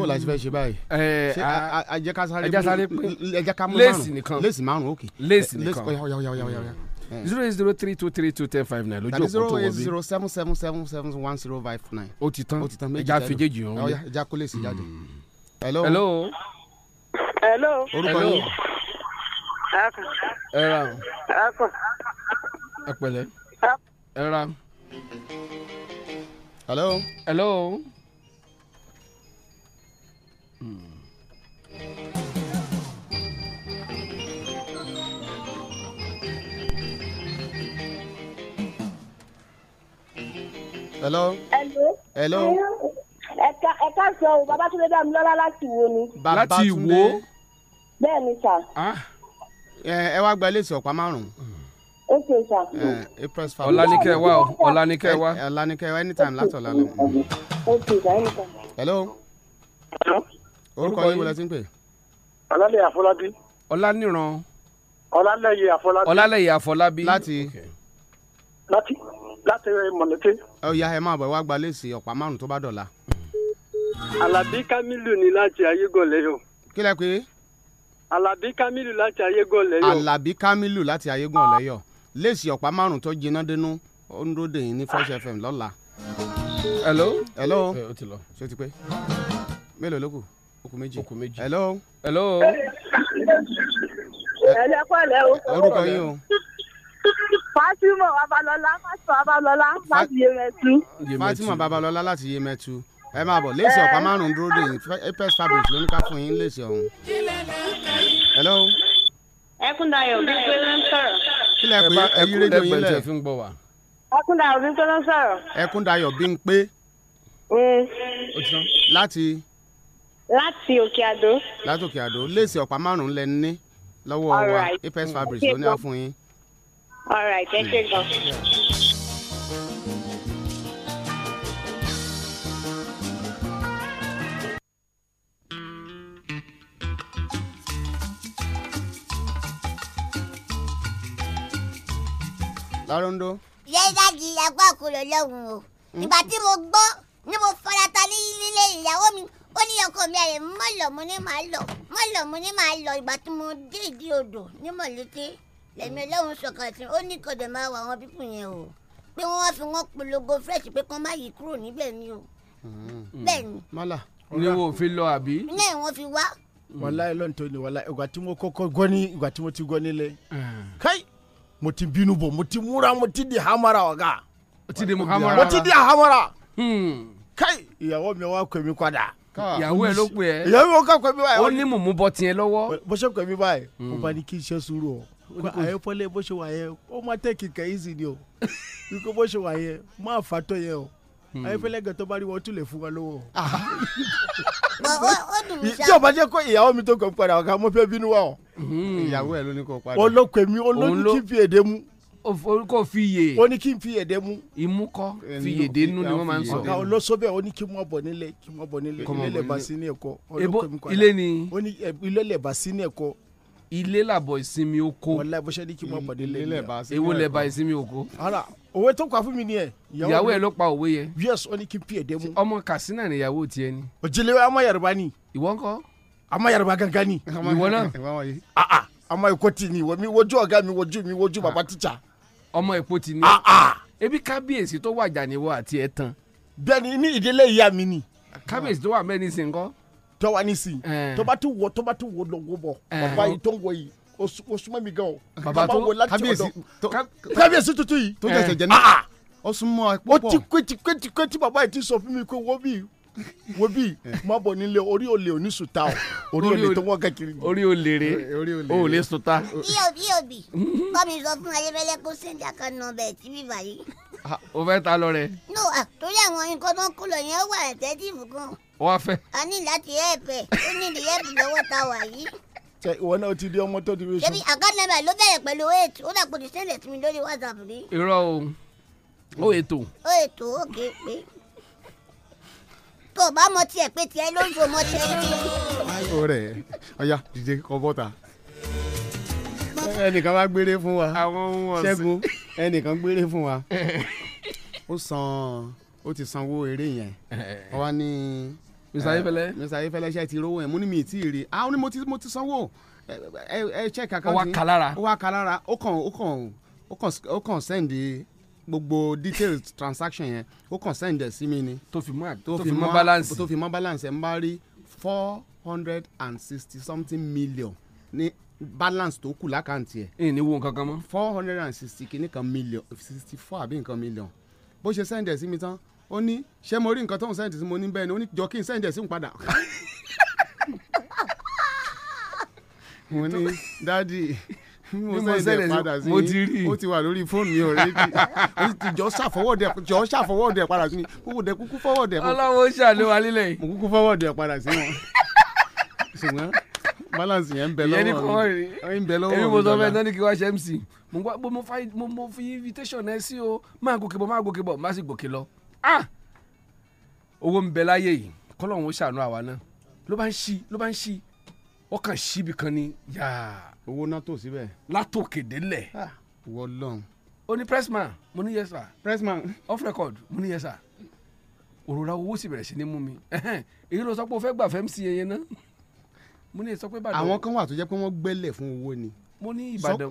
bó la ṣe fẹ́ ṣe báyìí. ṣe ajẹ́ ká sáré ajẹ́ sáré pé ẹjẹ́ ká mú márùn léèsì nìkan léèsì márùn òkè léèsì nìkan oh, mm. zero eight zero three two three two ten five nine lójú òkú tó wọ zero eight zero seven seven seven seven one zero five nine. ó ti tán ó ti tán méjì jáde ẹja fìjejì ọ̀hún. ẹja kó léèsì jáde. Mm. hello. hello. hello. orúkọ yín. ẹ ra o. ẹ pẹ̀lẹ́. ẹ ra. hello. hello. hello? hello. hello. hello. ẹ̀ka ẹ̀ka sọ o babatunde damilọla láti wo ni. láti wo. bẹ́ẹ̀ ni sà. Ah. ẹ wá gba ilé ìsọ̀pá márùn-ún. ok sà. april five. ọ̀lànìkẹ́ wa o wa. ọ̀lànìkẹ́ wa anytime látọ̀lá lọ. ok sà anytime. hello. hello orúkọ yín wọlé tí ń pè. ọlálẹ́yẹ àfọlábí. ọláníran. ọlálẹ́yẹ àfọlábí. ọlálẹ́yẹ àfọlábí. láti. láti láti mọ̀lẹ́tẹ́. ọ̀ya ẹ máa bọ̀ wá gba léèsì ọ̀pá márùn tó bá dọ̀la. alábí kamilu ni láti ayégọ́lẹ̀ yọ. kí lẹ pé. alábí kamilu láti ayégọ́lẹ̀ yọ. alábí kamilu láti ayégọ́lẹ̀ yọ léèsì ọ̀pá márùn tó jiná dénú ó ń dóde FM lọ́la. hello. hello. ṣé o ti pé mélòó ló kù okùn méjì okùn méjì. hello. hello. ẹ̀lẹ́ pẹ̀lẹ́ o. orúkọ yín o. fatima babalọla fatima babalọla láti yemẹtu. fatima babalọla láti yemẹtu ẹ máa bọ̀ léèsì ọ̀pá márùn-ún dúró dè apex fabric ló ní ká fún yín léèsì ọ̀hún. hello. ẹkúndayọ̀ bí gbẹ́lẹ́ ń sọ̀rọ̀. kílẹ̀ pé ẹyí rédíò yín lẹ̀ fi ń gbọ́ wa. ẹkúndayọ̀ bí ń pé ló ń sọ̀rọ̀. ẹkúndayọ̀ bí ń pé. Mm. láti láti òkè àdó. láti òkè àdó léèsì ọ̀pá márùn-ún lẹ ní lọ́wọ́ wa apex fabric ló ní wá fún yín. all right ẹ ṣe gan. láròndó. yẹ́dájì apá kò lọ lọ́hùn-ún o hmm? ìgbà tí mo gbọ́ ni mo fara ta ní ilé ìyàwó mi ó ní ọkọ mi àyè mọ́ lọ mo ní màá lọ mọ́ lọ mo ní màá lọ ìgbà tí mo dé ìdí odò ní mọ̀lété lẹ́mi ọlọ́run sọ̀kan sí ó ní kọ̀dọ̀ máa wà àwọn pípù yẹn o pé wọ́n fi wọ́n polongo fresh pé kán má yí kúrò níbẹ̀ ni o hmm. bẹ́ẹ̀ ni. mọ́là ni wo fi lọ àbí. ní ìwọ̀n fi wá. wàláyé lọ́nà tó ní wàláyé ìgbà tí mo kọ́kọ́ gọ́ ní ìgbà tí mo ti gọ́ nílé. Hmm. káyì mo ti bínú bò mo ti múra mo ti di hamara ọ̀gá. mo di hamara. mo ti di hamara. káyì ìyàwó mi wá kọ́ mi padà ìyàwó ẹ ló pe ẹ ìyàwó ẹ kọ pé mi báyìí ó ní mùmú bọ tiẹ lọ́wọ́. bó ṣe pè mí báyìí hmm. mo bá ní kí n ṣe sùúrù o àyẹ̀fọ́lẹ̀ bó ṣe wà yẹn ó má tẹ̀ kíkẹ́ yìí sì ni o ikú bó ṣe wà yẹn má fàtọ́ yẹn o hmm. ayéfẹ́lẹ́ gẹ̀tọ́ bá rí wọn tún lè fún wa lọ́wọ́. Ah. tí o bá jẹ́ kó ìyàwó mi tó kàn padà ọ̀gá mo fẹ́ bínú wa o. Hmm. ìyàwó ẹ ló ní kó padà. olókèmí olókìkí fi èdè mu orúkọ fiyè. ó ní kí n fiyè dé mú. imú kọ́ fiyè nú ni wọ́n máa ń sọ. ọ̀gá olóṣòbẹ̀ ó ní kí wọ́n bọ̀ nílẹ̀ kí wọ́n bọ̀ nílẹ̀ ilé lẹ̀ bá ebo ilé ni. ó ní ilé lẹ̀ bá sí ní ẹ̀kọ́. ilé làbọ̀ ìsinmi oko. wọ́n láì bọ́sẹ̀ ní kí wọ́n bọ̀ nílẹ̀ ilé lẹ̀ bá sí ní ewo lẹ̀ bá ìsinmi oko. ara òwe tó kà fún mi nìyẹn. ìyàwó ẹ ló pa òwe yẹn. yes ó ní kí n fiyè dé mú. ọmọ Katsina ni ìyàwó tiẹ̀ ni. òjìlẹ̀ ọmọ Yorùbá ni. ìwọ ńkọ́. ọmọ Yorùbá gangan ni. ìwọ náà. Ah, ah, ọmọ ìkọ́tì ni ìwọ mi wojú ọ̀gá mi wojú mi wojú bàbá tíjà ọmọ èpo ti ní. ebi kábíyèsí tó wàjà níwọ àti ẹ tán. bẹ́ẹ̀ni ní ìdílé ìyá mi ni. kábíyèsí tó wà mẹ́ni sí nǹkan. tó wà ní sí tó bá tún wọ tó bá tún wọ lọ wọ bọ bàbá yìí tó ń wọ yìí o súnmọ́ mi gan o. bàbá tó kábíyèsí tuntun yìí. tó jẹsẹ jẹ náà ó ti kó wo bí má bọ̀ nílé orí olè òní sùta o orí olè tó wọ́n kẹ́kiri. orí olè rè o ò lè sùta. bíòbí òbí bọ́mi sọ fún ayébẹ́lẹ́ kó sẹ́ńdí àkànnà ọbẹ̀ tí bíbá yìí. Ah, o fẹ́ ta lọ rẹ. no ah, torí àwọn nǹkan tó ń kó lọ yẹn wà ẹ̀tẹ́tìfù gan. wọ́n fẹ́. a ní láti ẹ̀ẹ̀pẹ̀ ó ní ìdí ẹ̀ẹ̀pẹ̀ lọ́wọ́ ta wà yìí tẹ ìwọ náà ti di ọmọ tó ti fi sùn. ṣebí àkáǹtì nàmbà ló bẹ̀rẹ̀ pẹ̀lú eight ó dà kó ti sẹ́lẹ̀ sí mi lórí whatsapp tó o bá mọ tiẹ̀ pé tiẹ̀ ló ń fò mọ tiẹ̀ lórí. ọ̀rẹ́ ọya dìde kọ bọta ẹnìkan wá gbére fún wa ṣẹ́gun ẹnìkan gbére fún wa ó san ó ti sanwó eré yẹn eh. ó wá ní mr ayefẹlẹ eh, mr ayefẹlẹ ṣe ti rówó yẹn mo ní mi ì tí ì rí ah ó ní mo ti sanwó eh, ẹ ẹ check account ó wá kalára ó wá ó kàn ó kàn ó kàn send gbogbo details transaction yẹn ó kàn send ẹ̀ sí mi ni. tó fi mọ́ tó fi mọ́ balance tó fi mọ́ balance ẹ̀ ń bá rí four hundred and sixty something million ní balance tó kù lákàntì ẹ̀. ẹ ní wo nǹkan kan four hundred and sixty kìíní kan million sixty four àbí nǹkan million bó ṣe send ẹ̀ sí mi tán ó ní ṣé mo rí nǹkan tó ń send sí mo ní bẹ́ẹ̀ ni ó ní jọ kí n send sí n padà mo ní dádì mo sẹ́lẹ̀ sí mo ti rí o ti wà lórí fóònù mi ọ̀rẹ́ bi jọ ṣàfọwọ́dẹ jọ ṣàfọwọ́dẹ padà sí mi kókò dẹ kúkú fọwọ́dẹ. ọlọ́run ó ṣàánú wa lílẹ̀ yìí. mo kúkú fọwọ́dẹ padà sí wọn ṣùgbọ́n balance yẹn ń bẹ lọ́wọ́ mi ń bẹ lọ́wọ́ mi. èmi mo sọ fẹ́ nani kí wá ṣe mc mo wá mo fa mo fi invitation ẹ sí o máa gòkè bọ̀ máa gòkè bọ̀ má sì gòkè lọ. Ah! owó ń bẹ láyé yìí kọ́lọ́run ó ṣàánú àwa náà ló bá ń ṣí ló bá wọ́n kàn síbi kan ni yáa. owó náà tó síbẹ̀. látòkè délẹ̀. wọlọ́n. o ní pressman mo ní yes pressman. off record mo ní yes sir. òrora owó sì bẹ̀rẹ̀ sí ní mú mi èyí ló sọ pé o fẹ́ gbà fẹ́ mc yẹn náà mo ní sọ pé ìbàdàn. àwọn kan wà tó jẹ́ pé wọ́n gbẹ́lẹ̀ fún owó ni. mo ní ìbàdàn.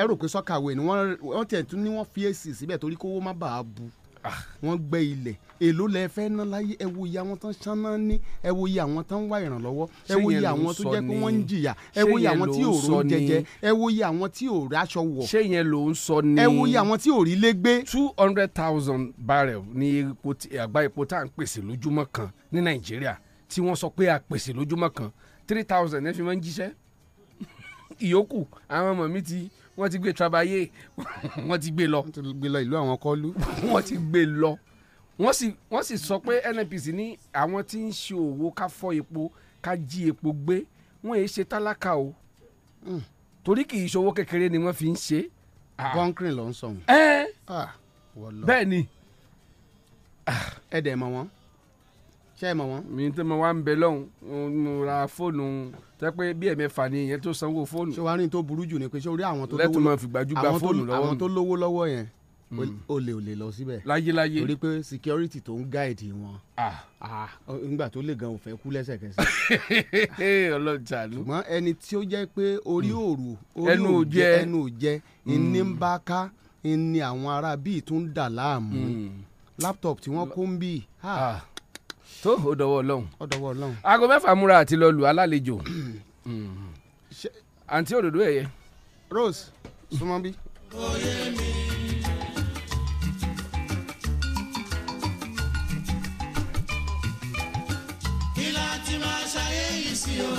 ẹ rò pé sọ́kàwé ni wọ́n tiẹ̀ tún ní wọ́n fi síbẹ̀ torí kówó má bàa bu Ah, wọ́n gbẹ́ ilẹ̀ èló lẹ fẹ́ ná láyé ẹ wo iye àwọn tán ṣáná ní ẹ wo iye àwọn tán wá ìrànlọ́wọ́ ẹ wo iye àwọn tó jẹ́ pé wọ́n ń jìyà ẹ wo iye àwọn tí ò ró jẹjẹ ẹ wo iye àwọn tí ò ráṣọ wọ̀ ṣé yẹn ló ń sọ ní. ẹ wo iye àwọn tí ò rí lé gbé. two hundred thousand barrel ni àgbá epo tá à ń pèsè lójúmọ́ kan ní nàìjíríà tí wọ́n sọ pé a pèsè lójúmọ́ kan three thousand ẹ fi máa ń jíṣẹ́ ìyókù àwọn ọmọ mi ti wọ́n ti gbé trabayé wọ́n ti gbé lọ. wọ́n ti gbé lọ ìlú àwọn kọ́lú. wọ́n ti gbé lọ wọ́n sì wọ́n sì sọ pé NNPC ní àwọn tí ń ṣe òwò ká fọ́ epo ká jí epo gbé wọ́n èé ṣe tálákà o hmm. torí kì í ṣòwò kékeré ni wọ́n fi ń ṣe. bọ́ńkìrì ló ń sọ̀hún. bẹ́ẹ̀ ni. ẹ̀ẹ́dẹ̀ mọ̀ wọ́n ṣe é mọ̀ wọ́n. mi tí mo wá ń bẹ lọ́hùn mo ra fóònù tẹ́ pé bí ẹ̀mẹ́fà ni ìyẹn tó sanwó fóònù. ṣé wàá rìn tó burú jù ni pé ṣé orí àwọn tó lówó lẹ́tùmọ̀ fìgbàjú gba fóònù lọ́wọ́ àwọn tó lówó lọ́wọ́ yẹn olè hmm. olè lọ síbẹ̀. láyéláyé torí pé security tó ń gáìdì wọn. nígbà tó lè gan òfẹ́ kú lẹ́sẹ̀kẹsẹ̀. ọlọ́jà ló. ṣùgbọ́n ẹni tí ó jẹ́ pé orí hmm. òru orí òjẹ ẹnu òjẹ ìní ń hmm. bá ká ìní àwọn ará bíi tún dà láàmú laptop tí wọ́n kó ń tó ó dọwọ́ ọlọ́run ó dọwọ́ ọlọ́run aago mẹ́fà múra àti lọ lù alálejò àǹtí òdòdó ẹ̀yẹ. Rose súnmọ́ bí. kí láti máa ṣayé yìí sí o.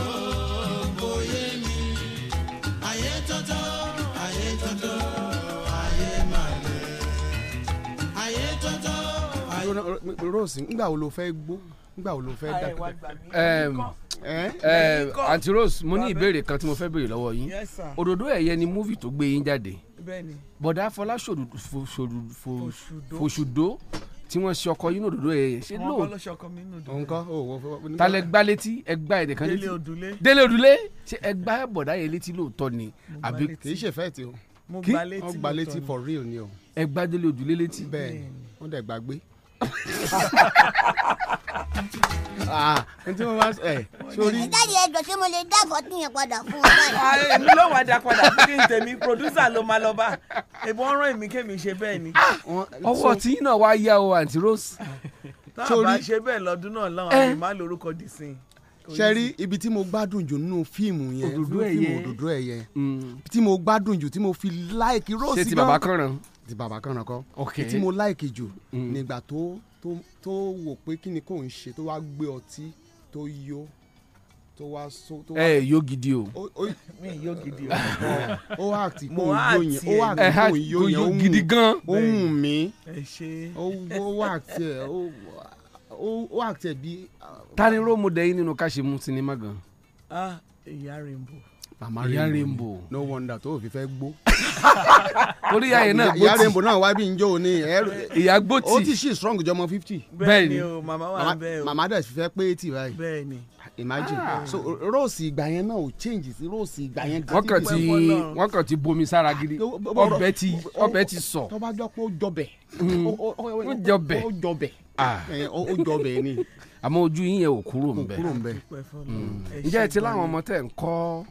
Rose ngbà wo ló fẹ́ gbó ngbà wo ló fẹ́ dákẹ́. àǹtí Rose mo ní ìbéèrè kan tí mo fẹ́ béèrè lọ́wọ́ yín òdòdó ẹ̀yẹ ni múvì tó gbé yín jáde bọ̀dá Fọlá Fòṣùdó tí wọ́n ṣe ọkọ yín òdòdó ẹ̀yẹ ṣe lóò nǹkan ta lẹ gbá létí ẹ gbá ẹ̀dẹ̀ kan létí Délé Odùlé ṣe ẹ gbá bọ̀dá yẹn létí lóòótọ́ ni àbí. kì í ṣe fẹ́ẹ̀ tí o mo gbá létí for real ni o. ẹ gbá Délé Odùlé létí. bẹ́ẹ̀ni wọ́n dẹ̀ gbàgbé Ah, n tí mo bá eh, ẹ sórí. jáde ẹjọ tí mo lè dábọ̀ tí yẹn padà fún ọ báyìí. Ah, èmi ló wàá da padà fún kí n tèmi pòdúsà ló máa lọ bá èmi wọn rán èmi kémi ṣe bẹ́ẹ̀ ni. Ah, ọwọ́ tí iná wá yá o àǹtí Rose. tá a bá ṣe bẹ́ẹ̀ lọ́dún náà láwọn àmì eh. má lórúkọ dì sí i ṣe rí ibi tí mo gbádùn jù nínú fíìmù yẹn òdòdó ẹyẹ òdòdó ẹyẹ mm. tí mo gbádùn jù tí mo fi láìkí Rose gan ti bàbá kànràn kọ́ tí mo láìkì jù mm. nígbà tó tó wò pé kí ni kò ń ṣe tó wá gbé ọtí tó yó tó wá so tó ẹ eh, yóò gidi o. mi yóò gidi o. ó wà tí kò ń yó yẹn ó wà tí kò ń yó yẹn ó wù gidi gan. ó wù mí ó wà tí ẹ ó wà tí ẹ bí. Ah. tani role model yín nínú ká ṣe mú sinimá gan. ah ìyá rainbow. màmá rainbow. no wonder tó o fi fẹ́ gbó. torí ìyá yẹn náà gbòtì ìyá rẹ̀ ń bọ̀ náà wá bí njó ni ìyá gbòtì ó ti ṣì strong jọmọ fifty. bẹ́ẹ̀ni o màmá wa bẹ́ẹ̀ o màmá dẹ̀ fẹ́ pé eighty báyìí. bẹ́ẹ̀ni imagine ah. so rose ìgbà yẹn náà ò change sí rose ìgbà yẹn. wọ́n kàn ti wọ́n kàn ti bomi sára gidi ọbẹ̀ ti ọbẹ̀ ti sọ. tó bá jọ pé ó jọbẹ̀. Mm. ó jọbẹ̀ ó jọbẹ̀ ah. ó jọbẹ̀ ni. àmọ́ ojú yín yẹn ò kúrò ń bẹ̀. Mm. ǹjẹ́ ẹ ti láwọn ọmọ tẹ̀ ń kọ́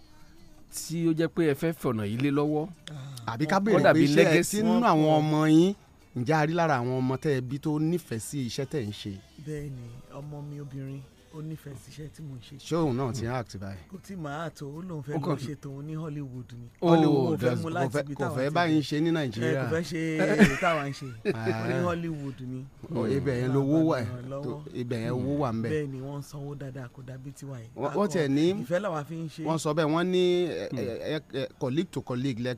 tí ó jẹ́ pé ẹ fẹ́ fọ̀nà yìí lé lọ́wọ́. Ah. àbí ká béèrè pé iṣẹ́ ẹ ti nínú àwọn ọmọ yín ǹjẹ́ a rí lára àwọn ọmọ tẹ́ ẹ bí tó nífẹ̀ẹ́ sí iṣẹ́ tẹ́ ń ṣe. bẹ́ẹ̀ni ọmọ mi obìnrin ó nífẹ̀ẹ́ síṣẹ́ tí mò ń ṣe. ṣóun náà ti act báyìí. kò tí màá àtò ó lóun fẹ́ lọ ṣe tòun ní Hollywood ni. Oh, Hollywood fẹ́ mu láti ibi táwọn ti kò fẹ́ báyìí ṣe ní Nàìjíríà. Eh, kò fẹ́ ṣe èyí táwọn ń ṣe ní ah. Hollywood ni. Oh, ibẹ̀ yẹn lówó wà ibẹ̀ yẹn owó wà ń bẹ̀. bẹ́ẹ̀ ni wọ́n sanwó dáadáa kò dàbí tiwa yìí. wọ́n tẹ̀ ní ìfẹ́ làwa fi ń ṣe. wọ́n sọ bẹ́ẹ̀ wọ́n ní hmm. eh, eh, colleague to colleague lẹ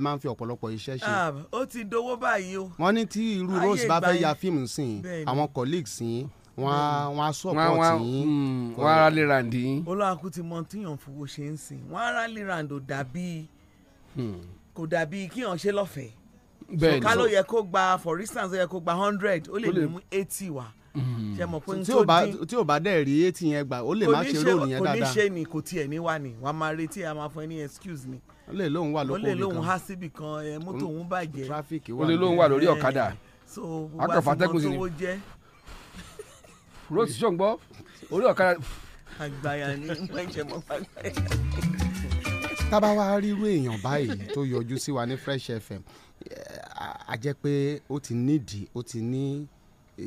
máa ń fi ọ̀pọ̀lọpọ̀ iṣẹ́ ṣe. Ah, ó ti dowó báyìí o. wọ́n ní tí irú Rose bá fẹ́ ya fíìmù sí i àwọn colleagues sí i wọn á wọn á support yín hmm, wọn á rally round yín. olóòkú ti mọ tíyàn fowó ṣe ń sìn wọn á rally round ò dàbí hmm. kò dàbí kíyàn ṣe lọ́fẹ̀ẹ́ bẹ́ẹ̀ni so ká yẹ kó gba for instance ó yẹ kó gba hundred ó lè mú eighty wá hmm. ṣe mọ̀ pé n tó dín tí ò bá dẹ̀ rí eighty yẹn gbà ó lè má ṣe róòlù yẹn dáadáa kò ni kò tiẹ̀ ní wá ni wàá máa retí a máa fún ẹ ní excuse ni ó lè lóun wà lóko òbí kan ó lè lóun há síbì kan mọ́tò òun bàjẹ́ ó lè lóun wà lórí ọ̀kadà so gbogbo àti mọ́tò road station gbọ́ orí ọ̀kadà. àgbàyà ni wọ́n ń jẹ mọ́ àgbàyà. tábà wá ríru èèyàn báyìí tó yọjú sí wa ní Fresh FM a jẹ́ pé ó ti nídìí ó ti ní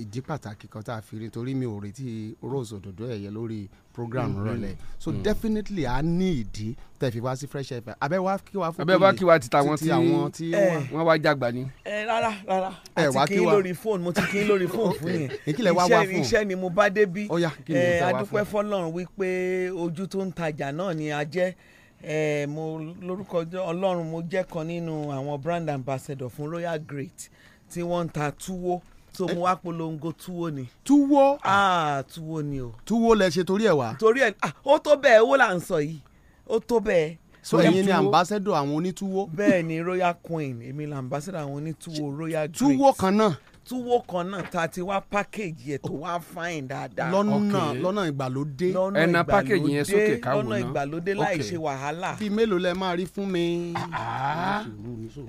ìdí pàtàkì kan tá a fi rí torí mi ò retí Rose òdòdó ẹ̀yẹ lórí program mm, rọlẹ̀ so mm. definitely a ní ìdí tẹ́ fi wá sí fresh air. abẹ́ eh, eh, wá kí wá fún abẹ́ wá kí wá ti tàwọn tí wọ́n wá jàgbá ni. ẹ rárá rárá àti kí n lórí fóònù mo ti kí n lórí fóònù fún yẹn iṣẹ́ iṣẹ́ ni mo bá débí ẹ adúpẹ́ fọlọ́run wípé ojú tó ń tajà náà ni a jẹ́ ẹ eh, mo lórúkọ ọlọ́run mo jẹ́ kan nínú àwọn brand ambassador fún royal great tí wọ́n ń ta túwó so mo wá polongo túwó ni. túwó. ah túwó ni o. túwó lẹ ṣe torí ẹ wá. torí ẹ ah ó tó bẹ́ẹ̀ owó là ń sọ yìí ó tó bẹ́ẹ̀. so ẹ̀yin ni ambassador àwọn onítúwó. bẹ́ẹ̀ ni royal queen èmi ni ambassador àwọn onítúwó royal grace. túwó kan náà túwó kan náà tá a ti wá pákéjì ẹ̀ tó wá fáìn dáadáa. lọ́nà lọ́nà ìgbàlódé. ẹ̀nà pákéjì yẹn sókè káwọn náà lọ́nà ìgbàlódé láì ṣe wàhálà. bíi mélòó lẹ máa rí fún mi. Ah.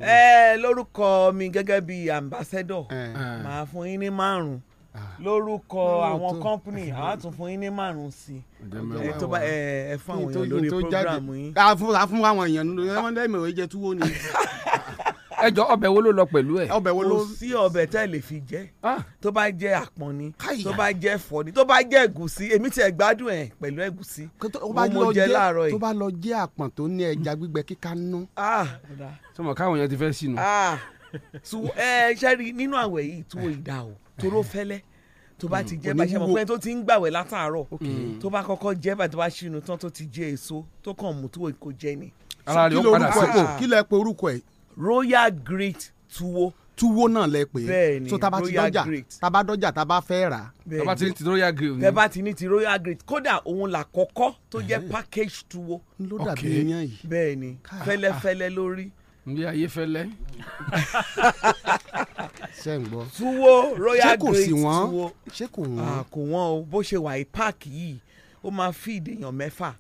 ẹ lórúkọ mi gẹ́gẹ́ bíi ambassador màá fún yín ní márùn-ún ah. lórúkọ àwọn kọ́ńpìnì àá tún fún yín ní márùn-ún sí i ètò bá ẹ fún àwọn èèyàn lórí programu yín. a fún àwọn èèyàn lórí ẹ wọ́n dẹ́ ìmọ̀ ìwé jẹ túwó ni. ẹjọ ọbẹ̀ wo ló lọ pẹ̀lú ẹ. ọbẹ̀ wo ló kò sí ọbẹ̀ tẹ́ lè fi jẹ ah. tó bá jẹ àpọ̀n ni tó bá jẹ ẹ̀fọ́ ni tó bá jẹ ẹ̀gúsí èmi tiẹ̀ gbádùn ẹ̀ pẹ̀lú ẹ̀gúsí mo jẹ láàárọ̀ yìí. tó bá lọ jẹ àpọ̀n tó ní ẹja gbígbẹ kíká nú. sọmọ ah. káwọn yẹn ti fẹ́ sínú. Ah. ẹ ṣe rí nínú àwẹ̀ yìí tó ìdá o tó ló eh. fẹ́lẹ́ tó bá ti hmm. jẹ́ bàjẹ́ mọ̀ pé tó ti ń gbàwẹ̀ látàárọ̀ tó bá kọ́kọ́ jẹ́ bàjẹ́ bá ṣinú tán tó ti jẹ èso tó kàn mú tó kò jẹ ni. ara rẹ̀ ó padà sípò kí lẹ pe orúkọ ẹ̀ royal great tuwo. tuwo náà lẹ pè é bẹ́ẹ̀ni royal great taba dọjà taba fẹ́ rà. taba ti ní ti royal great ni. taba mm. ti ní ti royal great kódà òun là kọ́kọ́ tó jẹ́ package tuwo. ló dàbí iyán yìí. bẹ́ẹ̀ni fẹ́lẹ́fẹ́lẹ́ lórí. nbí ayé fẹ́lẹ́. ṣe ń gbọ́. tuwo royal great tuwo ṣé kò sí wọ́n ṣé kò wọ́n. kò wọ́n o bó ṣe wà í páàkì yìí ó máa feed èèyàn mẹ́fà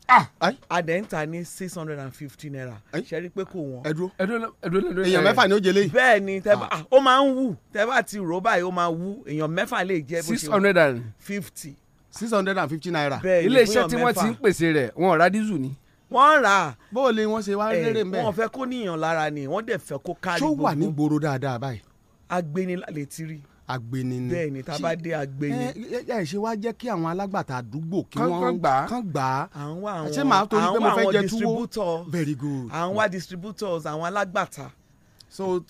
àdẹ́ńtà ah, ní six hundred and fifty naira ṣe rí pé kò wọ́n. ẹdúró ẹdúró ẹdúró èèyàn mẹ́fà ni ó jẹ léyìí. bẹ́ẹ̀ ni tẹ́bà ah. ah, ó máa ń wù tẹ́bà ti rò báyìí ó máa wù èèyàn mẹ́fà lè jẹ́ bó ṣe six hundred and fifty. six hundred and fifty naira. bẹ́ẹ̀ ilé iṣẹ́ tí wọ́n ti ń pèsè rẹ̀ wọn ò ra ni wọ́n rà. bó o lè wọ́n ṣe wá rere mbẹ́. wọ́n fẹ́ kó níyàn lára ni wọ́n dẹ̀ fẹ́ kó kárí gbogbo agbeni ni. bẹ́ẹ̀ni tá bá dé agbeni. ẹ ẹ ṣe wá jẹ́ kí àwọn alágbàtà àdúgbò kí wọ́n kàn gbà kàn gbà á ṣé màá torí pé mo fẹ́ jẹ very good. àwọn wa distributors àwọn alágbàtà so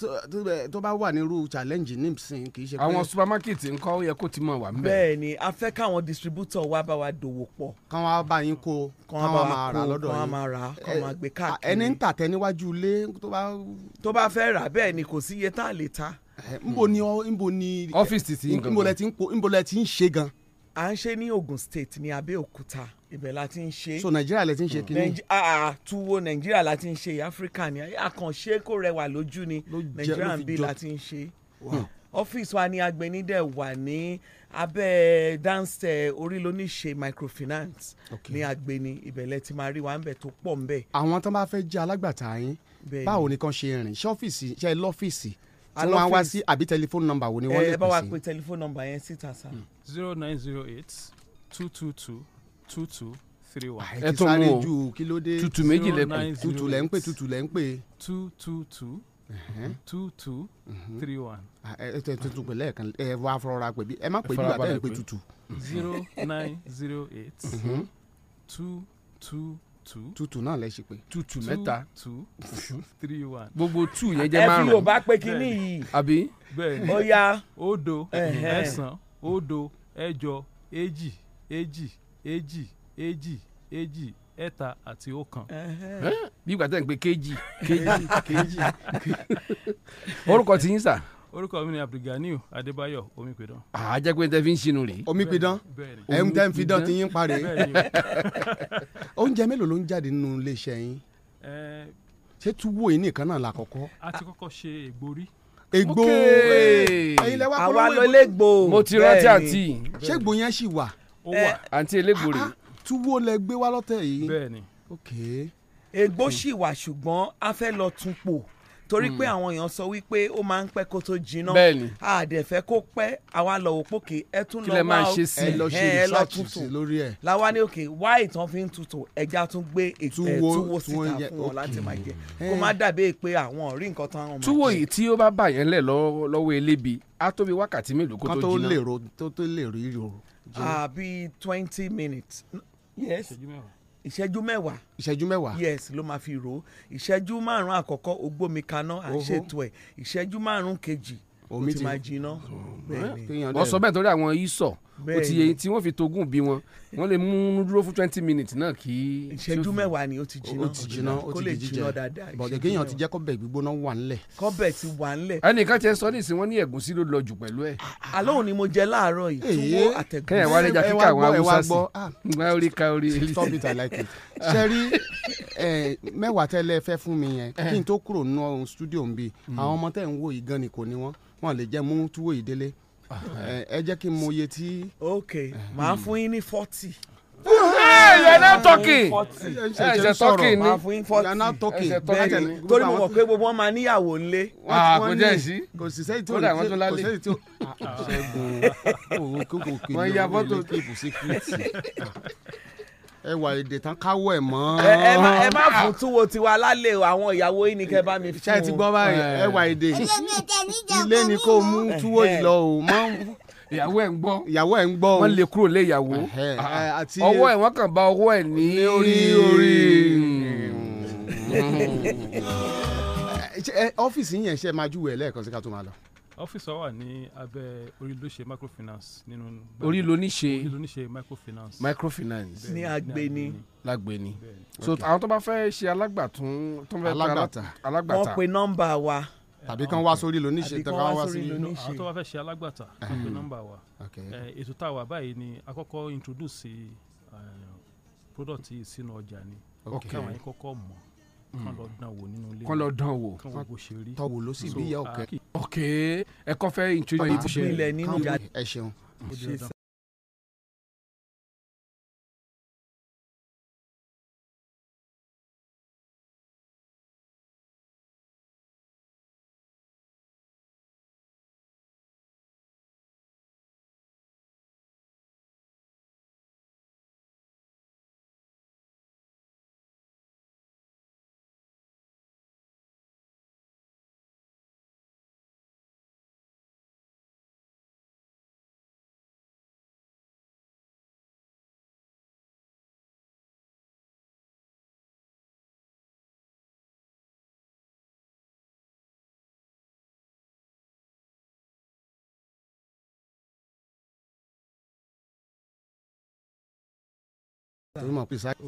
tó bá wà nírú challenge nísìnyí kì í ṣe àwọn supermarket nǹkan ó yẹ kó ti mọ̀ wá nbẹ. bẹ́ẹ̀ni a fẹ́ káwọn distributor wa bá wa dòwò pọ̀. kán wá bá yín kó kán wá máa rà lọ́dọ̀ yín kán wá máa rà kán máa gbé káàkiri. ẹni ń tà tẹ níwájú ilé tó bá. tó bá fẹ́ rà bẹ́ẹ̀ ni kò sí iye tá a lè ta nbo ni nbo ni ọ́fíìsì ti ń gan nbo ti ń po nbo ti ń ṣe gan. à ń ṣe ní Ogun State ní Abẹ́òkúta ibẹ̀ la ti ń ṣe. so Nigeria lẹ ti ń ṣe kínní. Ah, ah, tuwo Nàìjíríà la ti ń ṣe Áfíríkà ni àkànṣe kò rẹwà lójú ni Nàìjíríà ń bí la ti ń ṣe. ọ́fíìsì hmm. wa ni Agbenide wà ní abẹ́ dáńsẹ̀ eh, orílóníṣe microfinance ní Agbeni ibẹ̀ lẹ ti máa rí wa ń bẹ̀ tó pọ̀ ń bẹ̀. àwọn tó bá fẹ́ jẹ́ alágbàtà yín báwo ni ṣe rìn ṣọ́fíìsì ṣe lọ́fíìsì tí wọ́n á wá sí àbí tẹlifóònù nọ́mbà wo ni wọ́n eh, lè pèsè. ẹ bá wa pe tẹlifóònù nọ́mbà yẹn síta sa. Hmm. zero nine zero eight two two two two two three one. Ah, ẹ tó mú o tutu méjì lẹ́kùn tutu lẹ́ ń pè tutu lẹ́ ń pè. two two two two two three one. Eh, eh, ẹ tẹ tutu pẹ̀lẹ́ ẹ kan ẹ wá fọlọra pẹ bí ẹ má pè bí àtẹ ẹ pè tutu. zero nine zero eight mm-hmm. two two two two two náà lẹ ṣe pé two two mẹ́ta two three one gbogbo two yẹn jẹ́ márùn. ẹ fi yorùbá pé kínní yìí. àbí. bẹ́ẹ̀ni ó yá. òdo ẹ̀sán òdo ẹ̀jọ èjì èjì èjì èjì èjì ẹ̀ta àti ọ̀kan. bí ìgbà tẹ̀ ń pe kejì kejì kejì orúkọ tí yín sà orúkọ mi ni abdulganiu adébáyọ̀ omipidan. àá jẹ́ pé n tẹ́ fi ń sinú rèé. omipidan ẹ̀ ń tẹ́ ń fi dán ti yín parẹ́. oúnjẹ mélòó ló ń jáde nínú iléeṣẹ́ yín. ṣé túwó yìí nìkan náà la kọ́kọ́. a ti kọ́kọ́ ṣe ègbórí. ègbó ẹ̀yin lẹ wá polówó àwa lọ lẹ́gbò. mo ti rántí àǹtí. ṣé ègbó yẹn ṣì wà. ó wà eh, àǹtí elégbò rè. túwó lẹ gbé wá lọ́tẹ̀ yìí. bẹ́ẹ̀ni. ok. ègbó ṣì wà ṣùgbọ́n a fẹ́ lọ tún pò torí hmm. pé àwọn èèyàn sọ wípé ó máa ń pẹ́ kó tó jiná àdẹ̀fẹ́ kó pẹ́ àwa lọ wò pókè ẹ tún lọ wá ẹ lọ ṣe ìṣàtúnṣe lórí ẹ̀ làwa ní òkè wá ìtàn fi ń tutù ẹja tún gbé e, túwó síta fún wọn láti máa jẹ kó má dàbí pé àwọn rí nǹkan tán wọn máa jẹ. túwó yìí tí ó bá bàyẹn lẹ̀ lọ́wọ́ elébi á tóbi wákàtí mélòó kó tó jiná. kó tó lè rí ro. àbí twenty minutes. yes ìṣẹ́jú mẹ́wàá ìṣẹ́jú mẹ́wàá yes ló máa fi rò ó ìṣẹ́jú márùn-ún àkọ́kọ́ ó gbómi kaná à ń ṣètò ẹ̀ ìṣẹ́jú márùn-ún kejì ó ti máa jiná. wọ́n sọ bẹ́ẹ̀ torí àwọn ìsọ̀ o ti yẹyin tí wọ́n fi togún bí wọn wọ́n lè mú un dúró fún twenty minutes náà kí. ìṣẹ́jú mẹ́wàá ni ó ti jiná ó ti jiná ó ti jiná dáadáa. bọ̀dẹ̀ kéèyàn ti jẹ́ kọ́bẹ̀ gbígbóná wà ńlẹ̀. kọ́bẹ̀ ti wà ńlẹ̀. ẹnìkan ti ẹ sọ ní ìsìn wọn ní ẹ̀gúsí ló lọ jù pẹ̀lú ẹ̀. àlóhùn ni mo jẹ láàárọ̀ yìí tuwo àtẹ̀gúsí. kẹ́hìn wá lẹ́jà kíkà àwọn haúsá it i like it. sẹ́rí mẹ́wàá tẹ́lẹ̀ fẹ́ fún mi yẹn kí n tó kúrò nínú studio mi mm. àwọn ọmọ tẹ́ ń wò yìí kò ní wọ́n wọ́n lè jẹ́ mú túwò yìí ẹ jẹ́ kí n mọ iye tí. ok màá fún yín ní forty. ẹ ẹ náà tọ́kì ẹ ṣe tọ́kì ni ẹ náà tọ́kì bẹ́ẹ̀ ni torí mo mọ̀ pé gbogbo wọn máa níyàwó ńlé. Ah, kò jẹ́ ìsí kò sì sẹ́yìn tó lè kò sẹ́yìn tó. Ah, ah. ṣẹ́gun òun kò kò kìlọ̀ wọ́n ya bọ́tò kí ibùsí kìlọ̀ sí. ẹwà èdè tán káwọ́ ẹ̀ mọ́. ẹ má ah. fún túwo tiwa lálẹ́ àwọn ìyàwó yìí ni kẹ́ bá mi fún. ṣé ẹ ti gbọ́ báyìí ẹwà èdè ilé ni kò mú túwo yìí lọ o mọ́ ìyàwó ẹ̀ ń gbọ́ ìyàwó ẹ̀ ń gbọ́ wọ́n lè kúrò lé ìyàwó ah, ah. ọwọ́ ẹ̀ wọ́n kàn bá ọwọ́ ẹ̀ ní orí orí. Hmm. ọ́fíìsì yẹn ṣe máa júwèé lẹ́ẹ̀kan sí ká tó máa lọ ọ́fíìsì wa wà ní abẹ́ orílóṣe microfinance nínú. orílóníṣe orílóníṣe microfinance. microfinance ní agbeni. lágbeni so àwọn tó bá fẹ́ ṣe alágbàtún tó fẹ́ alágbàtà alágbàtà wọ́n pe nọ́mbà wa tàbí kan wá sórí lóníṣe tàbí kan wá sórí lóníṣe. àwọn tó bá fẹ́ ṣe alágbàtà kan pe nọ́mbà wa ètò tá a wà báyìí ni àkọ́kọ́ introduce product yìí sínú ọjà ni káwọn yẹn kọ́kọ́ mọ̀ kán lọ dán wò nínú ilé kán lọ dán wò tọwọ ló sì bí ìyá ọkẹ ok ẹ kọ́ fẹ́ ìtújú ìbùsùn nínú ìyá. ẹ ṣeun torí mọ̀ pé sáyé.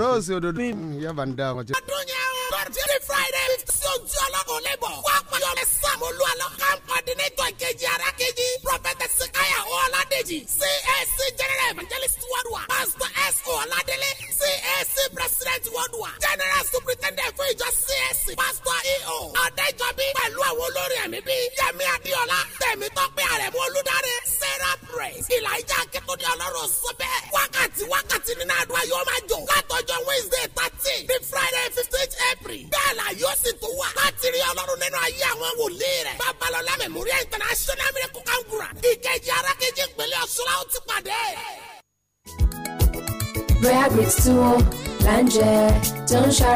rose òdòdó yaba ń da ọkọ jẹ. ọdún yẹn o ojú ọlọ́kùn lébọ̀ wá pààyàn lè sàmú lu ọlọ́kàn kọ́dínétọ̀ kejì ara kejì prọfẹ̀tà sikaya ọ̀làdèjì csc general evangelist wọ́dùwà pastor s ọ̀làdélé csc president wọ́dùwà general superintendent fún ìjọ csc pastor eo ọ̀dẹ́jọ́bí pẹ̀lú àwọn olórí ẹ̀mí bíi yẹmi adéọlá tẹ̀mítọ́pẹ́ àrẹ̀mú olùdarí praise. ìlàjà akíkúndé ọlọ́run sọ bẹ́ẹ̀. wákàtí wákàtí nínú àdúrà yóò máa jò. látọjọ́ wednesday thirteen ní friday fifteen april. bẹ́ẹ̀ la yóò sì tún wà. láti rí ọlọ́run nínú ayé àwọn wòlíì rẹ̀. babalọla memorial international miracle congress. ìkejì arákejì ìpínlẹ̀ ọ̀ṣunra ó ti pàdé. Bóyá tí wọ́n là ń jẹ tó ń ṣara.